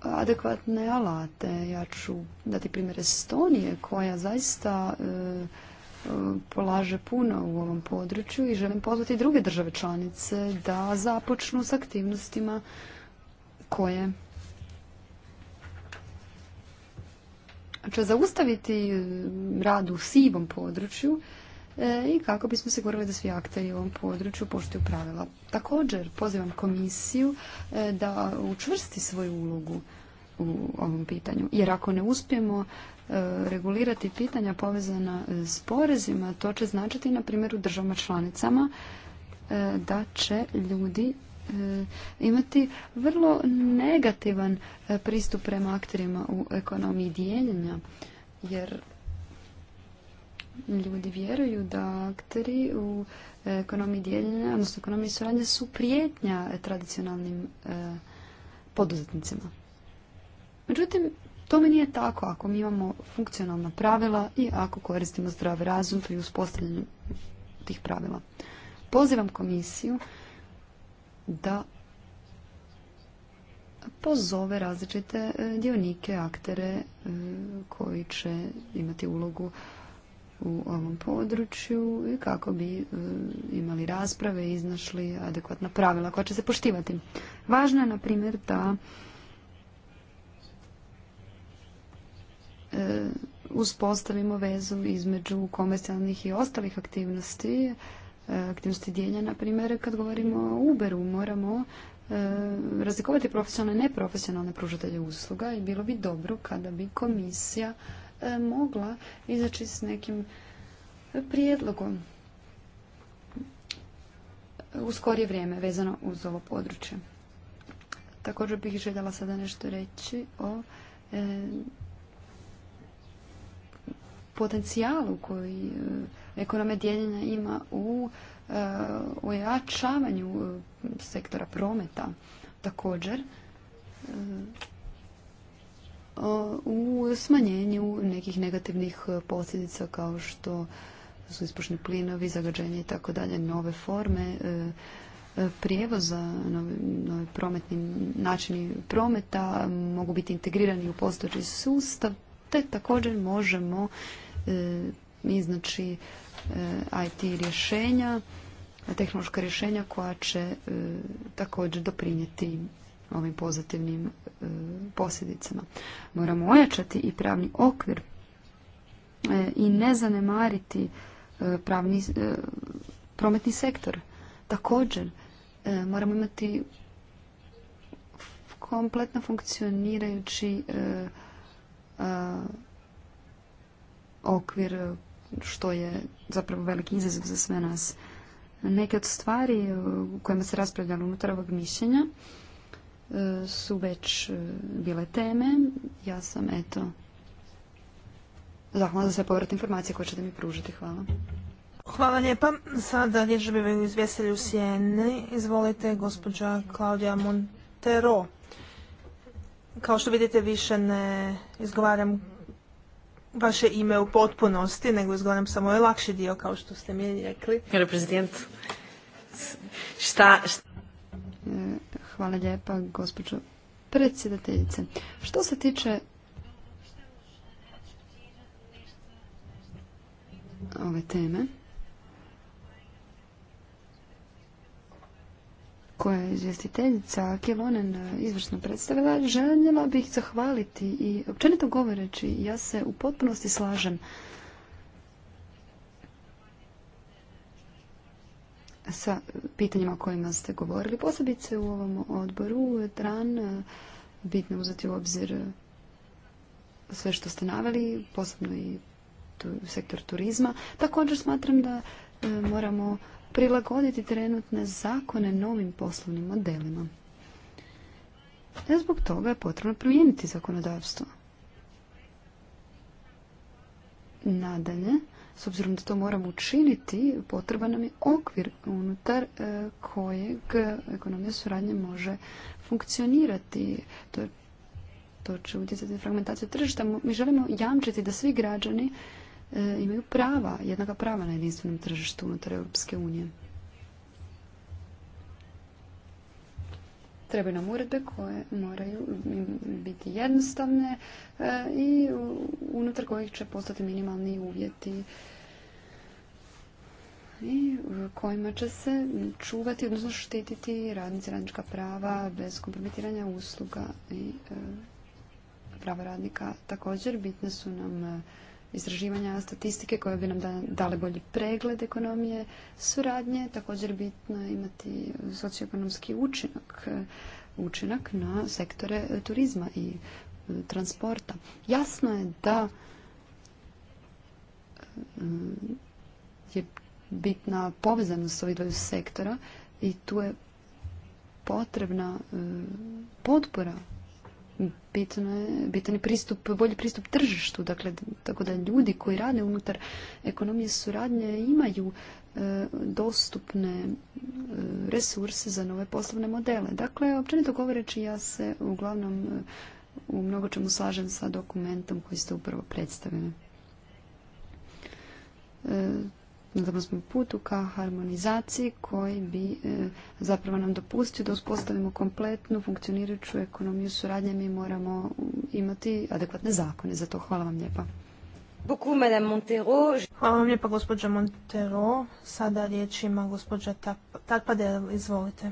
adekvatne alate. Ja ću dati primjer Estonije koja zaista polaže puno u ovom području i želim pozvati druge države članice da započnu s aktivnostima koje će zaustaviti rad u sivom području e, i kako bismo se sigurali da svi akteri u ovom području poštuju pravila. Također pozivam komisiju e, da učvrsti svoju ulogu u ovom pitanju. Jer ako ne uspijemo regulirati pitanja povezana s porezima, to će značiti na primjer u državama članicama e, da će ljudi e, imati vrlo negativan e, pristup prema akterima u ekonomiji dijeljenja, jer ljudi vjeruju da akteri u ekonomiji dijeljenja, odnosno ekonomiji suradnje su prijetnja tradicionalnim poduzetnicima. Međutim, Tome nije tako ako mi imamo funkcionalna pravila i ako koristimo zdrav razum pri uspostavljanju tih pravila. Pozivam komisiju da pozove različite e, dionike, aktere e, koji će imati ulogu u ovom području i kako bi e, imali rasprave i iznašli adekvatna pravila koja će se poštivati. Važno je, na primjer, da E, uspostavimo vezu između komercijalnih i ostalih aktivnosti, e, aktivnosti dijelja, na primjer, kad govorimo o Uberu, moramo e, razlikovati profesionalne i neprofesionalne pružatelje usluga i bilo bi dobro kada bi komisija mogla izaći s nekim prijedlogom u skorije vrijeme vezano uz ovo područje. Također bih željela sada nešto reći o potencijalu koji e, ekonome dijeljenja ima u e, ojačavanju e, sektora prometa. Također, u smanjenju nekih negativnih posljedica kao što su ispušni plinovi, zagađenje i tako dalje, nove forme prijevoza, prometni načini prometa mogu biti integrirani u postojeći sustav te također možemo e, iznaći e, IT rješenja, tehnološka rješenja koja će e, također doprinijeti ovim pozitivnim posljedicama. Moramo ojačati i pravni okvir i ne zanemariti pravni prometni sektor. Također moramo imati kompletno funkcionirajući okvir što je zapravo veliki izazov za sve nas. Neke od stvari e, u kojima se raspravljalo unutar ovog mišljenja e, su već e, bile teme. Ja sam, eto, zahvala za sve povratne informacije koje ćete mi pružiti. Hvala. Hvala lijepa. Sada riječ bi u sjeni. Izvolite, gospođa Klaudija Montero. Kao što vidite više ne izgovaram vaše ime u potpunosti, nego izgovaram samo ovaj lakši dio kao što ste mi rekli. Šta, šta? Hvala lijepa, gospođo predsjedateljice. Što se tiče ove teme, koja je izvjestiteljica Kilonen e, izvršno predstavila, željela bih zahvaliti i općenito govoreći, ja se u potpunosti slažem sa pitanjima o kojima ste govorili. Posebice u ovom odboru TRAN e, bitno uzeti u obzir e, sve što ste naveli, posebno i sektor turizma. Također smatram da moramo prilagoditi trenutne zakone novim poslovnim modelima. E, zbog toga je potrebno promijeniti zakonodavstvo. Nadalje, s obzirom da to moramo učiniti, potreban nam je okvir unutar e, kojeg ekonomija suradnje može funkcionirati. To, to će utjecati na fragmentaciju tržišta. Mi želimo jamčiti da svi građani E, imaju prava, jednaka prava na jedinstvenom tržištu unutar Europske unije. Trebaju nam uredbe koje moraju biti jednostavne e, i unutar kojih će postati minimalni uvjeti i kojima će se čuvati, odnosno štititi radnici radnička prava bez kompromitiranja usluga i e, prava radnika. Također bitne su nam istraživanja statistike koje bi nam dale bolji pregled ekonomije, suradnje, također bitno imati socioekonomski učinak, učinak na sektore turizma i e, transporta. Jasno je da e, je bitna povezanost ovih dvaju sektora i tu je potrebna e, potpora bitno je, bitan je pristup, bolji pristup tržištu, dakle, tako da ljudi koji rade unutar ekonomije suradnje imaju e, dostupne e, resurse za nove poslovne modele. Dakle, općenito govoreći, ja se uglavnom e, u mnogo čemu slažem sa dokumentom koji ste upravo predstavili na dobrom smo putu ka harmonizaciji koji bi e, zapravo nam dopustio da uspostavimo kompletnu funkcionirajuću ekonomiju suradnje. Mi moramo imati adekvatne zakone za to. Hvala vam lijepa. Hvala vam lijepa gospođa Montero. Sada riječ ima gospođa Tarpadel. Izvolite.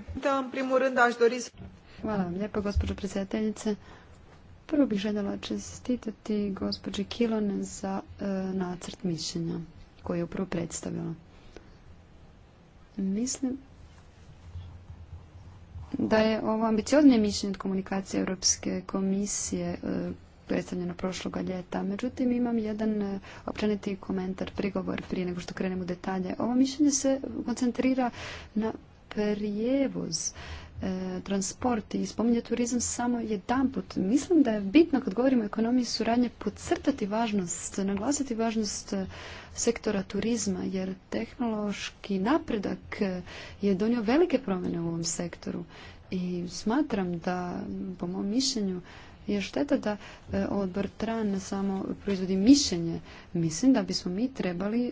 Hvala vam lijepa gospođo predsjedateljice. Prvo bih željela čestitati gospođi Kilone za e, nacrt mišljenja koju je upravo predstavila. Mislim da je ovo ambicioznije mišljenje od komunikacije Europske komisije e, predstavljeno prošloga ljeta. Međutim, imam jedan e, općeniti komentar, prigovor prije nego što krenem u detalje. Ovo mišljenje se koncentrira na prijevoz E, transport i spominje turizam samo jedanput. Mislim da je bitno kad govorimo o ekonomiji suradnje podcrtati važnost, naglasiti važnost sektora turizma jer tehnološki napredak je donio velike promjene u ovom sektoru i smatram da po mom mišljenju je šteta da e, odbor TRAN samo proizvodi mišljenje. Mislim da bismo mi trebali e,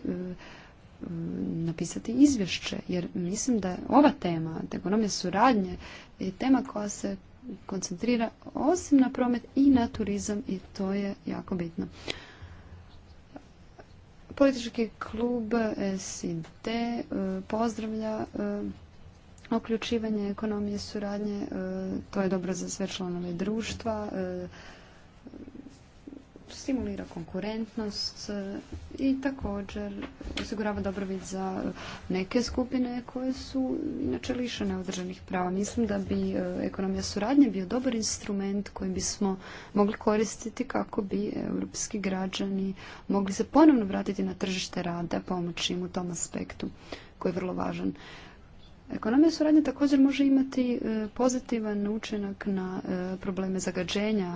Mm, napisati izvješće, jer mislim da ova tema, ekonomija suradnje, je tema koja se koncentrira osim na promet i na turizam i to je jako bitno. Politički klub SID e, pozdravlja e, uključivanje ekonomije suradnje, e, to je dobro za sve članove društva, stimulira konkurentnost e, i također osigurava dobrobit za neke skupine koje su inače lišene određenih prava. Mislim da bi e, ekonomija suradnje bio dobar instrument koji bismo mogli koristiti kako bi europski građani mogli se ponovno vratiti na tržište rada, pomoći im u tom aspektu koji je vrlo važan. Ekonomija suradnje također može imati e, pozitivan učinak na probleme zagađenja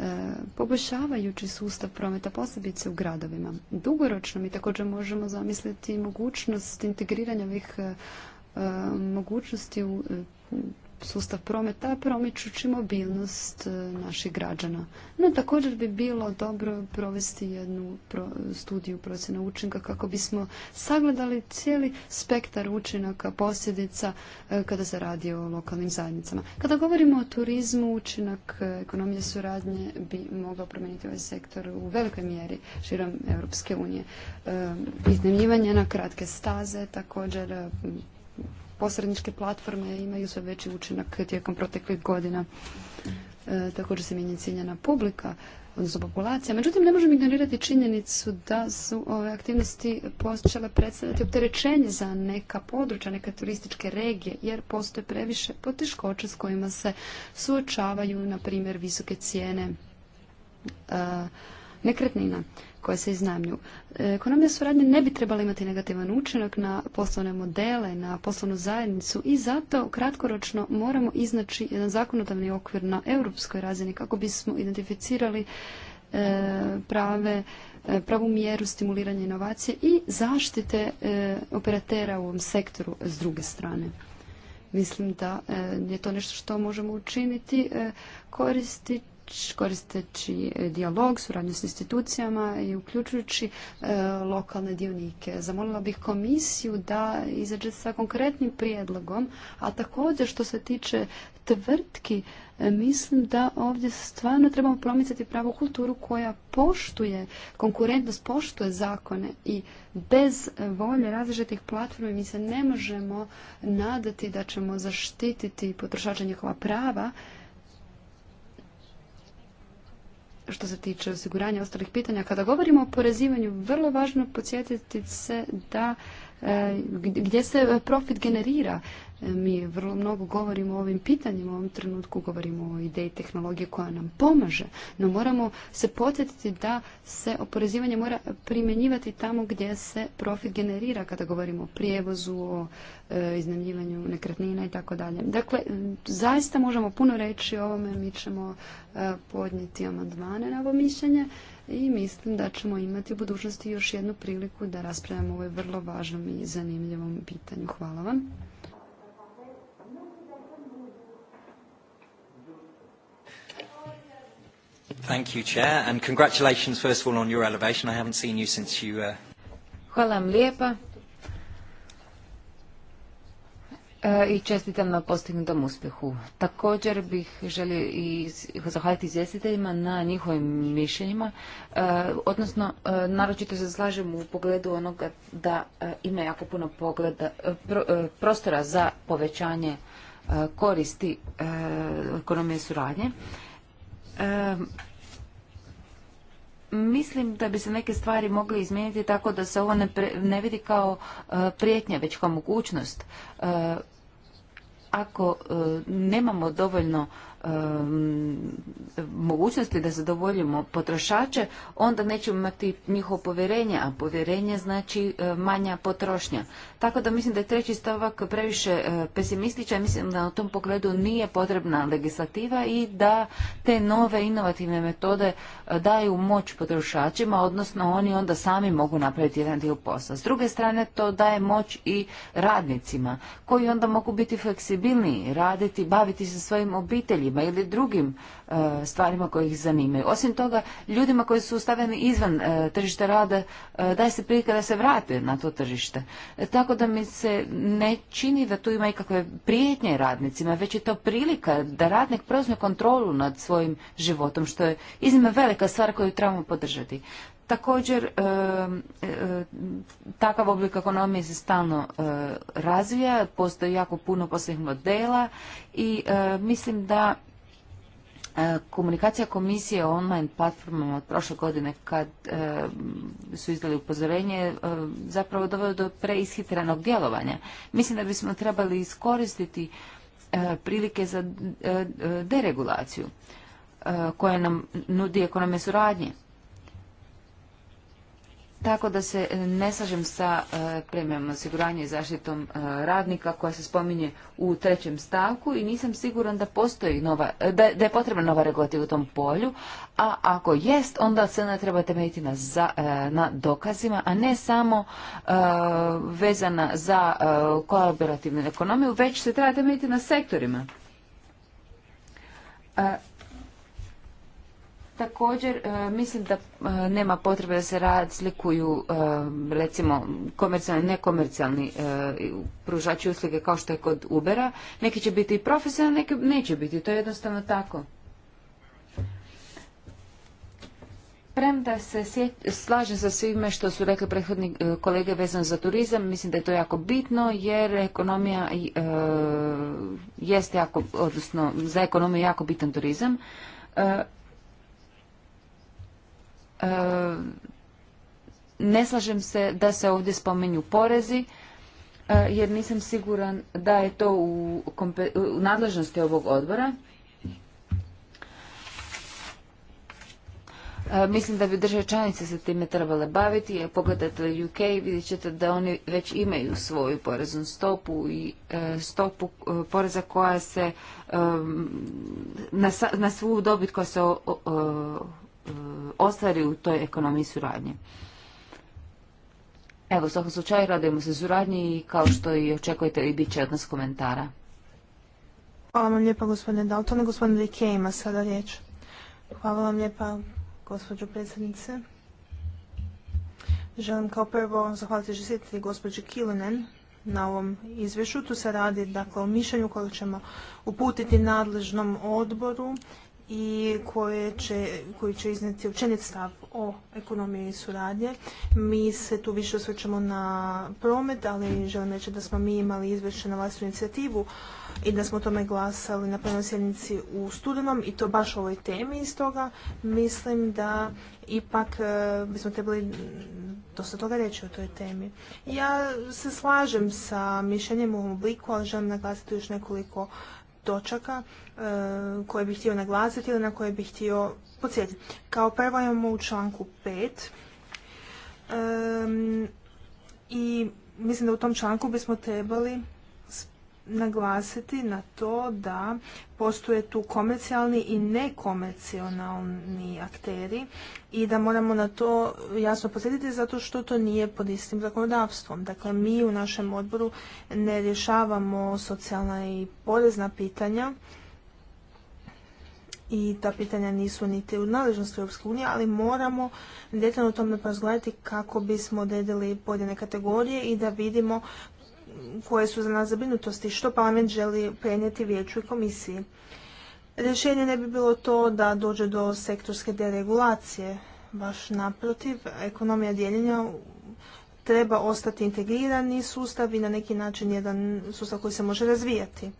E, poboljšavajući sustav prometa posebice u gradovima. Dugoročno mi također možemo zamisliti mogućnost integriranja ovih e, e, mogućnosti u sustav prometa promičući mobilnost e, naših građana. No također bi bilo dobro provesti jednu studiju procjena učinka kako bismo sagledali cijeli spektar učinaka posljedica e, kada se radi o lokalnim zajednicama. Kada govorimo o turizmu, učinak e, ekonomije suradnje bi mogao promijeniti ovaj sektor u velikoj mjeri širom Europske unije. Iznemljivanje na kratke staze, također posredničke platforme imaju sve veći učinak tijekom proteklih godina. E, također se mijenja ciljena publika, odnosno populacija. Međutim, ne možemo ignorirati činjenicu da su ove aktivnosti počele predstavljati opterećenje za neka područja, neke turističke regije, jer postoje previše poteškoća s kojima se suočavaju, na primjer, visoke cijene e, nekretnina koje se iznajmljuju. E, ekonomija suradnje ne bi trebala imati negativan učinak na poslovne modele, na poslovnu zajednicu i zato kratkoročno moramo iznaći jedan zakonodavni okvir na europskoj razini kako bismo identificirali e, prave e, pravu mjeru stimuliranja inovacije i zaštite operatera u ovom sektoru s druge strane. Mislim da je to nešto što možemo učiniti koristiti koristeći e, dijalog, suradnju s institucijama i uključujući e, lokalne dionike. Zamolila bih komisiju da izađe sa konkretnim prijedlogom, a također što se tiče tvrtki, e, mislim da ovdje stvarno trebamo promicati pravu kulturu koja poštuje, konkurentnost poštuje zakone i bez volje različitih platformi mi se ne možemo nadati da ćemo zaštititi potrošača njihova prava, što se tiče osiguranja ostalih pitanja. Kada govorimo o porezivanju, vrlo važno podsjetiti se da e, gdje se profit generira. Mi vrlo mnogo govorimo o ovim pitanjima, u ovom trenutku govorimo o ideji tehnologije koja nam pomaže, no moramo se podsjetiti da se oporezivanje mora primjenjivati tamo gdje se profit generira, kada govorimo o prijevozu, o e, iznajmljivanju nekretnina i tako dalje. Dakle, zaista možemo puno reći o ovome, mi ćemo e, podnijeti amandmane na ovo mišljenje i mislim da ćemo imati u budućnosti još jednu priliku da raspravljamo o ovoj vrlo važnom i zanimljivom pitanju. Hvala vam. Thank I haven't uh, Hvala vam lijepa. E, I čestitam na postignutom uspjehu. Također bih želio i zahvaliti izvjestiteljima na njihovim mišljenjima, e, odnosno e, naročito se slažem u pogledu onoga da ima jako puno prostora za povećanje koristi ekonomije suradnje mislim da bi se neke stvari mogle izmijeniti tako da se ovo ne, vidi kao e, prijetnja, već kao mogućnost. E, ako e, nemamo dovoljno mogućnosti da zadovoljimo potrošače, onda nećemo imati njihovo povjerenje, a povjerenje znači manja potrošnja. Tako da mislim da je treći stavak previše e, pesimističan, mislim da u tom pogledu nije potrebna legislativa i da te nove inovativne metode e, daju moć potrošačima, odnosno oni onda sami mogu napraviti jedan dio posla. S druge strane to daje moć i radnicima koji onda mogu biti fleksibilni raditi, baviti se svojim obiteljima ili drugim e, stvarima koje ih zanimaju. Osim toga, ljudima koji su stavljeni izvan tržišta rada daje se prilika da se vrate na to tržište. Tako da mi se ne čini da tu ima ikakve prijetnje radnicima, već je to prilika da radnik preuzme kontrolu nad svojim životom, što je iznimno velika stvar koju trebamo podržati. Također, e, e, takav oblik ekonomije se stalno e, razvija, postoji jako puno posebnih modela i mislim da E, komunikacija komisije o online platformama od prošle godine kad e, su izdali upozorenje e, zapravo doveo do preishitrenog djelovanja. Mislim da bismo trebali iskoristiti prilike za deregulaciju koje nam nudi ekonome suradnje. Tako da se ne slažem sa e, premijom osiguranja i zaštitom e, radnika koja se spominje u trećem stavku i nisam siguran da postoji nova, e, da, je potrebna nova regulativa u tom polju, a ako jest, onda se ne treba temeljiti na, dokazima, a ne samo vezana za uh, kolaborativnu ekonomiju, već se treba temeljiti na sektorima. Također e, mislim da e, nema potrebe da se razlikuju e, recimo komercijalni i nekomercijalni pružači usluge kao što je kod Ubera. Neki će biti i profesionalni, neki neće biti. To je jednostavno tako. Premda se slažem sa svime što su rekli prethodni kolege vezano za turizam, mislim da je to jako bitno jer ekonomija jeste jako, odnosno za ekonomiju jako bitan turizam. E, ne slažem se da se ovdje spomenju porezi e, jer nisam siguran da je to u, nadležnosti ovog odbora. E, mislim da bi države članice se time trebale baviti, pogledajte pogledate UK vidjet ćete da oni već imaju svoju poreznu stopu i stopu poreza koja se na svu dobit koja se E, ostvari u toj ekonomiji suradnje. Evo, u svakom slučaju radujemo se suradnji i kao što i očekujete i bit će od nas komentara. Hvala vam lijepa gospodine Daltone. Gospodin Rike ima sada riječ. Hvala vam lijepa gospođo predsjednice. Želim kao prvo zahvaliti žesitelji gospođi Kilinen, na ovom izvješću. Tu se radi dakle, o mišljenju koje ćemo uputiti nadležnom odboru i koje koji će izneti općenit stav o ekonomiji i suradnje. Mi se tu više osvrćamo na promet, ali želim reći da smo mi imali izvješće na vlastnu inicijativu i da smo o tome glasali na plenoj sjednici u studenom i to baš o ovoj temi i toga mislim da ipak e, bismo trebali dosta toga reći o toj temi. Ja se slažem sa mišljenjem u ovom obliku, ali želim naglasiti još nekoliko točaka e, koje bih htio naglasiti ili na koje bih htio podsjetiti. Kao prvo imamo u članku 5 e, i mislim da u tom članku bismo trebali naglasiti na to da postoje tu komercijalni i nekomercijalni akteri i da moramo na to jasno posjetiti zato što to nije pod istim zakonodavstvom. Dakle, mi u našem odboru ne rješavamo socijalna i porezna pitanja i ta pitanja nisu niti u nadležnosti Europske unije, ali moramo detaljno o tome kako bismo odredili pojedine kategorije i da vidimo koje su za nas zabrinutosti, što parlament želi prenijeti vijeću i komisiji. Rješenje ne bi bilo to da dođe do sektorske deregulacije, baš naprotiv, ekonomija dijeljenja treba ostati integrirani sustav i na neki način jedan sustav koji se može razvijati.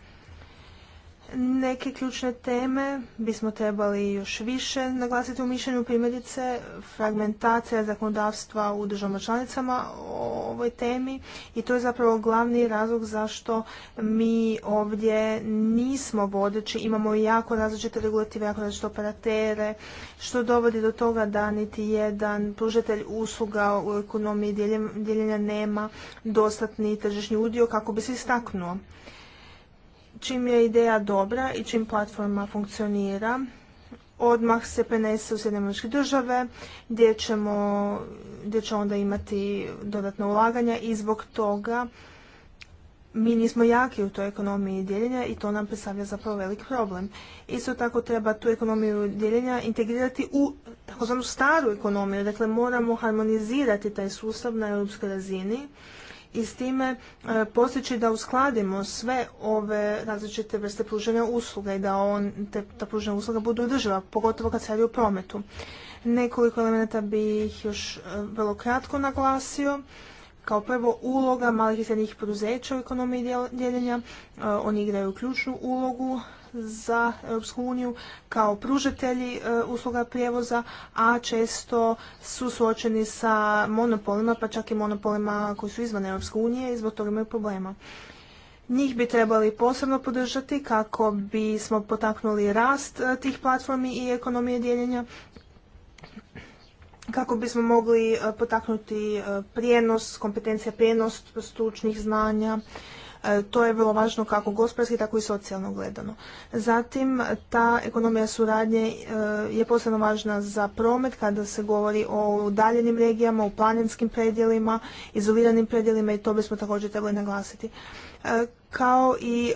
Neke ključne teme bismo trebali još više naglasiti u mišljenju primjerice fragmentacija zakonodavstva u državama članicama o ovoj temi i to je zapravo glavni razlog zašto mi ovdje nismo vodeći, imamo jako različite regulative, jako različite operatere, što dovodi do toga da niti jedan pružatelj usluga u ekonomiji dijeljenja nema dostatni tržišni udio kako bi se istaknuo čim je ideja dobra i čim platforma funkcionira, odmah se prenese u Sjedinjene države gdje ćemo, će onda imati dodatna ulaganja i zbog toga mi nismo jaki u toj ekonomiji dijeljenja i to nam predstavlja zapravo velik problem. Isto tako treba tu ekonomiju dijeljenja integrirati u takozvanu staru ekonomiju, dakle moramo harmonizirati taj sustav na europskoj razini i s time e, postići da uskladimo sve ove različite vrste pružanja usluga i da on, te, ta pružena usluga budu održiva, pogotovo kad se radi o prometu. Nekoliko elemenata bih još e, vrlo kratko naglasio. Kao prvo, uloga malih i srednjih poduzeća u ekonomiji dijeljenja. E, oni igraju ključnu ulogu za Europsku uniju kao pružatelji e, usluga prijevoza, a često su suočeni sa monopolima, pa čak i monopolima koji su izvan Europske unije i zbog toga imaju problema. Njih bi trebali posebno podržati kako bismo potaknuli rast e, tih platformi i ekonomije dijeljenja, kako bismo mogli e, potaknuti prijenos, kompetencija prijenost stručnih znanja, E, to je vrlo važno kako gospodarski, tako i socijalno gledano. Zatim, ta ekonomija suradnje e, je posebno važna za promet kada se govori o udaljenim regijama, o planinskim predjelima, izoliranim predjelima i to bismo također trebali naglasiti. E, kao i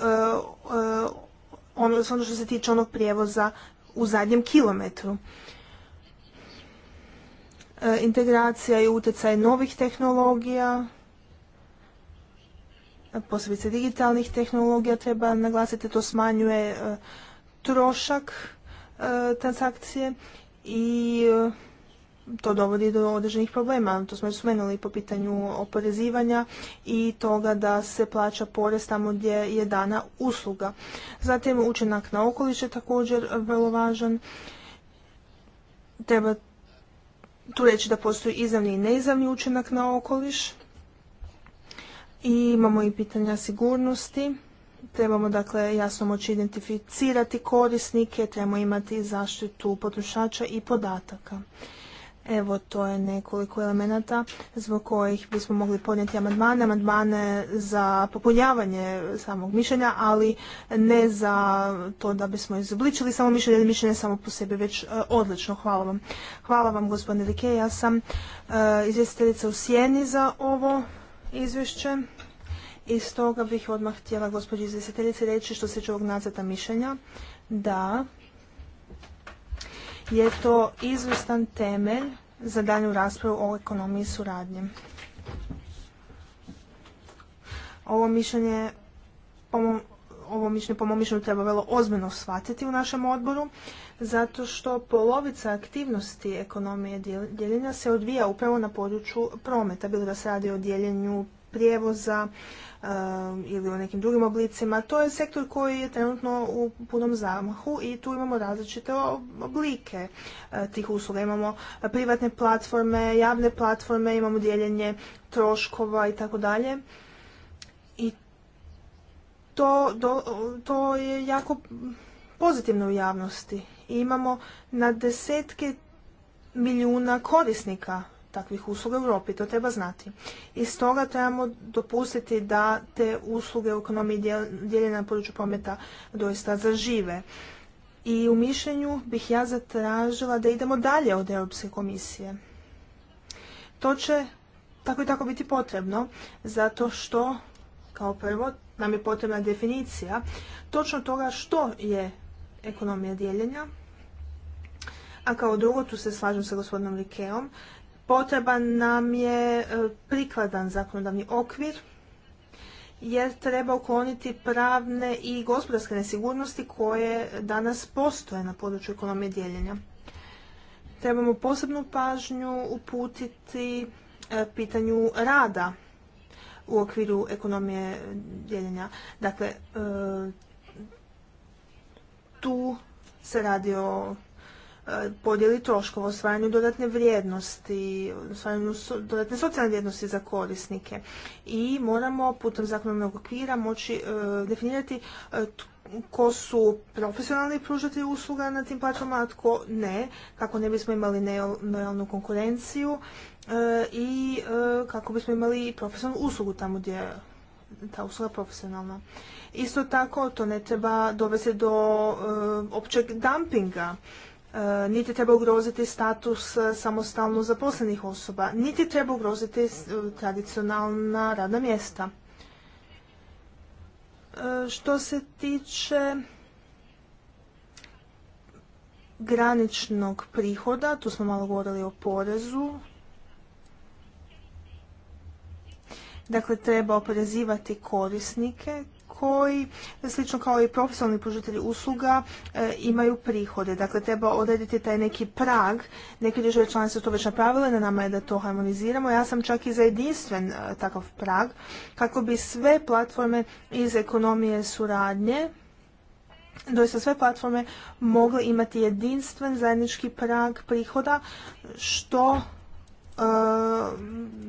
ono, ono što se tiče onog prijevoza u zadnjem kilometru integracija i utjecaj novih tehnologija posebice digitalnih tehnologija treba naglasiti, to smanjuje e, trošak e, transakcije i e, to dovodi do određenih problema. To smo još spomenuli po pitanju oporezivanja i toga da se plaća porez tamo gdje je dana usluga. Zatim učinak na okoliš je također vrlo važan. Treba tu reći da postoji izravni i neizravni učinak na okoliš. I imamo i pitanja sigurnosti. Trebamo dakle jasno moći identificirati korisnike, trebamo imati zaštitu potrošača i podataka. Evo, to je nekoliko elemenata zbog kojih bismo mogli podnijeti amandmane, amandmane za popunjavanje samog mišljenja, ali ne za to da bismo izobličili samo mišljenje, mišljenje samo po sebi već e, odlično. Hvala vam. Hvala vam, gospodine Rike. Ja sam e, izvjestiteljica u Sjeni za ovo izvješće i stoga bih odmah htjela gospođi izvjestiteljici reći što se tiče ovog nacrta mišljenja da je to izvrstan temelj za danju raspravu o ekonomiji suradnje. Ovo mišljenje po ovo mišljenje po mom mišljenju treba vrlo ozbiljno shvatiti u našem odboru zato što polovica aktivnosti ekonomije dijeljenja se odvija upravo na području prometa, bilo da se radi o dijeljenju prijevoza eh, ili o nekim drugim oblicima. To je sektor koji je trenutno u punom zamahu i tu imamo različite oblike eh, tih usluga. Imamo privatne platforme, javne platforme, imamo dijeljenje troškova i tako dalje. I to, to je jako pozitivno u javnosti imamo na desetke milijuna korisnika takvih usluga u Europi, to treba znati. I stoga trebamo dopustiti da te usluge u ekonomiji dijeljene na području prometa doista zažive. I u mišljenju bih ja zatražila da idemo dalje od Europske komisije. To će tako i tako biti potrebno, zato što, kao prvo, nam je potrebna definicija točno toga što je ekonomija dijeljenja. A kao drugo, tu se slažem sa gospodinom Rikeom, potreban nam je e, prikladan zakonodavni okvir jer treba ukloniti pravne i gospodarske nesigurnosti koje danas postoje na području ekonomije dijeljenja. Trebamo posebnu pažnju uputiti e, pitanju rada u okviru ekonomije dijeljenja. Dakle, e, tu se radi o e, podjeli troškova, osvajanju dodatne vrijednosti, osvajanju dodatne socijalne vrijednosti za korisnike. I moramo putem zakonodavnog okvira moći e, definirati e, tko ko su profesionalni pružatelji usluga na tim platformama, a tko ne, kako ne bismo imali nelojalnu konkurenciju i kako bismo imali profesionalnu uslugu tamo gdje ta usluga profesionalna. Isto tako to ne treba dovesti do e, općeg dumpinga, e, niti treba ugroziti status e, samostalno zaposlenih osoba, niti treba ugroziti tradicionalna radna mjesta. što se tiče graničnog prihoda, tu smo malo govorili o porezu, Dakle, treba oporezivati korisnike koji, slično kao i profesionalni pružitelji usluga, e, imaju prihode. Dakle, treba odrediti taj neki prag. Neke države članice su to već napravile, na nama je da to harmoniziramo. Ja sam čak i za jedinstven e, takav prag, kako bi sve platforme iz ekonomije suradnje, doista sve platforme mogle imati jedinstven zajednički prag prihoda, što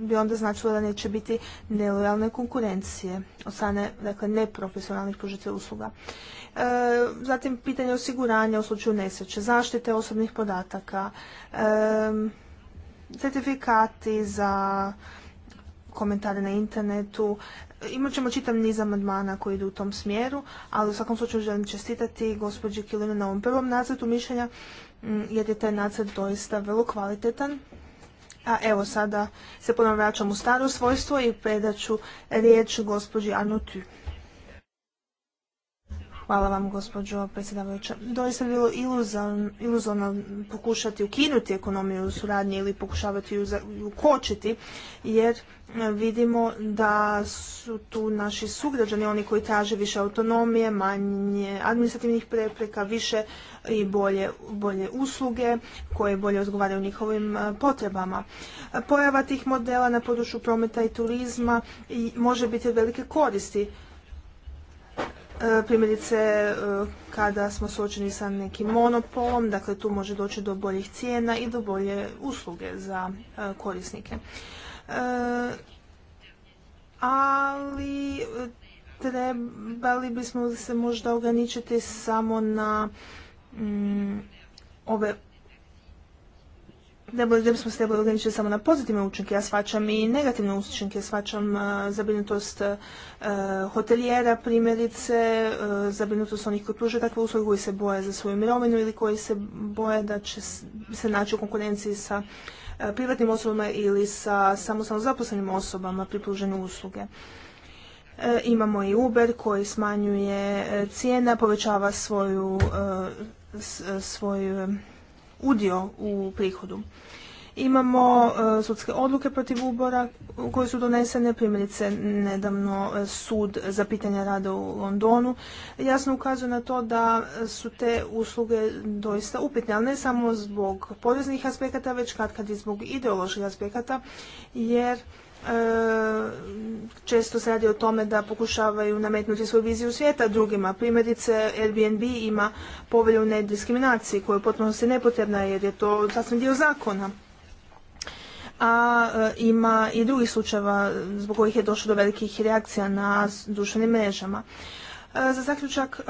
bi onda značilo da neće biti nelojalne konkurencije od strane dakle, neprofesionalnih pružitelja usluga. E, zatim pitanje osiguranja u slučaju nesreće, zaštite osobnih podataka, e, certifikati za komentare na internetu. Imat ćemo čitav niz amandmana koji idu u tom smjeru, ali u svakom slučaju želim čestitati gospođi Kilinu na ovom prvom nacrtu mišljenja, jer je taj nacrt doista vrlo kvalitetan a evo sada se ponovno vraćam u staro svojstvo i predat ću riječ gospođi Arnotu. Hvala vam, gospođo predsjedavajuća. Doista je bilo iluzorno pokušati ukinuti ekonomiju suradnje ili pokušavati ju ukočiti, jer vidimo da su tu naši sugrađani, oni koji traže više autonomije, manje administrativnih prepreka, više i bolje, usluge koje bolje odgovaraju njihovim e, potrebama. Pojava tih modela na području prometa i turizma i može biti velike koristi E, primjerice e, kada smo suočeni sa nekim monopolom, dakle tu može doći do boljih cijena i do bolje usluge za e, korisnike. Ali trebali bismo se možda ograničiti samo na mm, ove ne bismo se trebali ograničiti samo na pozitivne učinke, ja svačam i negativne učinke, svačam uh, e, zabrinutost uh, hotelijera, primjerice, e, zabrinutost onih koji pružaju takve usluge koji se boje za svoju mirovinu ili koji se boje da će se naći u konkurenciji sa privatnim osobama ili sa samo zaposlenim osobama pri usluge. Imamo i Uber koji smanjuje cijena, povećava svoju, svoju udio u prihodu. Imamo e, sudske odluke protiv ubora koje su donesene, primjerice nedavno e, sud za pitanja rada u Londonu. Jasno ukazuje na to da su te usluge doista upitne, ali ne samo zbog poreznih aspekata, već kad kad i zbog ideoloških aspekata, jer E, često se radi o tome da pokušavaju nametnuti svoju viziju svijeta drugima. Primjerice, Airbnb ima povelju o nediskriminaciji koja je potpuno se nepotrebna jer je to sasvim dio zakona. A e, ima i drugih slučajeva zbog kojih je došlo do velikih reakcija na društvenim mrežama. E, za zaključak,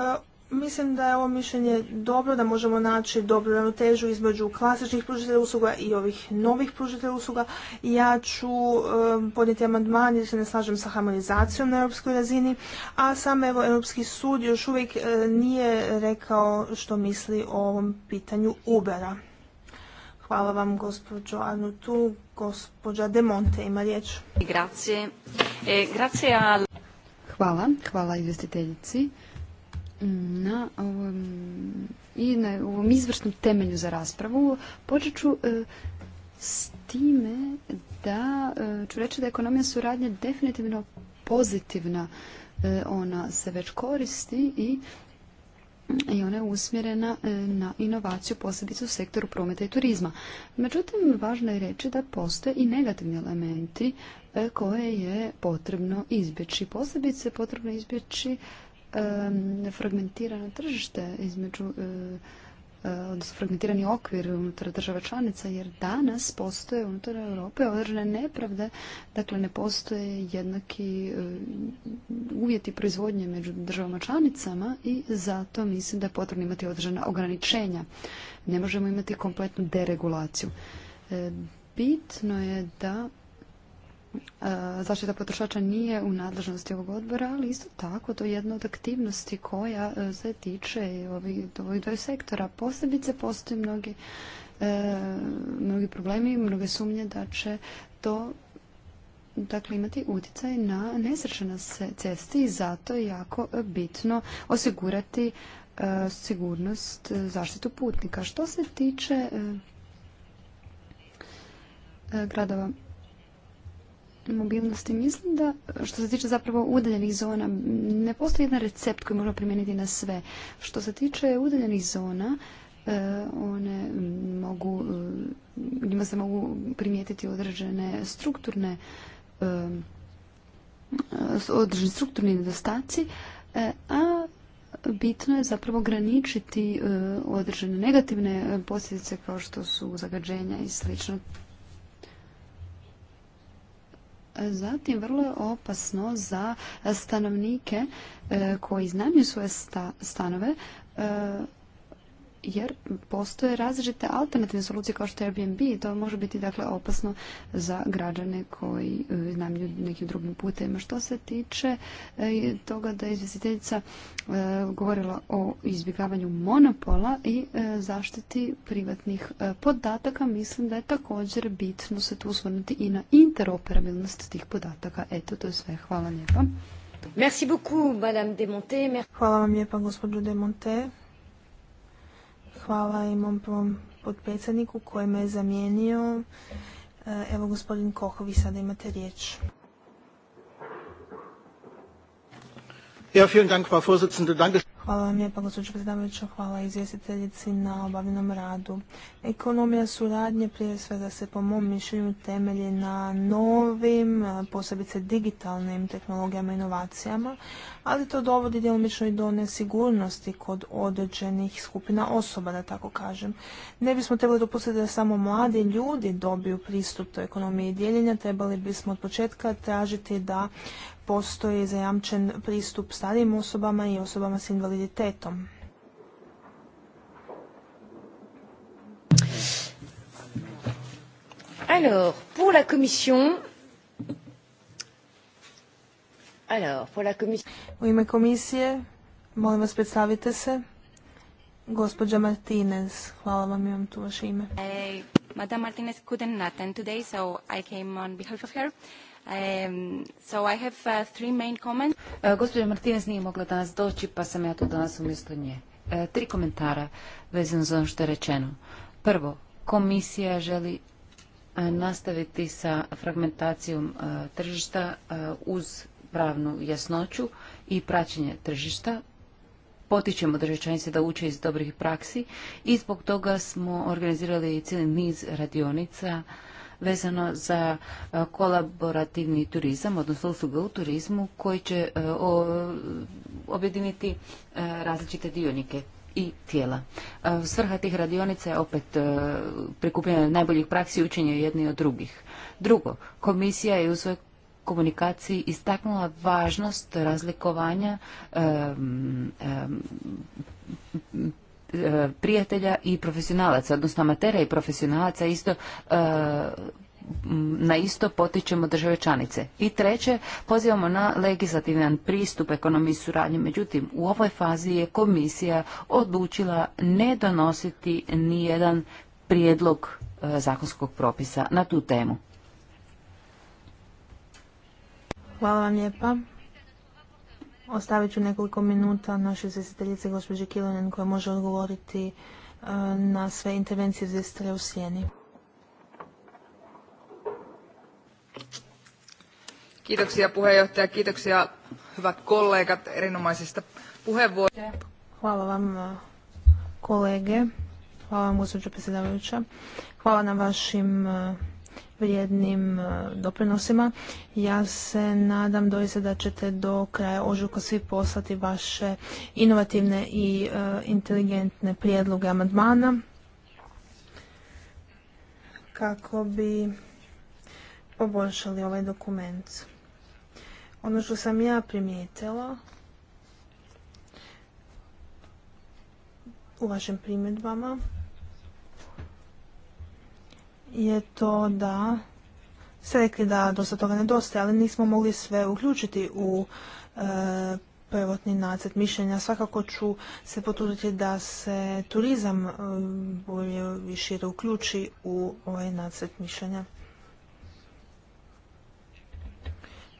Mislim da je ovo mišljenje dobro, da možemo naći dobru ravnotežu između klasičnih pružitelja usluga i ovih novih pružitelja usluga. Ja ću podnijeti amandman jer se ne slažem sa harmonizacijom na europskoj razini, a sam evo Europski sud još uvijek e, nije rekao što misli o ovom pitanju Ubera. Hvala vam gospođo Tu, Gospođa De Monte ima riječ. Grazie. E, hvala, hvala izvjestiteljici na ovom, i na ovom izvrsnom temelju za raspravu. Počet ću e, s time da e, ću reći da je ekonomija suradnje definitivno pozitivna. E, ona se već koristi i i ona je usmjerena e, na inovaciju posebice u sektoru prometa i turizma. Međutim, važno je reći da postoje i negativni elementi koje je potrebno izbjeći. Posebice potrebno izbjeći fragmentirano tržište između e, e, odnosno fragmentirani okvir unutar država članica, jer danas postoje unutar Europe određene nepravde, dakle ne postoje jednaki e, uvjeti proizvodnje među državama članicama i zato mislim da je potrebno imati određena ograničenja. Ne možemo imati kompletnu deregulaciju. Bitno je da E, zaštita potrošača nije u nadležnosti ovog odbora, ali isto tako to je jedna od aktivnosti koja e, se tiče ovih, ovih sektora. Posebice postoje mnogi, e, mnogi problemi i mnoge sumnje da će to dakle, imati utjecaj na nesreće na cesti i zato je jako bitno osigurati sigurnost, zaštitu putnika. Što se tiče gradova mobilnosti. Mislim da, što se tiče zapravo udaljenih zona, ne postoji jedan recept koji možemo primijeniti na sve. Što se tiče udaljenih zona, e, one mogu, e, njima se mogu primijetiti određene strukturne e, određeni strukturni nedostaci, a bitno je zapravo ograničiti određene negativne posljedice kao što su zagađenja i slično. Zatim, vrlo je opasno za stanovnike e, koji iznajmljuju svoje stanove e, jer postoje različite alternativne solucije kao što je Airbnb i to može biti dakle opasno za građane koji e, znamlju nekim drugim putem. Što se tiče e, toga da je izvjestiteljica e, govorila o izbjegavanju monopola i zaštiti privatnih podataka, mislim da je također bitno se tu osvrnuti i na interoperabilnost tih podataka. Eto, to je sve. Hvala lijepa. Merci beaucoup, Madame Hvala vam lijepa, gospođo Demonte. Hvala i mom prvom potpredsjedniku koji me je zamijenio. E, evo gospodin Koho, vi sada imate riječ. Ja, vielen Dank, Frau Vorsitzende. Danke. Hvala vam lijepa, gospođo predsjedavajuća. Hvala izvjestiteljici na obavljenom radu. Ekonomija suradnje prije svega se po mom mišljenju temelji na novim, posebice digitalnim tehnologijama i inovacijama, ali to dovodi djelomično i do nesigurnosti kod određenih skupina osoba, da tako kažem. Ne bismo trebali dopustiti da samo mladi ljudi dobiju pristup ekonomije ekonomiji dijeljenja, trebali bismo od početka tražiti da postoji zajamčen pristup starijim osobama i osobama s invaliditetom. Alors, pour la commission... Alors, pour la commission... U ime komisije, molim vas predstavite se. Gospođa Martinez, hvala vam, imam tu vaše ime. Hey, eh, Madame Martinez couldn't attend today, so I came on behalf of her. Um, so uh, e, gospođa Martinez nije mogla danas doći, pa sam ja to danas umjesto nje. E, tri komentara vezano za ono što je rečeno. Prvo, komisija želi e, nastaviti sa fragmentacijom tržišta uz pravnu jasnoću i praćenje tržišta. Potičemo države da uče iz dobrih praksi i zbog toga smo organizirali cijeli niz radionica vezano za e, kolaborativni turizam, odnosno usluge u turizmu koji će e, objediniti e, različite dionike i tijela. Svrha tih radionica je opet prikupljanje najboljih praksi i učenje jedni od drugih. Drugo, komisija je u svojoj komunikaciji istaknula važnost razlikovanja prijatelja i profesionalaca, odnosno amatera i profesionalaca isto e, na isto potičemo države članice. I treće, pozivamo na legislativan pristup ekonomiji suradnje. Međutim, u ovoj fazi je komisija odlučila ne donositi nijedan prijedlog e, zakonskog propisa na tu temu. Hvala vam lijepa. Ostavit ću nekoliko minuta našoj izvjestiteljici gospođi Kilonen koja može odgovoriti e, na sve intervencije izvjestitelja u sjeni. Kiitoksia puheenjohtaja, kiitoksia hyvät kollegat erinomaisista puheenvuoroista. Hvala vam e, kolege, hvala vam gospođo predsjedavajuća, hvala na vašim e, vrijednim e, doprinosima. Ja se nadam doista da ćete do kraja ožujka svi poslati vaše inovativne i e, inteligentne prijedloge amandmana kako bi poboljšali ovaj dokument. Ono što sam ja primijetila u vašim primjedbama je to da ste rekli da dosta toga nedostaje, ali nismo mogli sve uključiti u e, prvotni nacrt mišljenja. Svakako ću se potruditi da se turizam e, bolje i šire uključi u ovaj nacrt mišljenja.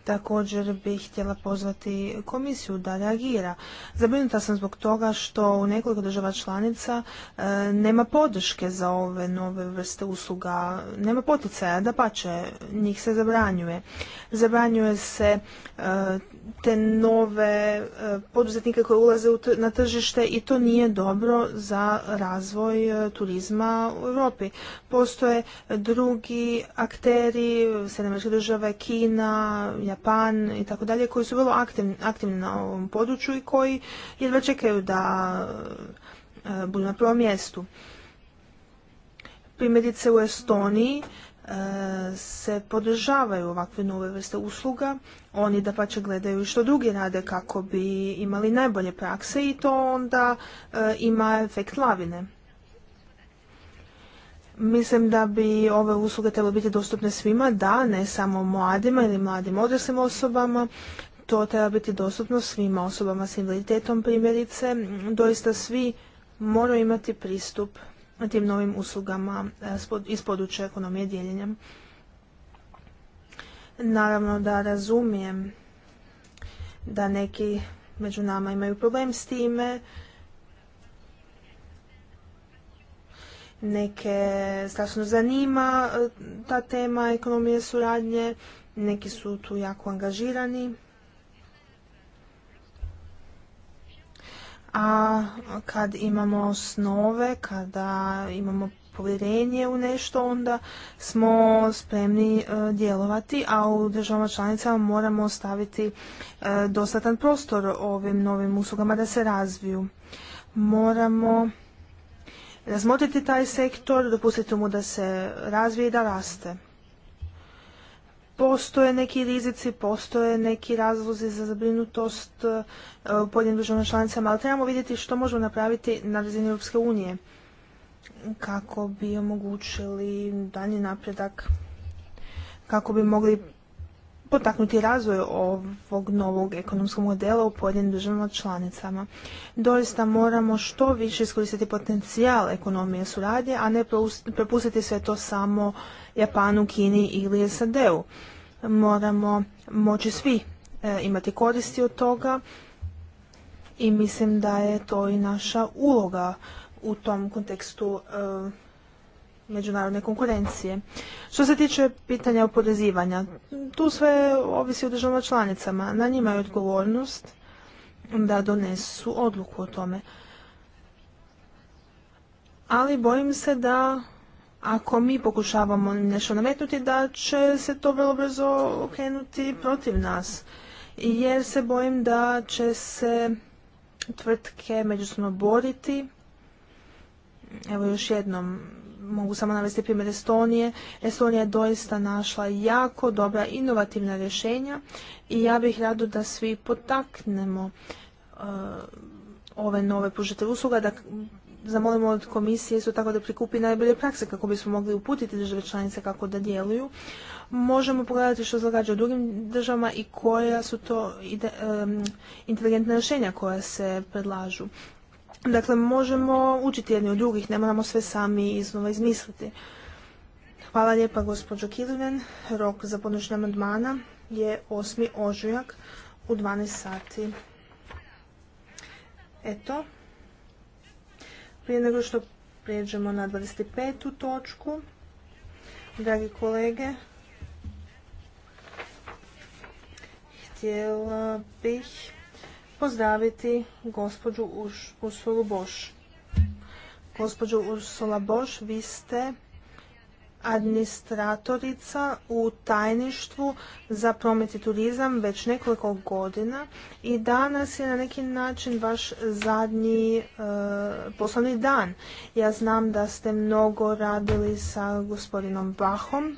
Također bih htjela pozvati komisiju da reagira. Zabrinuta sam zbog toga što u nekoliko država članica e, nema podrške za ove nove vrste usluga, nema poticaja, da pače, njih se zabranjuje. Zabranjuje se e, te nove e, poduzetnike koje ulaze na tržište i to nije dobro za razvoj turizma u Europi. Postoje drugi akteri, Sjedinjene države, Kina, Japan i tako dalje, koji su vrlo aktivni, na ovom području i koji jedva čekaju da e, budu na prvom mjestu. Primjerice u Estoniji e, se podržavaju ovakve nove vrste usluga, oni da pače gledaju što drugi rade kako bi imali najbolje prakse i to onda e, ima efekt lavine. Mislim da bi ove usluge trebalo biti dostupne svima, da, ne samo mladima ili mladim odraslim osobama, to treba biti dostupno svima osobama s invaliditetom primjerice. Doista svi moraju imati pristup tim novim uslugama e, iz područja ekonomije dijeljenjem. Naravno da razumijem da neki među nama imaju problem s time, neke strašno zanima e, ta tema ekonomije suradnje, neki su tu jako angažirani. A kad imamo snove, kada imamo povjerenje u nešto, onda smo spremni e, djelovati, a u državama članicama moramo ostaviti e, dostatan prostor ovim novim uslugama da se razviju. Moramo razmotriti taj sektor, dopustiti mu da se razvije i da raste. Postoje neki rizici, postoje neki razlozi za zabrinutost e, u pojedinim državama članicama, ali trebamo vidjeti što možemo napraviti na razini Europske unije kako bi omogućili dalji napredak, kako bi mogli potaknuti razvoj ovog novog ekonomskog modela u pojedinim državama članicama. Doista moramo što više iskoristiti potencijal ekonomije suradnje, a ne prepustiti sve to samo Japanu, Kini ili SAD-u. Moramo moći svi e, imati koristi od toga i mislim da je to i naša uloga u tom kontekstu e, međunarodne konkurencije. Što se tiče pitanja oporezivanja, tu sve ovisi o državama članicama. Na njima je odgovornost da donesu odluku o tome. Ali bojim se da ako mi pokušavamo nešto nametnuti, da će se to vrlo brzo okrenuti protiv nas. Jer se bojim da će se tvrtke međusobno boriti. Evo još jednom, mogu samo navesti primjer Estonije. Estonija je doista našla jako dobra inovativna rješenja i ja bih rado da svi potaknemo uh, ove nove pružite usluga, da zamolimo od komisije isto tako da prikupi najbolje prakse kako bismo mogli uputiti države članice kako da djeluju. Možemo pogledati što se događa u drugim državama i koja su to um, inteligentna rješenja koja se predlažu. Dakle, možemo učiti jedni od drugih, ne moramo sve sami iznova izmisliti. Hvala lijepa gospođo Kilinen. Rok za podnošenje amandmana je 8. ožujak u 12 sati. Eto. Prije nego što prijeđemo na 25. točku, dragi kolege, htjela bih pozdraviti gospođu Ursula Boš. Gospođu Ursula Boš, vi ste administratorica u tajništvu za promet i turizam već nekoliko godina i danas je na neki način vaš zadnji e, poslovni dan. Ja znam da ste mnogo radili sa gospodinom Bahom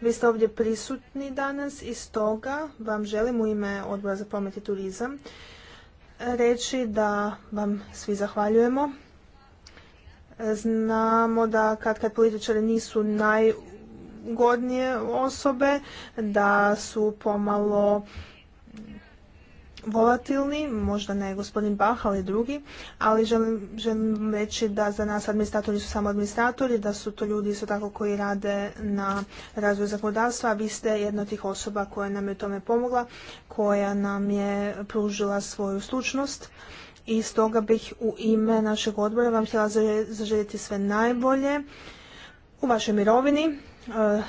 vi ste ovdje prisutni danas i stoga vam želim u ime Odbora za promet i turizam reći da vam svi zahvaljujemo. Znamo da kad kad političari nisu najgodnije osobe, da su pomalo volatilni, možda ne gospodin Bach, ali drugi, ali želim, reći da za nas administratori su samo administratori, da su to ljudi isto tako koji rade na razvoju zakonodavstva, a vi ste jedna od tih osoba koja nam je tome pomogla, koja nam je pružila svoju stručnost i stoga bih u ime našeg odbora vam htjela zaželjeti sve najbolje u vašoj mirovini, e,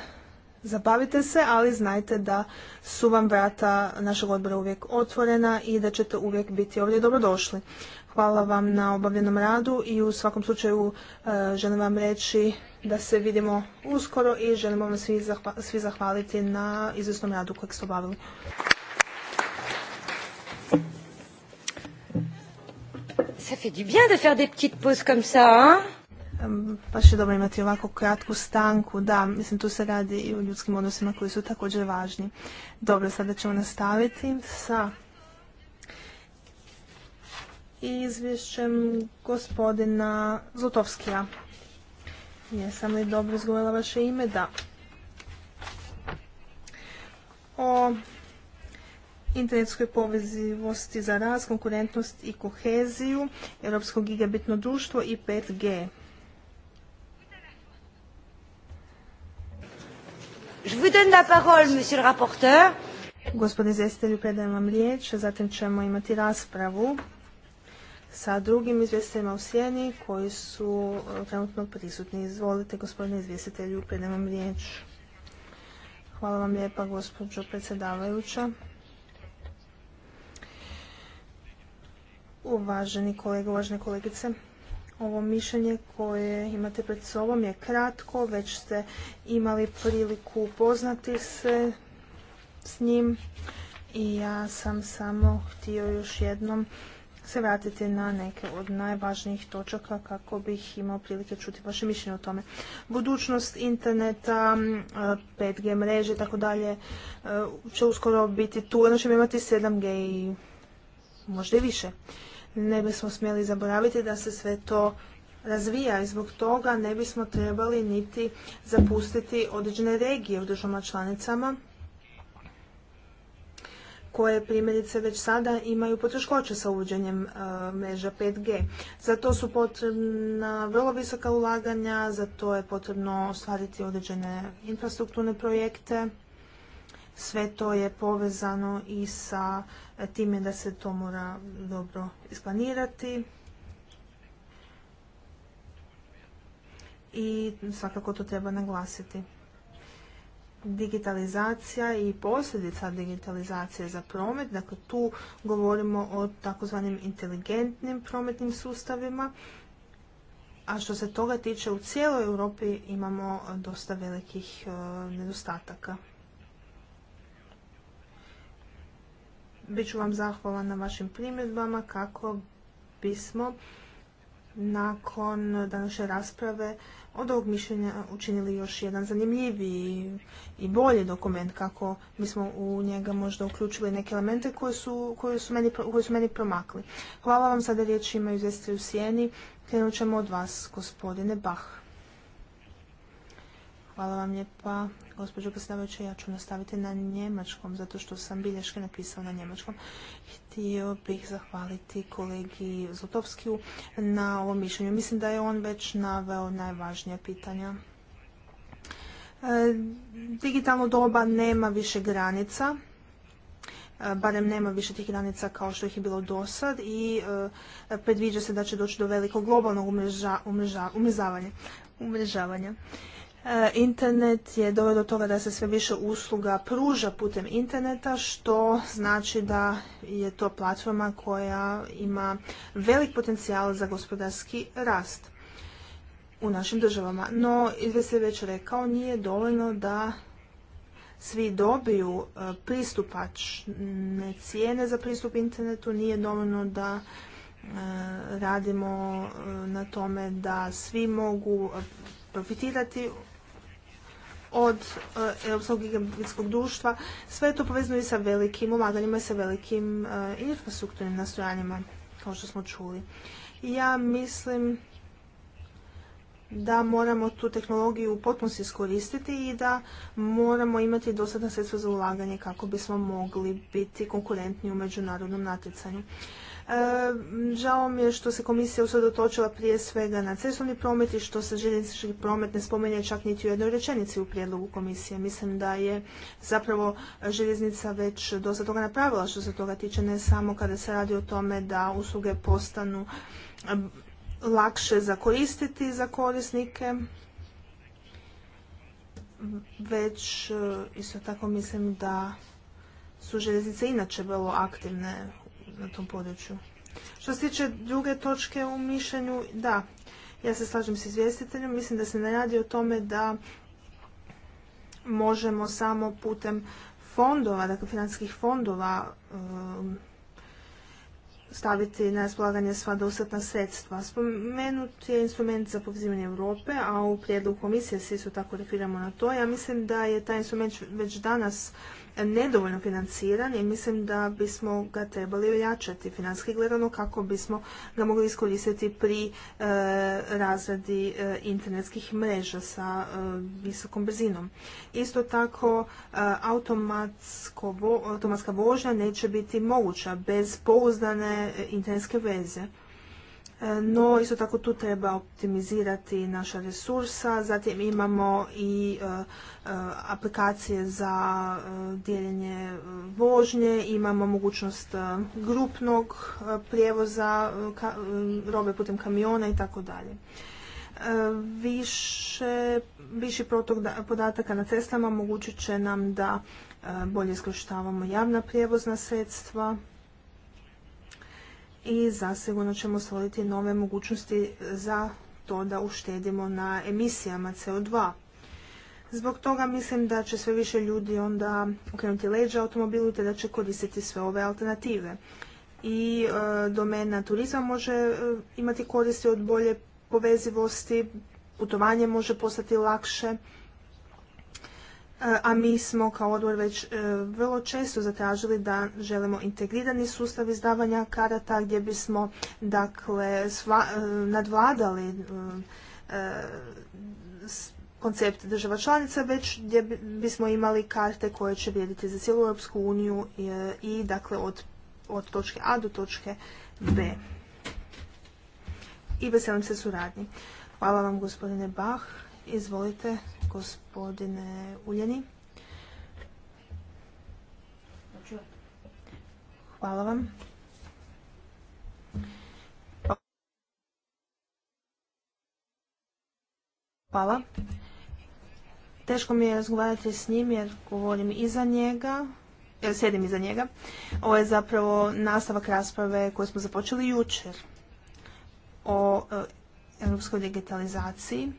Zabavite se, ali znajte da su vam vrata našeg odbora uvijek otvorena i da ćete uvijek biti ovdje dobrodošli. Hvala vam na obavljenom radu i u svakom slučaju e, želim vam reći da se vidimo uskoro i želim vam svi, zahvaliti na izvjesnom radu kojeg ste obavili. Ça fait du bien de faire des petites pauses comme ça, baš je dobro imati ovako kratku stanku. Da, mislim tu se radi i o ljudskim odnosima koji su također važni. Dobro, sada ćemo nastaviti sa izvješćem gospodina Zlotovskija. Jesam li dobro izgovorila vaše ime? Da. O internetskoj povezivosti za raz, konkurentnost i koheziju, Europskog gigabitno društvo i 5G. Je vous donne la parole, monsieur le rapporteur. Gospodine izvjestitelju, predajem vam riječ, zatim ćemo imati raspravu sa drugim izvjestiteljima u sjeni koji su e, trenutno prisutni. Izvolite, gospodine izvjestitelju, predajem vam riječ. Hvala vam lijepa, gospođo predsjedavajuća. Uvaženi kolega, uvažene kolegice. Ovo mišljenje koje imate pred sobom je kratko, već ste imali priliku upoznati se s njim i ja sam samo htio još jednom se vratiti na neke od najvažnijih točaka kako bih imao prilike čuti vaše mišljenje o tome. Budućnost interneta, 5G mreže i tako dalje e, će uskoro biti tu, onda ćemo imati 7G i možda i više ne bismo smjeli zaboraviti da se sve to razvija i zbog toga ne bismo trebali niti zapustiti određene regije u državama članicama koje primjerice već sada imaju poteškoće sa uvođenjem e, mreža 5G. Za to su potrebna vrlo visoka ulaganja, za to je potrebno ostvariti određene infrastrukturne projekte. Sve to je povezano i sa time da se to mora dobro isplanirati. I svakako to treba naglasiti. Digitalizacija i posljedica digitalizacije za promet, dakle tu govorimo o takozvanim inteligentnim prometnim sustavima, a što se toga tiče u cijeloj Europi imamo dosta velikih eh, nedostataka. Bit ću vam zahvala na vašim primjedbama kako bismo nakon današnje rasprave od ovog mišljenja učinili još jedan zanimljiviji i bolji dokument kako bismo u njega možda uključili neke elemente koje su, meni, promakli. Hvala vam, sada riječ imaju u sjeni. Krenut ćemo od vas, gospodine Bach. Hvala vam lijepa, gospođo predsjedavajuća. Ja ću nastaviti na njemačkom, zato što sam bilješke napisao na njemačkom. Htio bih zahvaliti kolegi Zlotovskiju na ovom mišljenju. Mislim da je on već naveo najvažnija pitanja. E, digitalno doba nema više granica, e, barem nema više tih granica kao što ih je bilo do sad i e, predviđa se da će doći do velikog globalnog umrežavanja. E, internet je doveo do toga da se sve više usluga pruža putem interneta, što znači da je to platforma koja ima velik potencijal za gospodarski rast u našim državama. No, izve se već rekao, nije dovoljno da svi dobiju e, pristupačne cijene za pristup internetu, nije dovoljno da e, radimo na tome da svi mogu profitirati od eh, Europskog gigantskog društva. Sve je to povezano i sa velikim ulaganjima i sa velikim eh, infrastrukturnim nastojanjima, kao što smo čuli. Ja mislim da moramo tu tehnologiju u potpunosti iskoristiti i da moramo imati dostatna sredstva za ulaganje kako bismo mogli biti konkurentni u međunarodnom natjecanju. Žao mi je što se komisija usredotočila prije svega na cestovni promet i što se željeznički promet ne spominje čak niti u jednoj rečenici u prijedlogu komisije. Mislim da je zapravo željeznica već dosta toga napravila što se toga tiče, ne samo kada se radi o tome da usluge postanu lakše za koristiti za korisnike, već e, isto tako mislim da su željeznice inače vrlo aktivne na tom području. Što se tiče druge točke u mišljenju, da, ja se slažem s izvjestiteljom. mislim da se ne radi o tome da možemo samo putem fondova, dakle financijskih fondova um, staviti na raspolaganje sva dostatna sredstva. Spomenut je instrument za povezivanje Europe, a u prijedlogu komisije se isto tako referiramo na to. Ja mislim da je taj instrument već danas nedovoljno financiran i mislim da bismo ga trebali ojačati finanski gledano kako bismo ga mogli iskoristiti pri e, razradi e, internetskih mreža sa e, visokom brzinom. Isto tako automatska vožnja neće biti moguća bez pouzdane internetske veze no isto tako tu treba optimizirati naša resursa. Zatim imamo i e, e, aplikacije za e, dijeljenje vožnje, imamo mogućnost grupnog prijevoza robe putem kamiona i tako Više, viši protok podataka na cestama omogućit će nam da bolje iskorištavamo javna prijevozna sredstva, i zasigurno ćemo stvoriti nove mogućnosti za to da uštedimo na emisijama CO2. Zbog toga mislim da će sve više ljudi onda ukrenuti leđa automobilu te da će koristiti sve ove alternative. I e, domena turizma može e, imati koristi od bolje povezivosti, putovanje može postati lakše E, a mi smo kao odbor već e, vrlo često zatražili da želimo integrirani sustav izdavanja karata gdje bismo dakle e, nadvladali koncept država članica, već gdje bismo imali karte koje će vrijediti za cijelu Europsku uniju i, dakle od, od točke A do točke B. I veselim se suradnji. Hvala vam gospodine Bach. Izvolite gospodine Uljani. Hvala vam. Hvala. Teško mi je razgovarati s njim jer govorim iza njega, jer sjedim iza njega. Ovo je zapravo nastavak rasprave koju smo započeli jučer o e, europskoj digitalizaciji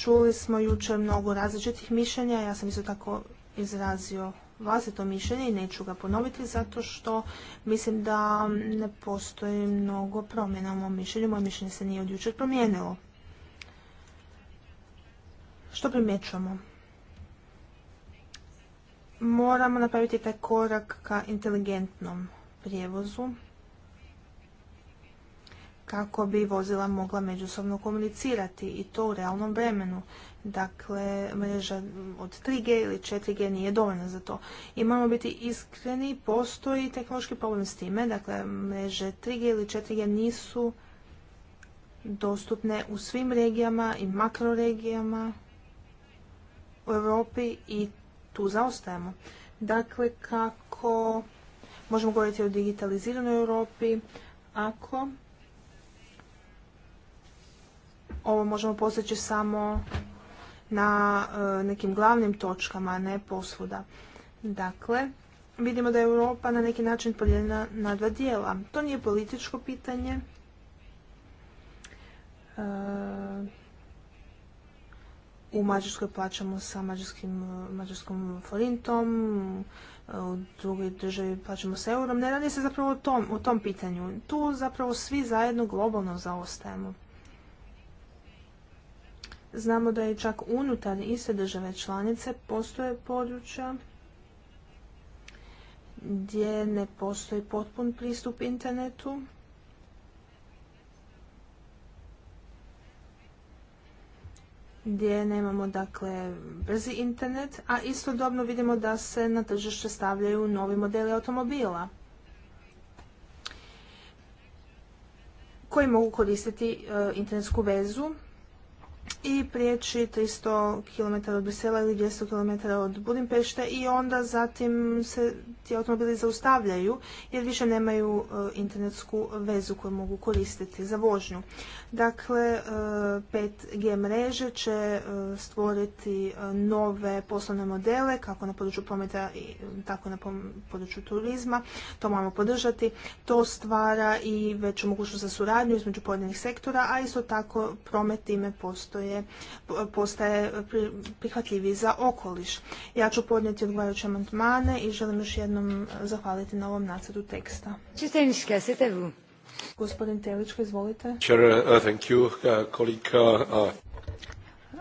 Čuli smo jučer mnogo različitih mišljenja, ja sam isto tako izrazio vlastito mišljenje i neću ga ponoviti zato što mislim da ne postoji mnogo promjena u mom mišljenju. Moje mišljenje se nije od jučer promijenilo. Što primjećujemo? Moramo napraviti taj korak ka inteligentnom prijevozu kako bi vozila mogla međusobno komunicirati i to u realnom vremenu. Dakle, mreža od 3G ili 4G nije dovoljna za to. I moramo biti iskreni, postoji tehnološki problem s time. Dakle, mreže 3G ili 4G nisu dostupne u svim regijama i makroregijama u Europi i tu zaostajemo. Dakle, kako možemo govoriti o digitaliziranoj Europi ako ovo možemo postići samo na e, nekim glavnim točkama, ne posvuda. Dakle, vidimo da je Europa na neki način podijeljena na dva dijela. To nije političko pitanje. E, u Mađarskoj plaćamo sa mađarskom forintom, e, u drugoj državi plaćamo sa eurom. Ne radi se zapravo o tom pitanju. Tu zapravo svi zajedno globalno zaostajemo. Znamo da je čak unutar iste države članice postoje područja gdje ne postoji potpun pristup internetu. gdje nemamo dakle brzi internet, a istodobno vidimo da se na tržište stavljaju novi modeli automobila koji mogu koristiti e, internetsku vezu i prijeći 300 km od Brisela ili 200 km od Budimpešte i onda zatim se ti automobili zaustavljaju jer više nemaju e, internetsku vezu koju mogu koristiti za vožnju. Dakle, 5G e, mreže će e, stvoriti e, nove poslovne modele, kako na području prometa i tako na području turizma. To moramo podržati. To stvara i veću mogućnost za suradnju između pojedinih sektora, a isto tako promet time postoje, postaje prihvatljiviji za okoliš. Ja ću podnijeti odgovarajuće amandmane i želim još jednom zahvaliti na ovom nacrtu teksta. sve tebu. Gospodin Teličko, izvolite. Uh, uh, uh,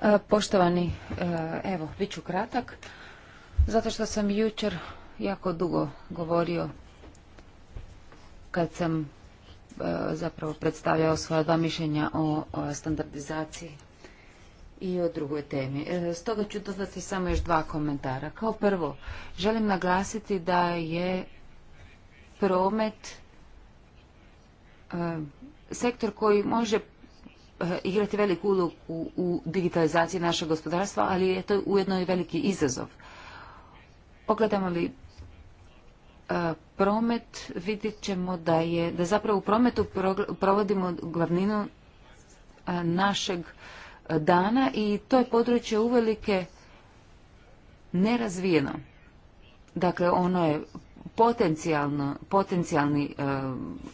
e, poštovani, e, evo, bit ću kratak, zato što sam jučer jako dugo govorio kad sam e, zapravo predstavljao svoja dva mišljenja o standardizaciji i o drugoj temi. Stoga ću dodati samo još dva komentara. Kao prvo, želim naglasiti da je promet E, sektor koji može e, igrati veliku ulogu u digitalizaciji našeg gospodarstva, ali je to ujedno i veliki izazov. Pogledamo li e, promet, vidjet ćemo da je, da zapravo u prometu provodimo glavninu našeg dana i to je područje uvelike nerazvijeno. Dakle, ono je potencijalni e,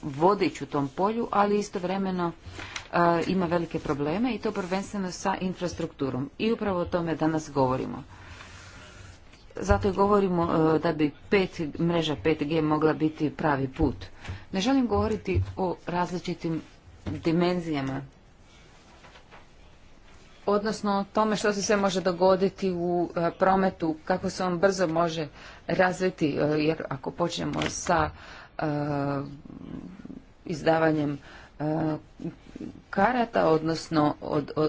vodič u tom polju, ali istovremeno e, ima velike probleme i to prvenstveno sa infrastrukturom. I upravo o tome danas govorimo. Zato govorimo e, da bi mreža 5G mogla biti pravi put. Ne želim govoriti o različitim dimenzijama odnosno tome što se sve može dogoditi u e, prometu, kako se on brzo može razviti, e, jer ako počnemo sa e, izdavanjem karata, odnosno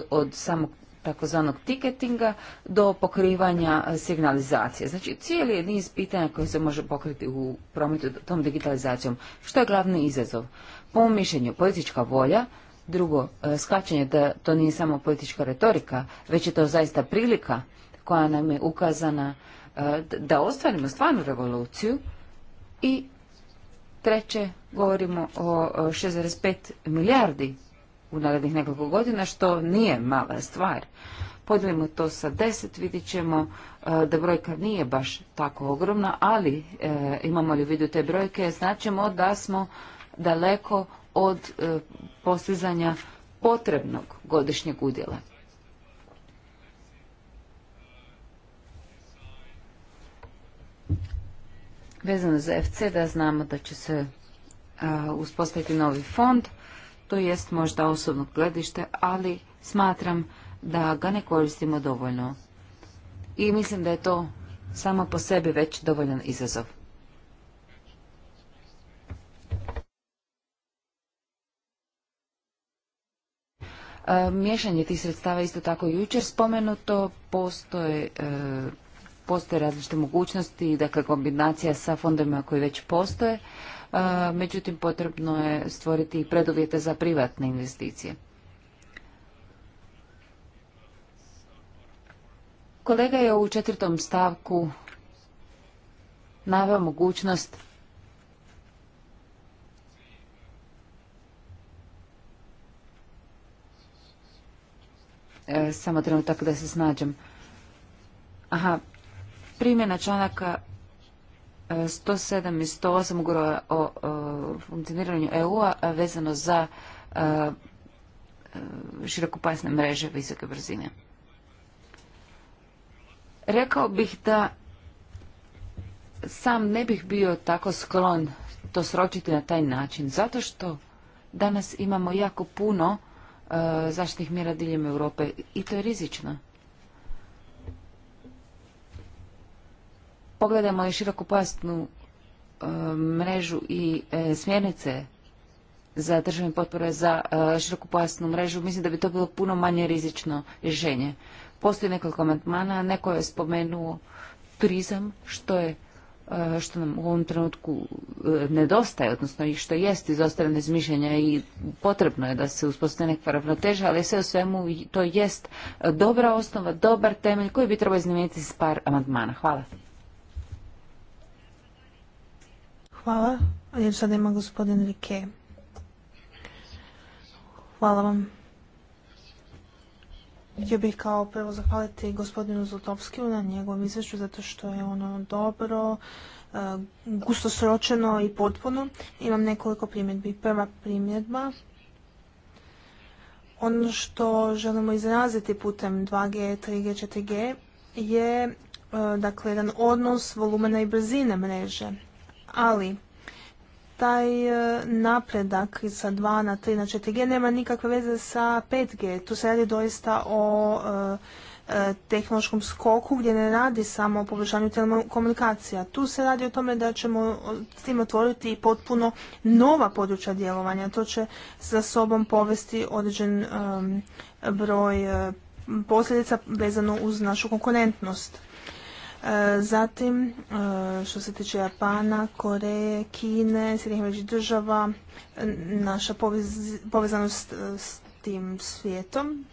od, samog takozvanog tiketinga do pokrivanja signalizacije. Znači cijeli je niz pitanja koje se može pokriti u prometu tom digitalizacijom. Što je glavni izazov? Po mišljenju politička volja, Drugo, e, shvaćanje da to nije samo politička retorika, već je to zaista prilika koja nam je ukazana e, da ostvarimo stvarnu revoluciju i treće, govorimo o 6,5 milijardi u narednih nekoliko godina, što nije mala stvar. Podijelimo to sa deset, vidjet ćemo e, da brojka nije baš tako ogromna, ali imamo li u vidu te brojke, značimo da smo daleko od e, postizanja potrebnog godišnjeg udjela. Vezano za FC da znamo da će se uspostaviti novi fond, to jest možda osobno gledište, ali smatram da ga ne koristimo dovoljno. I mislim da je to samo po sebi već dovoljan izazov. E, miješanje tih sredstava isto tako jučer spomenuto, postoje e, postoje različite mogućnosti, dakle kombinacija sa fondovima koji već postoje, e, međutim potrebno je stvoriti i preduvjete za privatne investicije. Kolega je u četvrtom stavku naveo mogućnost Samo e, samo trenutak da se snađem. Aha, primjena članaka 107 e, i 108 ugovora o, funkcioniranju EU-a vezano za e, širokopasne mreže visoke brzine. Rekao bih da sam ne bih bio tako sklon to sročiti na taj način, zato što danas imamo jako puno E, zaštitnih mjera diljem Europe i to je rizično. Pogledajmo i široko e, mrežu i e, smjernice za državne potpore za široku mrežu, mislim da bi to bilo puno manje rizično rješenje. Postoji nekoliko amandmana, neko je spomenuo turizam, što je E, što nam u ovom trenutku e, nedostaje, odnosno i što jest izostavljeno iz i potrebno je da se uspostavi neka ravnoteža, ali sve u svemu to jest e, dobra osnova, dobar temelj koji bi trebao iznimiti s par amandmana. Hvala. Hvala. sada ima gospodin Rike. Hvala vam. Htio bih kao prvo zahvaliti gospodinu Zlotovskiju na njegovom izvješću zato što je ono dobro, e, gusto sročeno i potpuno. Imam nekoliko primjedbi. Prva primjedba, ono što želimo izraziti putem 2G, 3G, 4G je e, dakle jedan odnos volumena i brzine mreže. Ali taj e, napredak sa 2 na 3 na 4G nema nikakve veze sa 5G. Tu se radi doista o e, e, tehnološkom skoku gdje ne radi samo o poboljšanju telekomunikacija. Tu se radi o tome da ćemo s tim otvoriti potpuno nova područja djelovanja. To će za sobom povesti određen broj posljedica vezano uz našu konkurentnost. Zatim, e, što se tiče Japana, Koreje, Kine, Sjedinjenih država, naša povezanost e, s tim svijetom.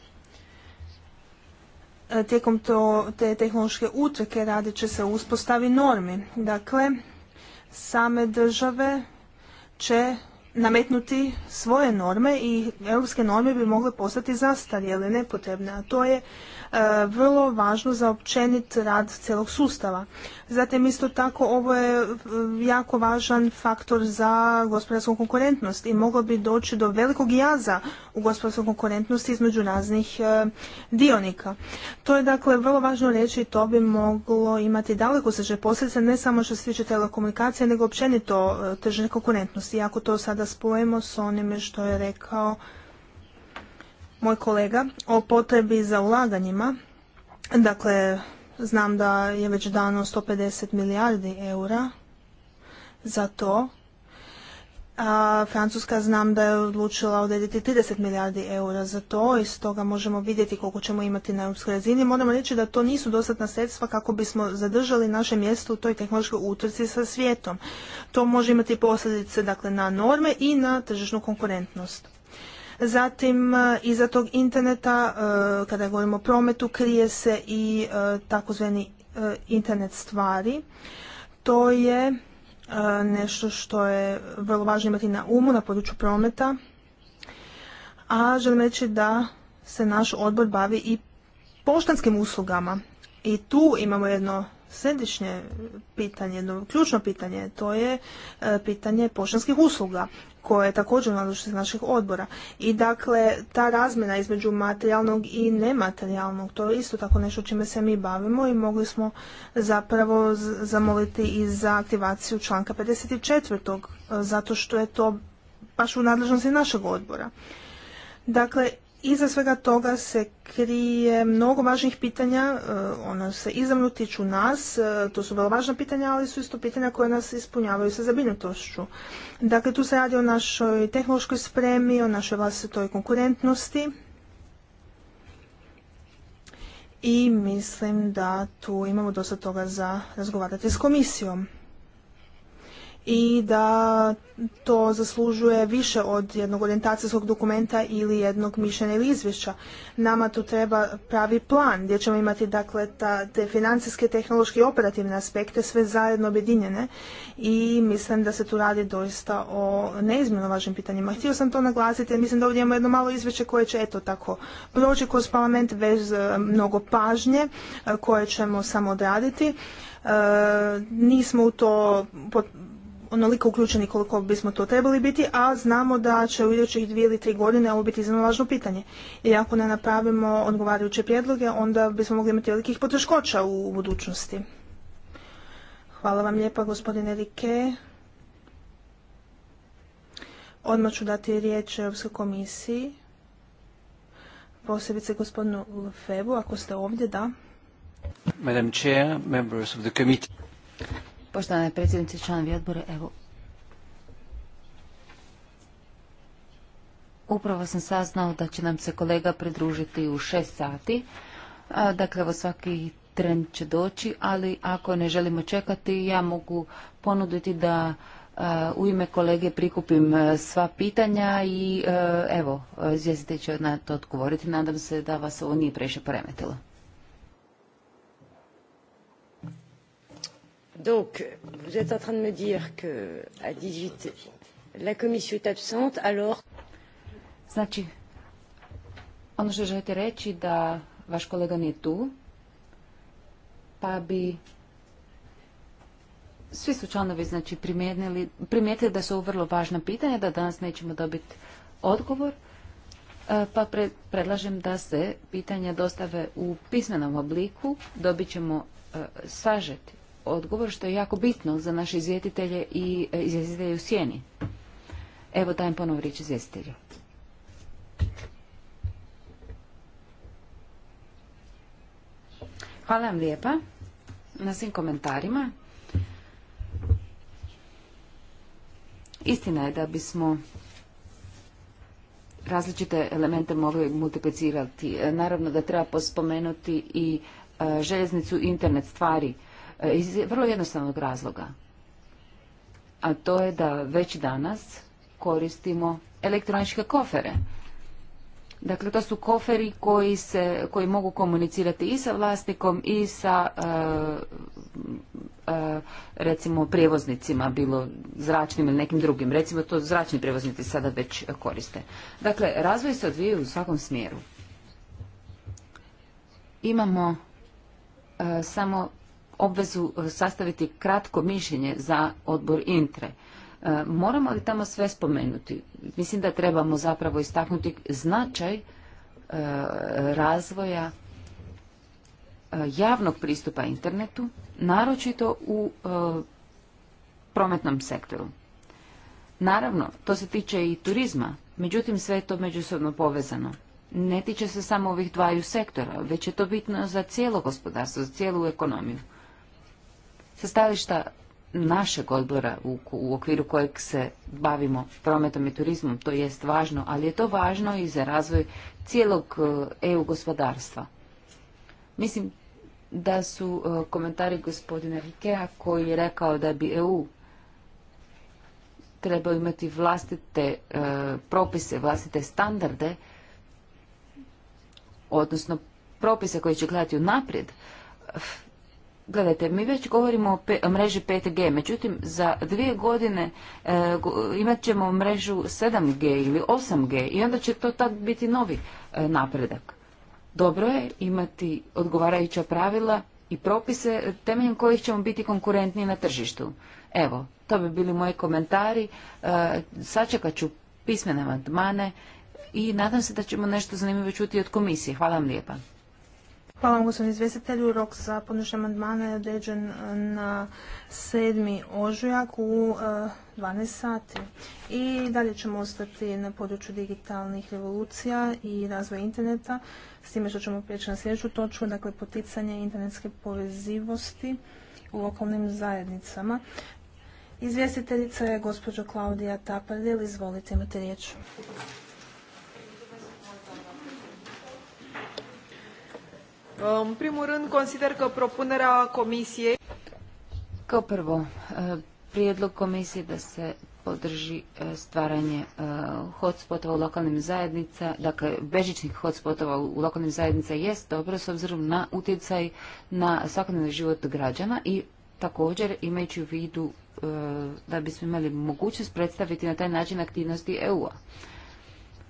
E, tijekom to, te tehnološke utrke radit će se uspostavi normi. Dakle, same države će nametnuti svoje norme i europske norme bi mogle postati zastarjele, nepotrebne, a to je E, vrlo važno za općenit rad celog sustava. Zatim isto tako ovo je e, jako važan faktor za gospodarsku konkurentnost i moglo bi doći do velikog jaza u gospodarskoj konkurentnosti između raznih e, dionika. To je dakle vrlo važno reći i to bi moglo imati daleko seže posljedice ne samo što se tiče telekomunikacije nego općenito tržne konkurentnosti. Iako to sada spojimo s onime što je rekao moj kolega o potrebi za ulaganjima. Dakle, znam da je već dano 150 milijardi eura za to. A Francuska znam da je odlučila odrediti 30 milijardi eura za to i stoga možemo vidjeti koliko ćemo imati na europskoj razini. Moramo reći da to nisu dostatna sredstva kako bismo zadržali naše mjesto u toj tehnološkoj utrci sa svijetom. To može imati posljedice dakle, na norme i na tržišnu konkurentnost. Zatim e, iza tog interneta, e, kada govorimo o prometu, krije se i e, takozvani internet stvari. To je nešto što je vrlo važno imati na umu na području prometa. A želim reći da se naš odbor bavi i poštanskim uslugama. I tu imamo jedno središnje pitanje, jedno ključno pitanje, to je e, pitanje poštanskih usluga koje je također nadležnosti naših odbora. I dakle, ta razmjena između materijalnog i nematerijalnog, to je isto tako nešto čime se mi bavimo i mogli smo zapravo zamoliti i za aktivaciju članka 54. E, zato što je to baš u nadležnosti našeg odbora. Dakle, iza svega toga se krije mnogo važnih pitanja, ono se izravno tiču nas, e, to su vrlo važna pitanja, ali su isto pitanja koje nas ispunjavaju sa zabrinutošću. Dakle, tu se radi o našoj tehnološkoj spremi, o našoj vlastitoj konkurentnosti i mislim da tu imamo dosta toga za razgovarati s komisijom i da to zaslužuje više od jednog orientacijskog dokumenta ili jednog mišljenja ili izvješća. Nama tu treba pravi plan gdje ćemo imati dakle ta, te financijske, tehnološke i operativne aspekte sve zajedno objedinjene i mislim da se tu radi doista o neizmjerno važnim pitanjima. Htio sam to naglasiti jer mislim da ovdje imamo jedno malo izvješće koje će eto tako proći kroz parlament bez e, mnogo pažnje e, koje ćemo samo odraditi. E, nismo u to onoliko uključeni koliko bismo to trebali biti, a znamo da će u idućih dvije ili tri godine ovo biti iznimno važno pitanje. I ako ne napravimo odgovarajuće prijedloge, onda bismo mogli imati velikih poteškoća u budućnosti. Hvala vam lijepa gospodine Rike. Odmah ću dati riječ Europskoj komisiji. Posebice gospodinu Febu, ako ste ovdje, da. Chair, members of the committee. Poštovane predsjednice, članovi odbora, evo, upravo sam saznao da će nam se kolega pridružiti u šest sati. Dakle, evo svaki tren će doći, ali ako ne želimo čekati, ja mogu ponuditi da u ime kolege prikupim sva pitanja i evo, izvjestitelj će na to odgovoriti. Nadam se da vas ovo nije previše poremetilo. Donc, vous êtes en train de me dire que à 18, la commission est absente, alors... Znači, ono što želite reći da vaš kolega nije tu, pa bi svi su članovi znači, primijetili da su ovo vrlo važna pitanja, da danas nećemo dobiti odgovor, e, pa predlažem da se pitanja dostave u pismenom obliku, dobit ćemo e, sažet odgovor, što je jako bitno za naše izvjetitelje i e, izvjetitelje u sjeni. Evo dajem ponovo riječ izvjetitelju. Hvala vam lijepa na svim komentarima. Istina je da bismo različite elemente mogli multiplicirati. Naravno da treba pospomenuti i e, željeznicu internet stvari – E, iz vrlo jednostavnog razloga. A to je da već danas koristimo elektroničke kofere. Dakle, to su koferi koji, se, koji mogu komunicirati i sa vlasnikom i sa e, e, recimo prijevoznicima, bilo zračnim ili nekim drugim. Recimo to zračni prijevoznici sada već koriste. Dakle, razvoj se odvija u svakom smjeru. Imamo samo obvezu e, sastaviti kratko mišljenje za odbor Intre. E, moramo li tamo sve spomenuti? Mislim da trebamo zapravo istaknuti značaj e, razvoja javnog pristupa internetu, naročito u prometnom sektoru. Naravno, to se tiče i turizma, međutim sve je to međusobno povezano. Ne tiče se samo ovih dvaju sektora, već je to bitno za cijelo gospodarstvo, za cijelu ekonomiju. Sa stajališta našeg odbora u, okviru kojeg se bavimo prometom i turizmom, to jest važno, ali je to važno i za razvoj cijelog e, EU gospodarstva. Mislim da su e, komentari gospodina Rikea koji je rekao da bi EU trebao imati vlastite e, propise, vlastite standarde, odnosno propise koji će gledati u naprijed, Gledajte, mi već govorimo o, mreži 5G, međutim za dvije godine e, imat ćemo mrežu 7G ili 8G i onda će to tad biti novi e, napredak. Dobro je imati odgovarajuća pravila i propise temeljem kojih ćemo biti konkurentni na tržištu. Evo, to bi bili moji komentari. E, sačekat ću pismene amandmane i nadam se da ćemo nešto zanimljivo čuti od komisije. Hvala vam lijepa. Hvala vam gospodin izvjestitelju. Rok za podnošenje amandmana je određen e, na 7. ožujak u 12 e, sati. I dalje ćemo ostati na području digitalnih revolucija i razvoja interneta, s time što ćemo prijeći na sljedeću točku, dakle poticanje internetske povezivosti u lokalnim zajednicama. Izvjestiteljica je gospođa Klaudija Tapadil, izvolite imate riječ. În primul rând, consider Kao prvo, eh, prijedlog Komisije da se podrži eh, stvaranje eh, hotspotova u lokalnim zajednica, dakle bežičnih hotspotova u lokalnim zajednicama jest dobro s obzirom na utjecaj na svakodnevni život građana i također imajući u vidu da bismo imali mogućnost predstaviti na taj način aktivnosti EU-a.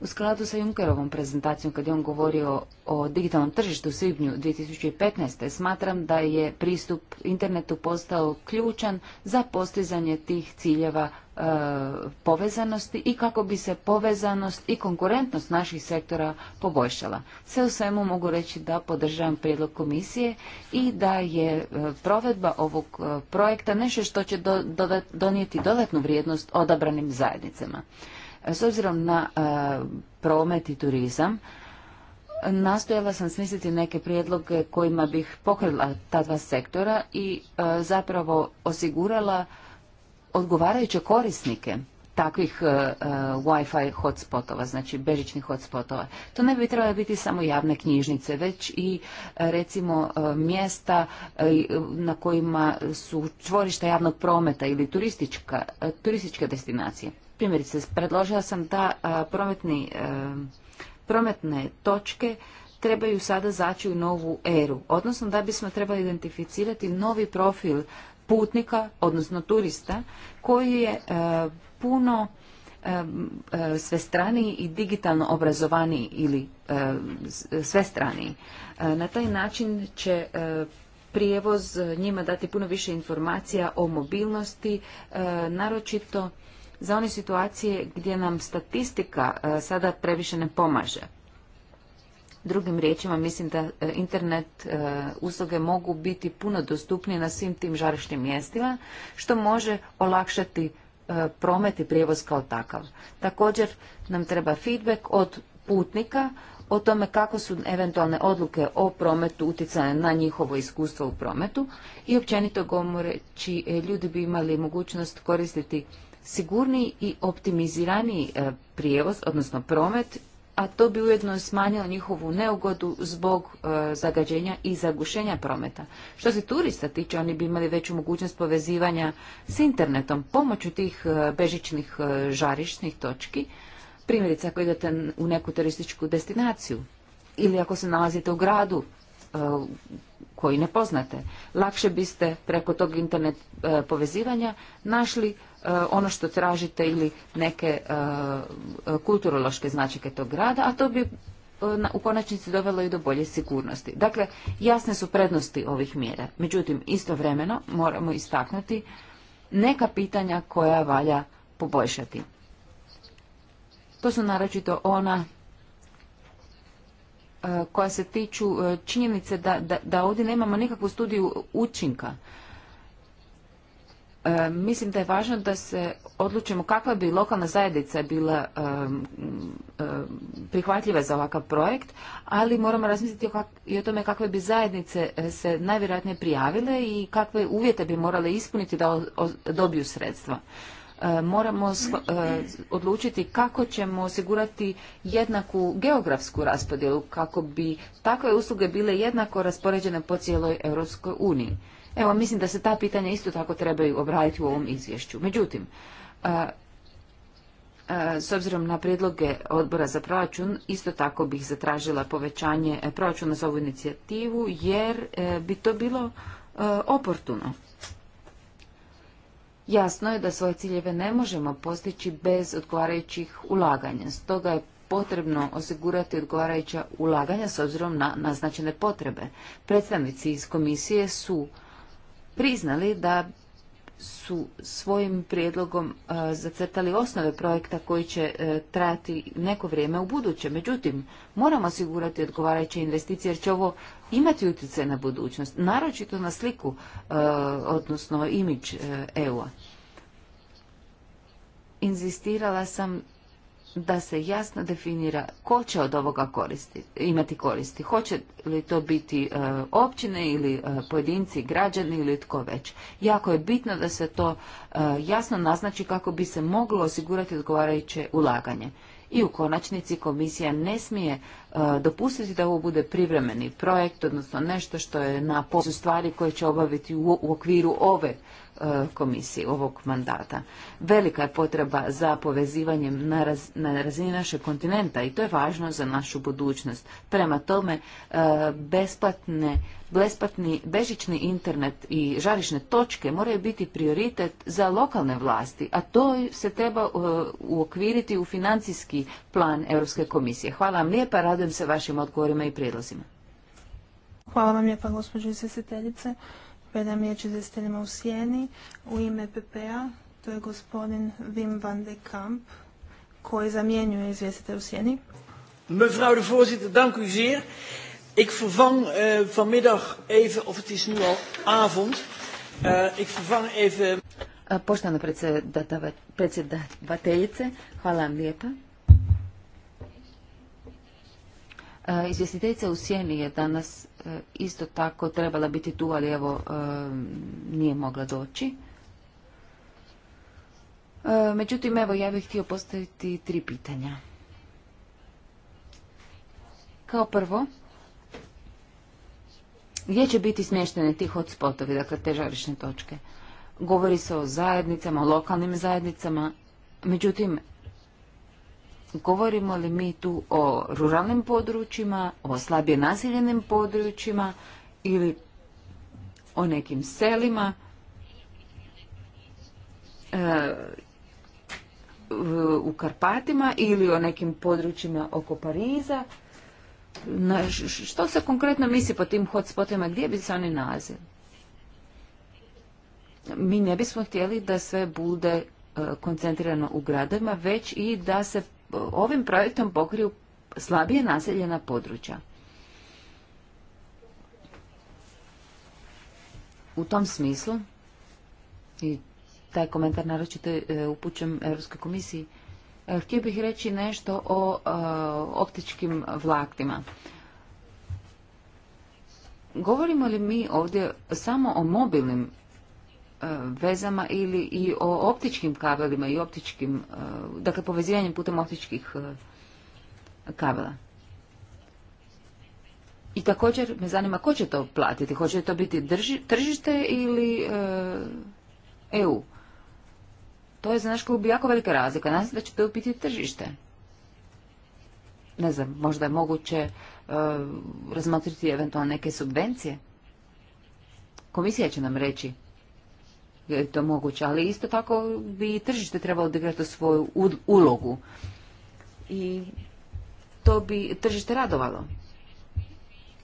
U skladu sa Junkerovom prezentacijom kad je on govorio o digitalnom tržištu u svibnju 2015. smatram da je pristup internetu postao ključan za postizanje tih ciljeva e, povezanosti i kako bi se povezanost i konkurentnost naših sektora poboljšala. Sve u svemu mogu reći da podržavam prijedlog komisije i da je e, provedba ovog e, projekta nešto što će donijeti dodatnu vrijednost odabranim zajednicama. S obzirom na e, promet i turizam, nastojala sam smisliti neke prijedloge kojima bih pokrila ta dva sektora i e, zapravo osigurala odgovarajuće korisnike takvih wifi e, Wi-Fi hotspotova, znači bežičnih hotspotova. To ne bi trebalo biti samo javne knjižnice, već i recimo mjesta na kojima su čvorišta javnog prometa ili turistička, turističke destinacije. Primjerice, predložila sam da prometne točke trebaju sada zaći u novu eru, odnosno da bismo trebali identificirati novi profil putnika, odnosno turista, koji je puno svestraniji i digitalno obrazovaniji ili svestraniji. Na taj način će prijevoz njima dati puno više informacija o mobilnosti, naročito za one situacije gdje nam statistika e, sada previše ne pomaže. Drugim riječima, mislim da e, internet e, usluge mogu biti puno dostupnije na svim tim žarišnim mjestima, što može olakšati promet i prijevoz kao takav. Također nam treba feedback od putnika o tome kako su eventualne odluke o prometu utjecane na njihovo iskustvo u prometu i općenito govoreći ljudi bi imali mogućnost koristiti sigurniji i optimiziraniji e, prijevoz, odnosno promet, a to bi ujedno smanjilo njihovu neugodu zbog e, zagađenja i zagušenja prometa. Što se turista tiče, oni bi imali veću mogućnost povezivanja s internetom pomoću tih e, bežičnih žarišnih točki, primjerice ako idete u neku turističku destinaciju ili ako se nalazite u gradu koji ne poznate. Lakše biste preko tog internet povezivanja našli E, ono što tražite ili neke e, kulturološke značike tog grada, a to bi e, u konačnici dovelo i do bolje sigurnosti. Dakle, jasne su prednosti ovih mjera. Međutim, istovremeno moramo istaknuti neka pitanja koja valja poboljšati. To su naročito ona koja se tiču činjenice da, da, da ovdje nemamo nikakvu studiju učinka E, mislim da je važno da se odlučimo kakva bi lokalna zajednica bila e, e, prihvatljiva za ovakav projekt, ali moramo razmisliti i o tome kakve bi zajednice se najvjerojatnije prijavile i kakve uvjete bi morale ispuniti da dobiju sredstva. Moramo odlučiti kako ćemo osigurati jednaku geografsku raspodjelu kako bi takve usluge bile jednako raspoređene po cijeloj Europskoj uniji. Evo, mislim da se ta pitanja isto tako trebaju obraditi u ovom izvješću. Međutim, e, e, s obzirom na predloge odbora za proračun, isto tako bih zatražila povećanje proračuna za ovu inicijativu, jer e, bi to bilo oportuno. Jasno je da svoje ciljeve ne možemo postići bez odgovarajućih ulaganja, stoga je potrebno osigurati odgovarajuća ulaganja s obzirom na naznačene potrebe. Predstavnici iz komisije su priznali da su svojim prijedlogom e, zacrtali osnove projekta koji će e, trajati neko vrijeme u buduće. Međutim, moramo osigurati odgovarajuće investicije jer će ovo imati utjecaj na budućnost, naročito na sliku, e, odnosno imidž EU-a. Inzistirala sam da se jasno definira ko će od ovoga koristi, imati koristi. Hoće li to biti e, općine ili e, pojedinci, građani ili tko već. Jako je bitno da se to e, jasno naznači kako bi se moglo osigurati odgovarajuće ulaganje. I u konačnici komisija ne smije dopustiti da ovo bude privremeni projekt, odnosno nešto što je na poslu stvari koje će obaviti u, u okviru ove E, komisije ovog mandata. Velika je potreba za povezivanjem na, razini našeg kontinenta i to je važno za našu budućnost. Prema tome, e, besplatne, besplatni bežični internet i žarišne točke moraju biti prioritet za lokalne vlasti, a to se treba e, uokviriti u financijski plan Europske komisije. Hvala vam lijepa, radujem se vašim odgovorima i prijedlozima. Hvala vam lijepa, gospođo izvjestiteljice. Predam riječ izvjestiteljima u sjeni u ime PPA, to je gospodin Wim van de Kamp koji zamjenjuje izvijestite u sjeni. Mevrouw de voorzitter, dank u zeer. Ik vervang uh, vanmiddag even, of het is nu al avond, uh, ik vervang even... Eh, poštana predsjedavateljice, hvala vam lijepa. Izvjestiteljica u Sjeni je danas E, isto tako trebala biti tu, ali evo e, nije mogla doći. E, međutim, evo, ja bih htio postaviti tri pitanja. Kao prvo, gdje će biti smještene ti hotspotovi, dakle te žarišne točke? Govori se o zajednicama, o lokalnim zajednicama, međutim, Govorimo li mi tu o ruralnim područjima, o slabije naseljenim područjima ili o nekim selima? E, u Karpatima ili o nekim područjima oko Pariza. Na, što se konkretno misli po tim hotspotima, gdje bi se oni nalazili? Mi ne bismo htjeli da sve bude e, koncentrirano u gradovima, već i da se ovim projektom pokriju slabije naseljena područja. U tom smislu, i taj komentar naročito e, upućem Europskoj komisiji, e, htio bih reći nešto o e, optičkim vlaktima. Govorimo li mi ovdje samo o mobilnim E, vezama ili i o optičkim kabelima i optičkim, e, dakle povezivanjem putem optičkih e, kabela. I također me zanima ko će to platiti, hoće to biti tržište ili EU. To je za naš klub jako velika razlika, nas da će to biti tržište. Ne znam, možda je moguće razmotriti eventualno neke subvencije. Komisija će nam reći je to moguće, ali isto tako bi tržište trebalo odigrati svoju ulogu i to bi tržište radovalo.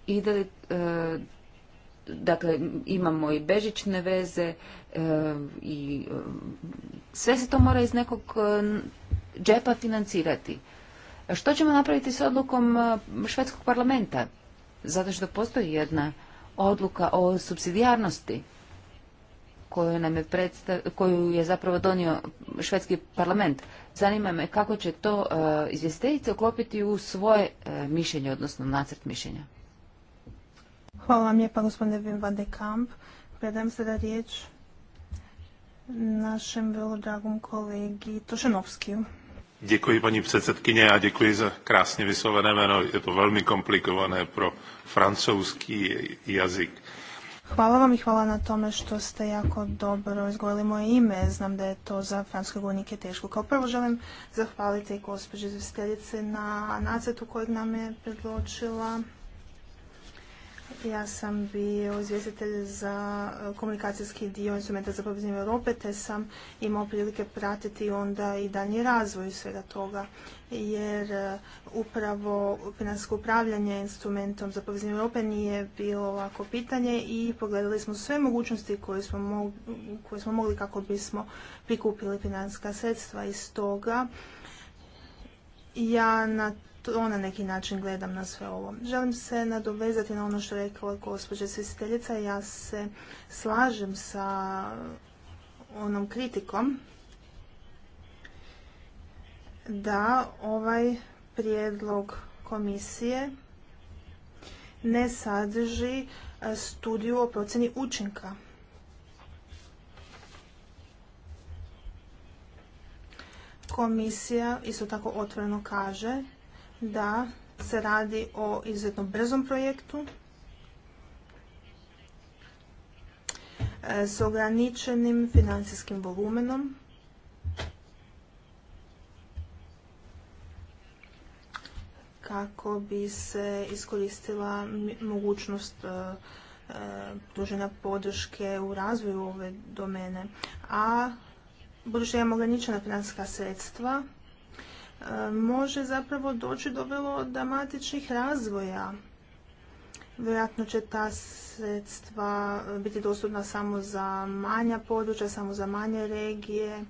I da, e, dakle, imamo i bežične veze e, i e, sve se to mora iz nekog džepa financirati. Što ćemo napraviti s odlukom švedskog parlamenta? Zato što postoji jedna odluka o subsidijarnosti koju, nam je predstav, koju je zapravo donio švedski parlament. Zanima me kako će to e, izvjestiteljice uklopiti u svoje e, mišljenje, odnosno nacrt mišljenja. Hvala vam lijepa gospodine Wim van de Kamp. Predajem sada riječ našem vrlo dragom kolegi Tošenovskiju. Děkuji paní předsedkyně a děkuji za krásně vyslovené jméno. Je to velmi komplikované pro francouzský jazyk. Hvala vam i hvala na tome što ste jako dobro izgovorili moje ime. Znam da je to za franske govornike teško. Kao prvo želim zahvaliti gospođi izvjestiteljici na nacetu kojeg nam je predločila ja sam bio izvjestitelj za e, komunikacijski dio instrumenta za povezanje Europe, te sam imao prilike pratiti onda i daljnji razvoj svega toga, jer e, upravo financijsko upravljanje instrumentom za povezanje Europe nije bilo ovako pitanje i pogledali smo sve mogućnosti koje smo, mogli, koje smo mogli kako bismo prikupili financijska sredstva. I toga. ja na to na neki način gledam na sve ovo. Želim se nadovezati na ono što je rekla gospođa svisiteljica. Ja se slažem sa onom kritikom da ovaj prijedlog komisije ne sadrži e, studiju o procjeni učinka. Komisija isto tako otvoreno kaže da se radi o izuzetno brzom projektu e, s ograničenim financijskim volumenom kako bi se iskoristila mogućnost e, e, pružena podrške u razvoju ove domene. A budući da imamo ograničena financijska sredstva, može zapravo doći do vrlo dramatičnih razvoja. Vjerojatno će ta sredstva biti dostupna samo za manja područja, samo za manje regije,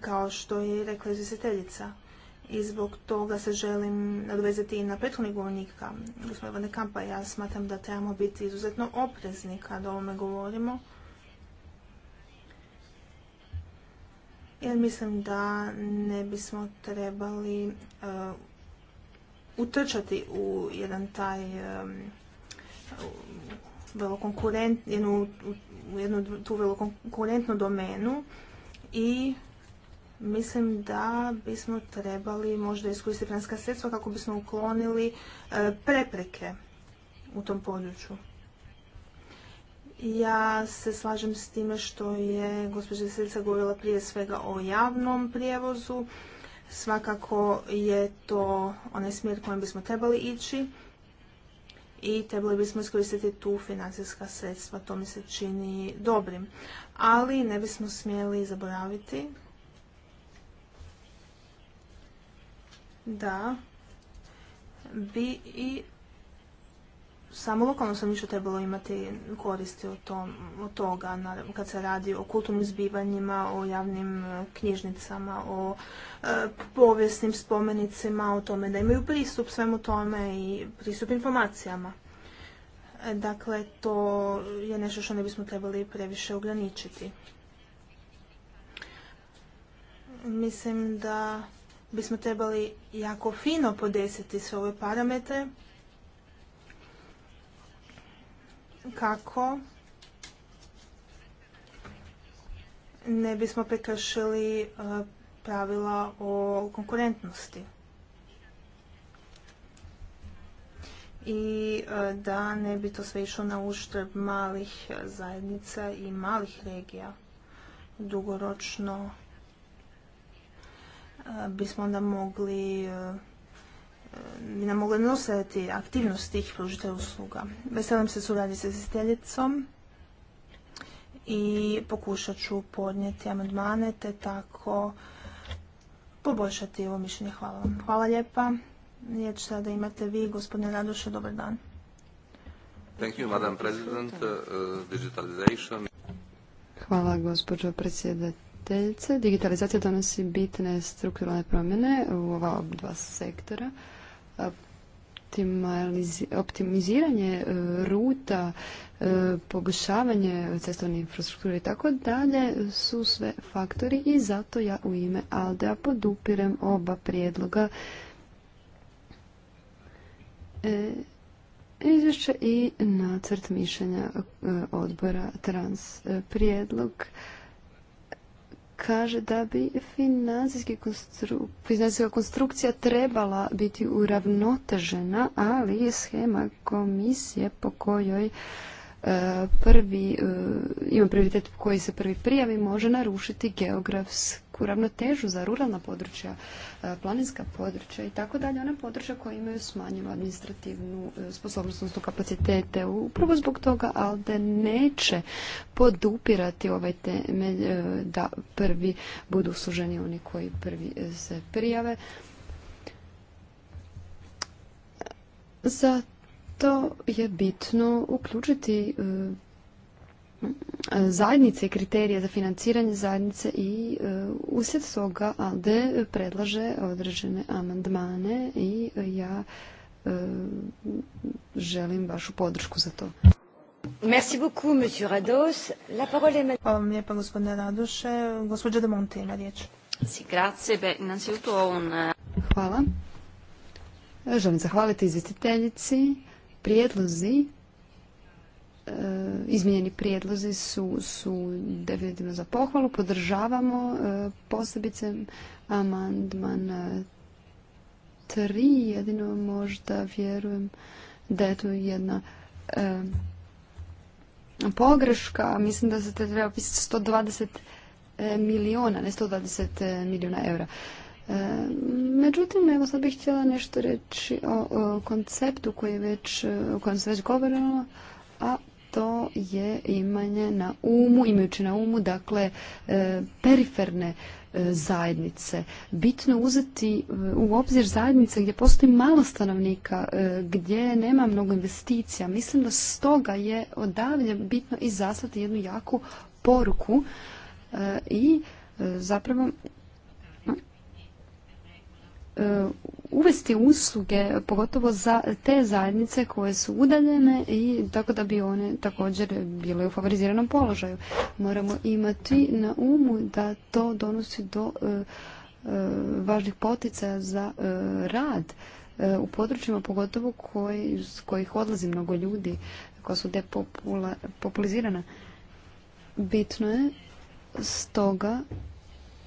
kao što je rekla izvjestiteljica. I zbog toga se želim nadvezati i na prethodnih govornika, Gospodine Kampa. Ja smatram da trebamo biti izuzetno oprezni kada o ovome govorimo jer mislim da ne bismo trebali eh, utrčati u jedan taj eh, jednu, u jednu tu vrlo konkurentnu domenu i mislim da bismo trebali možda iskoristiti finanska sredstva kako bismo uklonili eh, prepreke u tom području. Ja se slažem s time što je gospođa Silica govorila prije svega o javnom prijevozu. Svakako je to onaj smjer kojem bismo trebali ići i trebali bismo iskoristiti tu financijska sredstva, to mi se čini dobrim. Ali ne bismo smjeli zaboraviti da bi i samo lokalno više trebalo imati koristi od, toga, kad se radi o kulturnim zbivanjima, o javnim e, knjižnicama, o e, povijesnim spomenicima, o tome da imaju pristup svemu tome i pristup informacijama. E, dakle, to je nešto što ne bismo trebali previše ograničiti. Mislim da bismo trebali jako fino podesiti sve ove parametre kako ne bismo prekršili e, pravila o konkurentnosti i e, da ne bi to sve išlo na uštrb malih e, zajednica i malih regija. Dugoročno bismo onda mogli nam mogle nositi aktivnost tih pružitelja usluga. Veselim se suradnji s izvjestiteljicom i pokušat ću podnijeti amandmane te tako poboljšati ovo mišljenje. Hvala vam. Hvala lijepa. Riječ sada imate vi, gospodine Radoše, dobar dan. Thank you, Madam President. Uh, digitalization. Hvala, gospođo predsjedateljice. Digitalizacija donosi bitne strukturalne promjene u ova dva sektora optimiziranje e, ruta, e, poboljšavanje cestovne infrastrukture i tako dalje su sve faktori i zato ja u ime Aldea podupirem oba prijedloga e, izvješća i nacrt mišljenja odbora trans prijedlog kaže da bi financijski financijska konstrukcija trebala biti uravnotežena, ali schema komisije po kojoj e, prvi, e, ima prioritet koji se prvi prijavi, može narušiti geografski ravnotežu za ruralna područja, e, planinska područja i tako dalje, ona područja koja imaju smanjenu administrativnu e, sposobnost, odnosno kapacitete. Upravo zbog toga da neće podupirati ovaj temelj e, da prvi budu usluženi oni koji prvi se prijave. Zato je bitno uključiti zajednice i kriterije za financiranje zajednice i e, uslijed svoga AD predlaže određene amandmane i ja e, želim vašu podršku za to. Merci beaucoup, monsieur Rados. La parole est Hvala vam lijepa, gospodine Radoše. Gospođa de Monte ima riječ. Si, grazie. Beh, innanzitutto un... Eh, Hvala. Želim zahvaliti izvjestiteljici. Prijedlozi E, izmijenjeni prijedlozi su, definitivno za pohvalu. Podržavamo e, posebice amandman 3. E, Jedino možda vjerujem da je tu jedna pogreška. Mislim da se te treba pisati 120 miliona, ne 120 milijuna eura. međutim, evo sad bih htjela nešto reći o, konceptu koji već, o kojem se već govorilo, a to je imanje na umu, imajući na umu dakle e, periferne e, zajednice. Bitno uzeti e, u obzir zajednice gdje postoji malo stanovnika, gdje nema mnogo investicija. Mislim da stoga je odavlje bitno i zaslati jednu jaku poruku i zapravo E, uvesti usluge pogotovo za te zajednice koje su udaljene i tako da bi one također bile u favoriziranom položaju. Moramo imati na umu da to donosi do e, e, važnih poticaja za rad u područjima pogotovo s kojih odlazi mnogo ljudi koja su depopulizirana. Bitno je stoga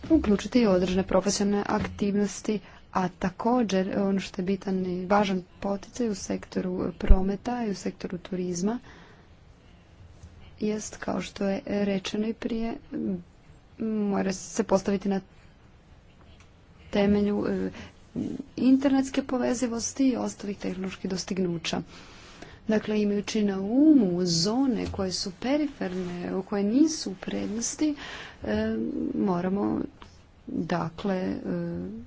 uključiti i određene profesionalne aktivnosti a također ono što je bitan i važan poticaj u sektoru prometa i u sektoru turizma jest kao što je rečeno i prije mora se postaviti na temelju e, internetske povezivosti i ostalih tehnoloških dostignuća. Dakle, imajući na umu zone koje su periferne, koje nisu u prednosti, e, moramo dakle e,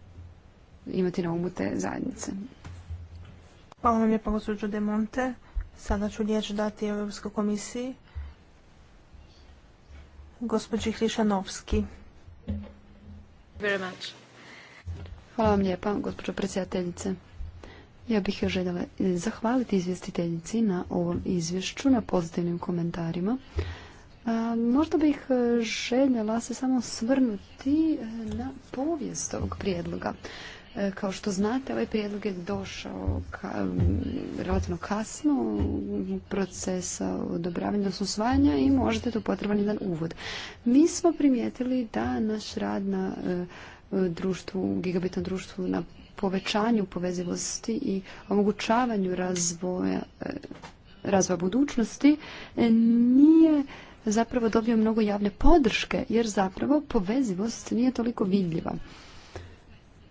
imati na umu te zajednice. Hvala vam lijepo gospođo De Monte. Sada ću riječ dati Europskoj komisiji. Gospođi Hrišanovski. Very Hvala vam lijepa, gospođo predsjedateljice. Ja bih još željela zahvaliti izvjestiteljici na ovom izvješću, na pozitivnim komentarima. Možda bih e, željela se samo svrnuti e, na povijest ovog prijedloga. E, kao što znate, ovaj prijedlog je došao mm, relativno kasno procesa odobravanja, odnosno usvajanja i možda je tu potreban jedan uvod. Mi smo primijetili da naš rad na e, društvu, gigabitnom društvu na povećanju povezivosti i omogućavanju razvoja, e, razvoja budućnosti nije zapravo dobio mnogo javne podrške, jer zapravo povezivost nije toliko vidljiva.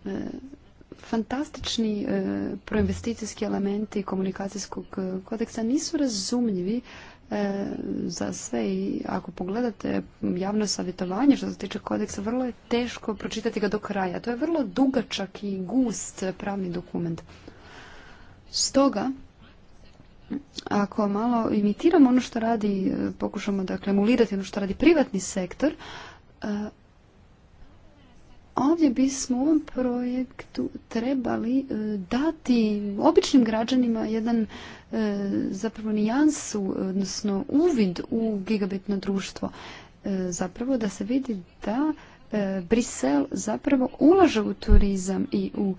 E, fantastični e, proinvesticijski elementi komunikacijskog e, kodeksa nisu razumljivi za sve i ako pogledate javno savjetovanje što se tiče kodeksa, vrlo je teško pročitati ga do kraja. To je vrlo dugačak i gust pravni dokument. Stoga, ako malo imitiramo ono što radi, pokušamo dakle emulirati ono što radi privatni sektor, Ovdje bismo u ovom projektu trebali e, dati običnim građanima jedan e, zapravo nijansu, odnosno uvid u gigabitno društvo. E, zapravo da se vidi da Brisel zapravo ulaže u turizam i u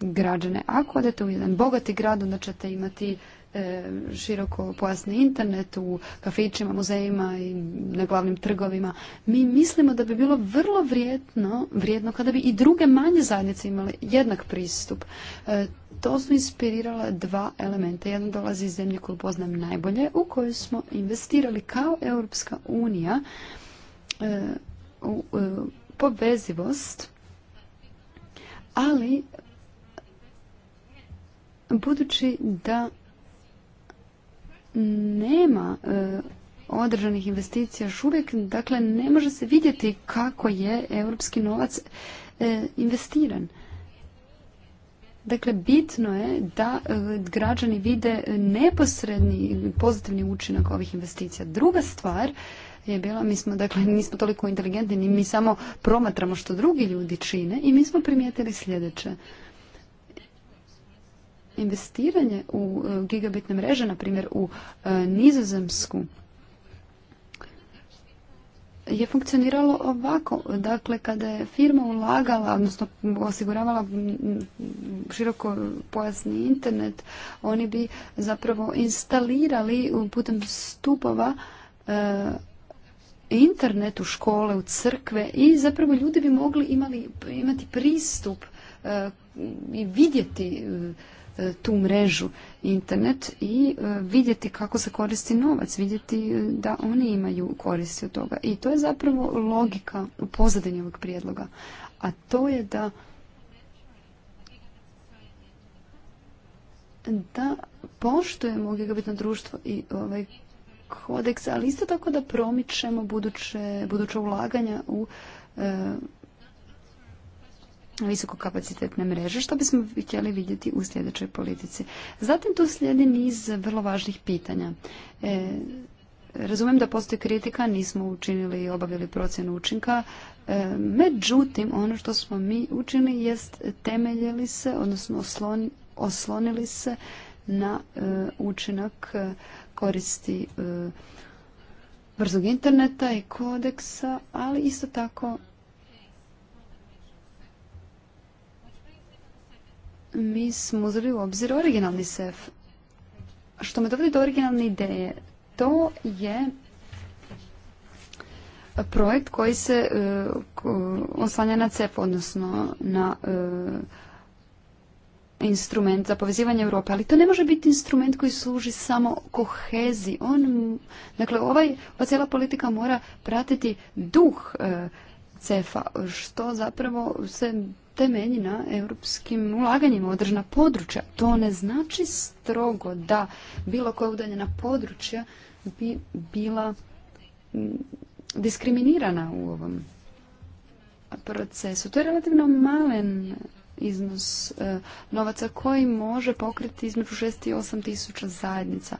građane. Ako odete u jedan bogati grad, onda ćete imati E, široko pojasni internet u kafićima, muzejima i na glavnim trgovima. Mi mislimo da bi bilo vrlo vrijedno, vrijedno kada bi i druge manje zajednice imale jednak pristup. E, to su inspirirala dva elementa. Jedan dolazi iz zemlje koju poznam najbolje, u koju smo investirali kao Europska unija e, u povezivost, ali budući da nema e, održanih investicija još uvijek, dakle ne može se vidjeti kako je europski novac e, investiran. Dakle, bitno je da e, građani vide neposredni pozitivni učinak ovih investicija. Druga stvar je bila, mi smo, dakle, nismo toliko inteligentni, mi samo promatramo što drugi ljudi čine i mi smo primijetili sljedeće investiranje u e, gigabitne mreže, na primjer u e, nizozemsku, je funkcioniralo ovako. Dakle, kada je firma ulagala, odnosno osiguravala široko pojasni internet, oni bi zapravo instalirali putem stupova e, internet u škole, u crkve i zapravo ljudi bi mogli imali, imati pristup i vidjeti E, tu mrežu internet i e, vidjeti kako se koristi novac, vidjeti e, da oni imaju koristi od toga. I to je zapravo logika u pozadini ovog prijedloga. A to je da da poštujemo gigabitno društvo i ovaj kodeks, ali isto tako da promičemo buduće, ulaganja u visokokapacitetne mreže, što bismo htjeli vidjeti u sljedećoj politici. Zatim tu slijedi niz vrlo važnih pitanja. E, razumijem da postoji kritika, nismo učinili i obavili procjenu učinka, e, međutim ono što smo mi učinili jest temeljili se, odnosno oslonili se na e, učinak e, koristi brzog interneta i kodeksa, ali isto tako mi smo uzeli u obzir originalni sef. Što me dovodi do originalne ideje, to je projekt koji se e, oslanja na CEF, odnosno na e, instrument za povezivanje Europe, ali to ne može biti instrument koji služi samo kohezi. On, dakle, ovaj, ova cijela politika mora pratiti duh e, cefa, što zapravo se temelji na europskim ulaganjima u određena područja. To ne znači strogo da bilo koja udaljena područja bi bila mm, diskriminirana u ovom procesu. To je relativno malen iznos e, novaca koji može pokriti između 6 i 8 tisuća zajednica.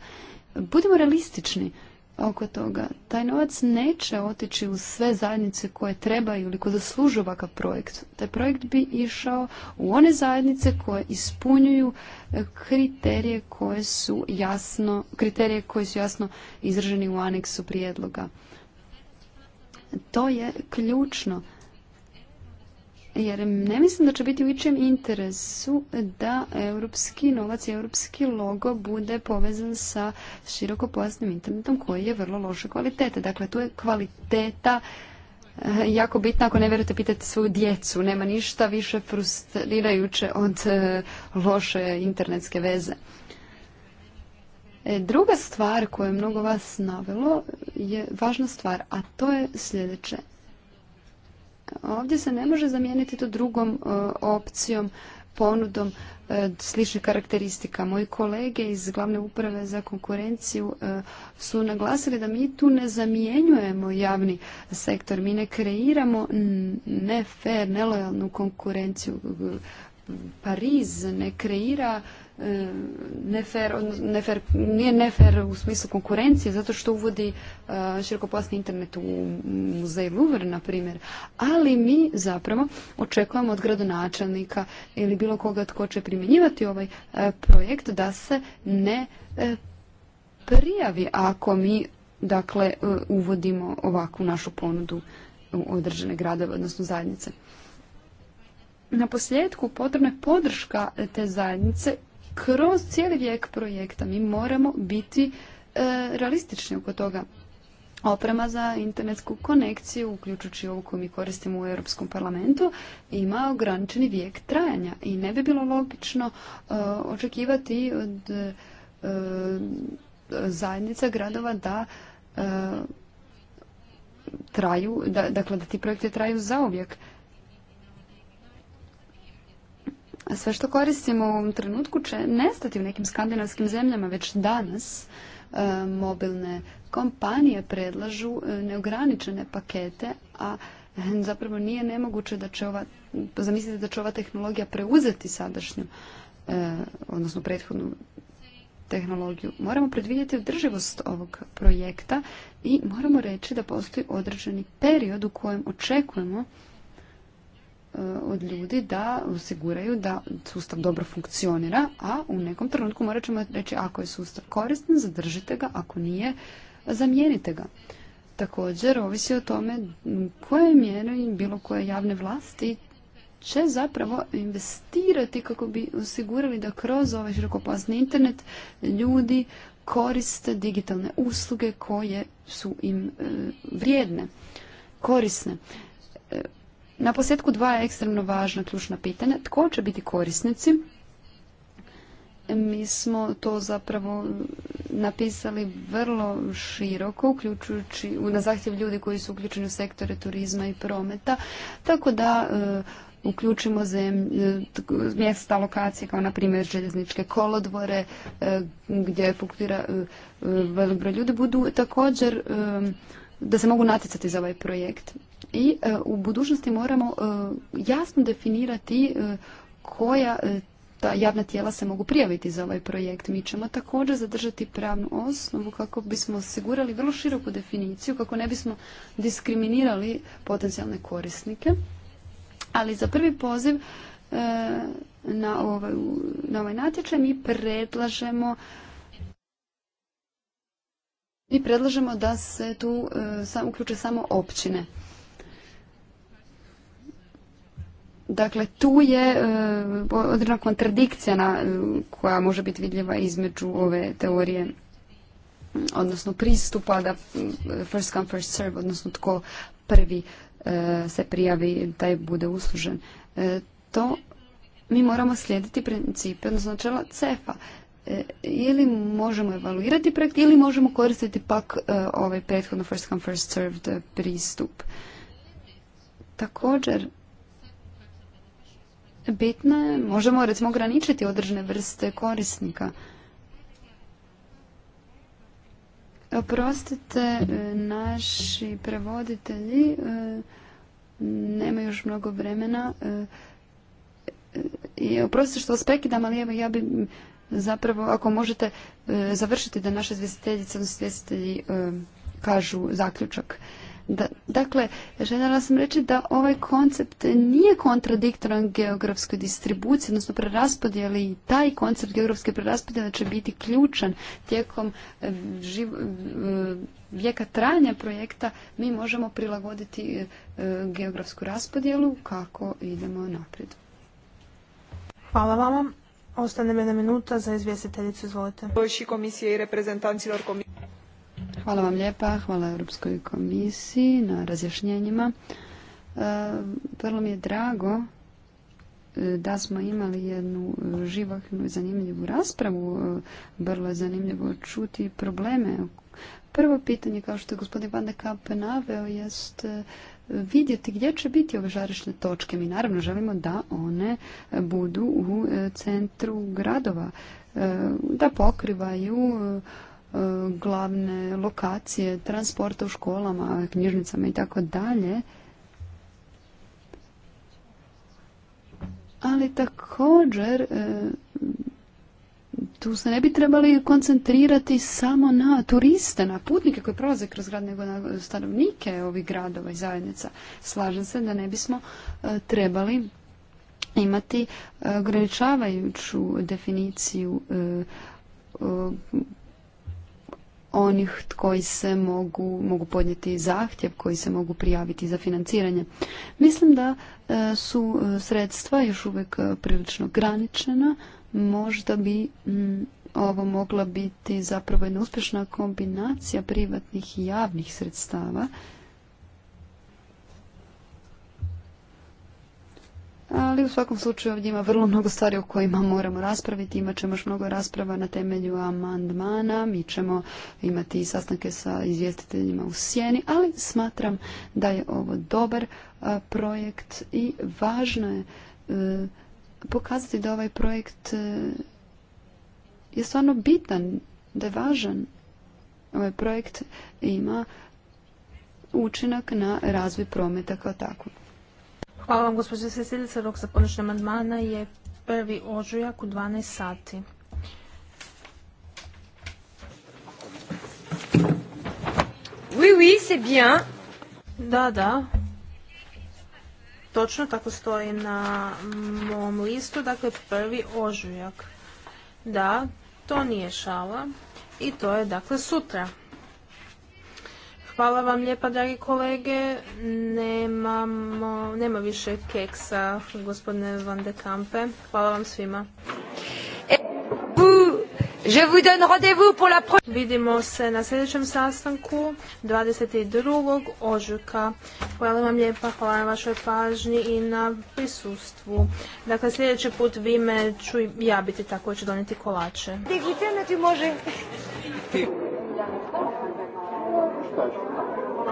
Budimo realistični oko toga. Taj novac neće otići u sve zajednice koje trebaju ili koje zaslužuju ovakav projekt. Taj projekt bi išao u one zajednice koje ispunjuju e, kriterije koje su jasno, kriterije koje su jasno izraženi u aneksu prijedloga. To je ključno jer ne mislim da će biti u ičem interesu da europski novac i europski logo bude povezan sa široko internetom koji je vrlo loše kvalitete. Dakle, tu je kvaliteta eh, jako bitna. Ako ne vjerujete, pitati svoju djecu. Nema ništa više frustrirajuće od eh, loše internetske veze. E, druga stvar koju je mnogo vas navelo je važna stvar, a to je sljedeće. Ovdje se ne može zamijeniti to drugom e, opcijom, ponudom e, sličnih karakteristika. Moji kolege iz glavne uprave za konkurenciju e, su naglasili da mi tu ne zamjenjujemo javni sektor, mi ne kreiramo nefer, nelojalnu konkurenciju. Pariz ne kreira nefer, nefer, nije nefer u smislu konkurencije, zato što uvodi e, širokoplasni internet u muzej Louvre, na primjer. Ali mi zapravo očekujemo od gradonačelnika ili bilo koga tko će primjenjivati ovaj e, projekt da se ne e, prijavi ako mi dakle uvodimo ovakvu našu ponudu u određene gradove, odnosno zajednice. Na posljedku potrebna je podrška te zajednice kroz cijeli vijek projekta. Mi moramo biti e, realistični oko toga. Oprema za internetsku konekciju, uključujući ovu koju mi koristimo u Europskom parlamentu, ima ograničeni vijek trajanja i ne bi bilo logično e, očekivati od e, zajednica gradova da traju, da, dakle da ti projekti traju zauvijek. Sve što koristimo u ovom trenutku će nestati u nekim skandinavskim zemljama već danas. E, mobilne kompanije predlažu e, neograničene pakete, a e, zapravo nije nemoguće da će ova, zamislite da će ova tehnologija preuzeti sadašnju, odnosno prethodnu tehnologiju. Moramo predvidjeti održivost ovog projekta i moramo reći da postoji određeni period u kojem očekujemo Eh, od ljudi da osiguraju da sustav dobro funkcionira, a u nekom trenutku morat ćemo reći ako je sustav koristan, zadržite ga, ako nije, zamijenite ga. Također, ovisi o tome koje mjere bilo koje javne vlasti će zapravo investirati kako bi osigurali da kroz ovaj širokopasni internet ljudi koriste digitalne usluge koje su im eh, vrijedne, korisne. Eh, na posljedku dva je ekstremno važna ključna pitanja. Tko će biti korisnici? Mi smo to zapravo napisali vrlo široko, uključujući na zahtjev ljudi koji su uključeni u sektore turizma i prometa, tako da e, uključimo e, mjesta lokacije kao na primjer željezničke kolodvore e, gdje je e, velik broj ljudi budu također da se mogu natjecati za ovaj projekt i e, u budućnosti moramo e, jasno definirati e, koja ta javna tijela se mogu prijaviti za ovaj projekt. Mi ćemo također zadržati pravnu osnovu kako bismo osigurali vrlo široku definiciju, kako ne bismo diskriminirali potencijalne korisnike. Ali za prvi poziv na, ovaj, na ovaj natječaj mi predlažemo mi predlažemo da se tu uključe samo općine. Dakle, tu je e, određena kontradikcija e, koja može biti vidljiva između ove teorije odnosno pristupa da e, first come first serve, odnosno tko prvi se prijavi taj bude uslužen. to mi moramo slijediti principe, odnosno načela cefa. ili možemo evaluirati projekt ili možemo koristiti pak ovaj prethodno first come first served pristup. Također je, možemo recimo ograničiti određene vrste korisnika. Oprostite, naši prevoditelji e, nema još mnogo vremena i e, e, oprostite što vas prekidam, ali evo ja bi zapravo, ako možete završiti da naše izvjestiteljice, odnosno kažu zaključak. Da, dakle, željela sam reći da ovaj koncept nije kontradiktoran geografskoj distribuciji, odnosno preraspodjeli i taj koncept geografske preraspodjele će biti ključan tijekom e, živ, e, vijeka trajanja projekta. Mi možemo prilagoditi e, geografsku raspodjelu kako idemo naprijed. Hvala vam, Ostane mi jedna minuta za izvjestiteljicu. Izvolite. Komisije i reprezentanci Hvala vam lijepa, hvala Europskoj komisiji na razjašnjenjima. E, vrlo mi je drago e, da smo imali jednu živahnu i zanimljivu raspravu. E, vrlo je zanimljivo čuti probleme. Prvo pitanje, kao što je gospodin Van de naveo, jest vidjeti gdje će biti ove žarišne točke. Mi naravno želimo da one budu u centru gradova, da pokrivaju glavne lokacije, transporta u školama, knjižnicama i tako dalje. Ali također e, tu se ne bi trebali koncentrirati samo na turiste, na putnike koji prolaze kroz grad, nego na stanovnike ovih gradova i zajednica. Slažem se da ne bismo e, trebali imati e, ograničavajuću definiciju onih koji se mogu, mogu podnijeti zahtjev, koji se mogu prijaviti za financiranje. Mislim da e, su e, sredstva još uvijek e, prilično graničena. Možda bi ovo mogla biti zapravo jedna uspješna kombinacija privatnih i javnih sredstava ali u svakom slučaju ovdje ima vrlo mnogo stvari o kojima moramo raspraviti. Imat ćemo još mnogo rasprava na temelju amandmana, mi ćemo imati sastanke sa izvjestiteljima u sjeni, ali smatram da je ovo dobar projekt i važno je e, pokazati da ovaj projekt e, je stvarno bitan, da je važan. Ovaj projekt ima učinak na razvoj prometa kao takvog. Hvala vam, gospođo Cecilica. Rok za podnošenje amandmana je 1. ožujak u 12 sati. Oui, oui, c'est bien. Da, da. Točno, tako stoji na mom listu, dakle prvi ožujak. Da, to nije šala i to je dakle sutra. Hvala vam lijepa, dragi kolege. Nemamo, nema više keksa, gospodine Van de Kampe. Hvala vam svima. Je vous donne Vidimo se na sljedećem sastanku 22. ožujka. Hvala vam lijepa, hvala na vašoj pažnji i na prisustvu. Dakle, sljedeći put vi me ću ja biti tako ću donijeti kolače. kažu.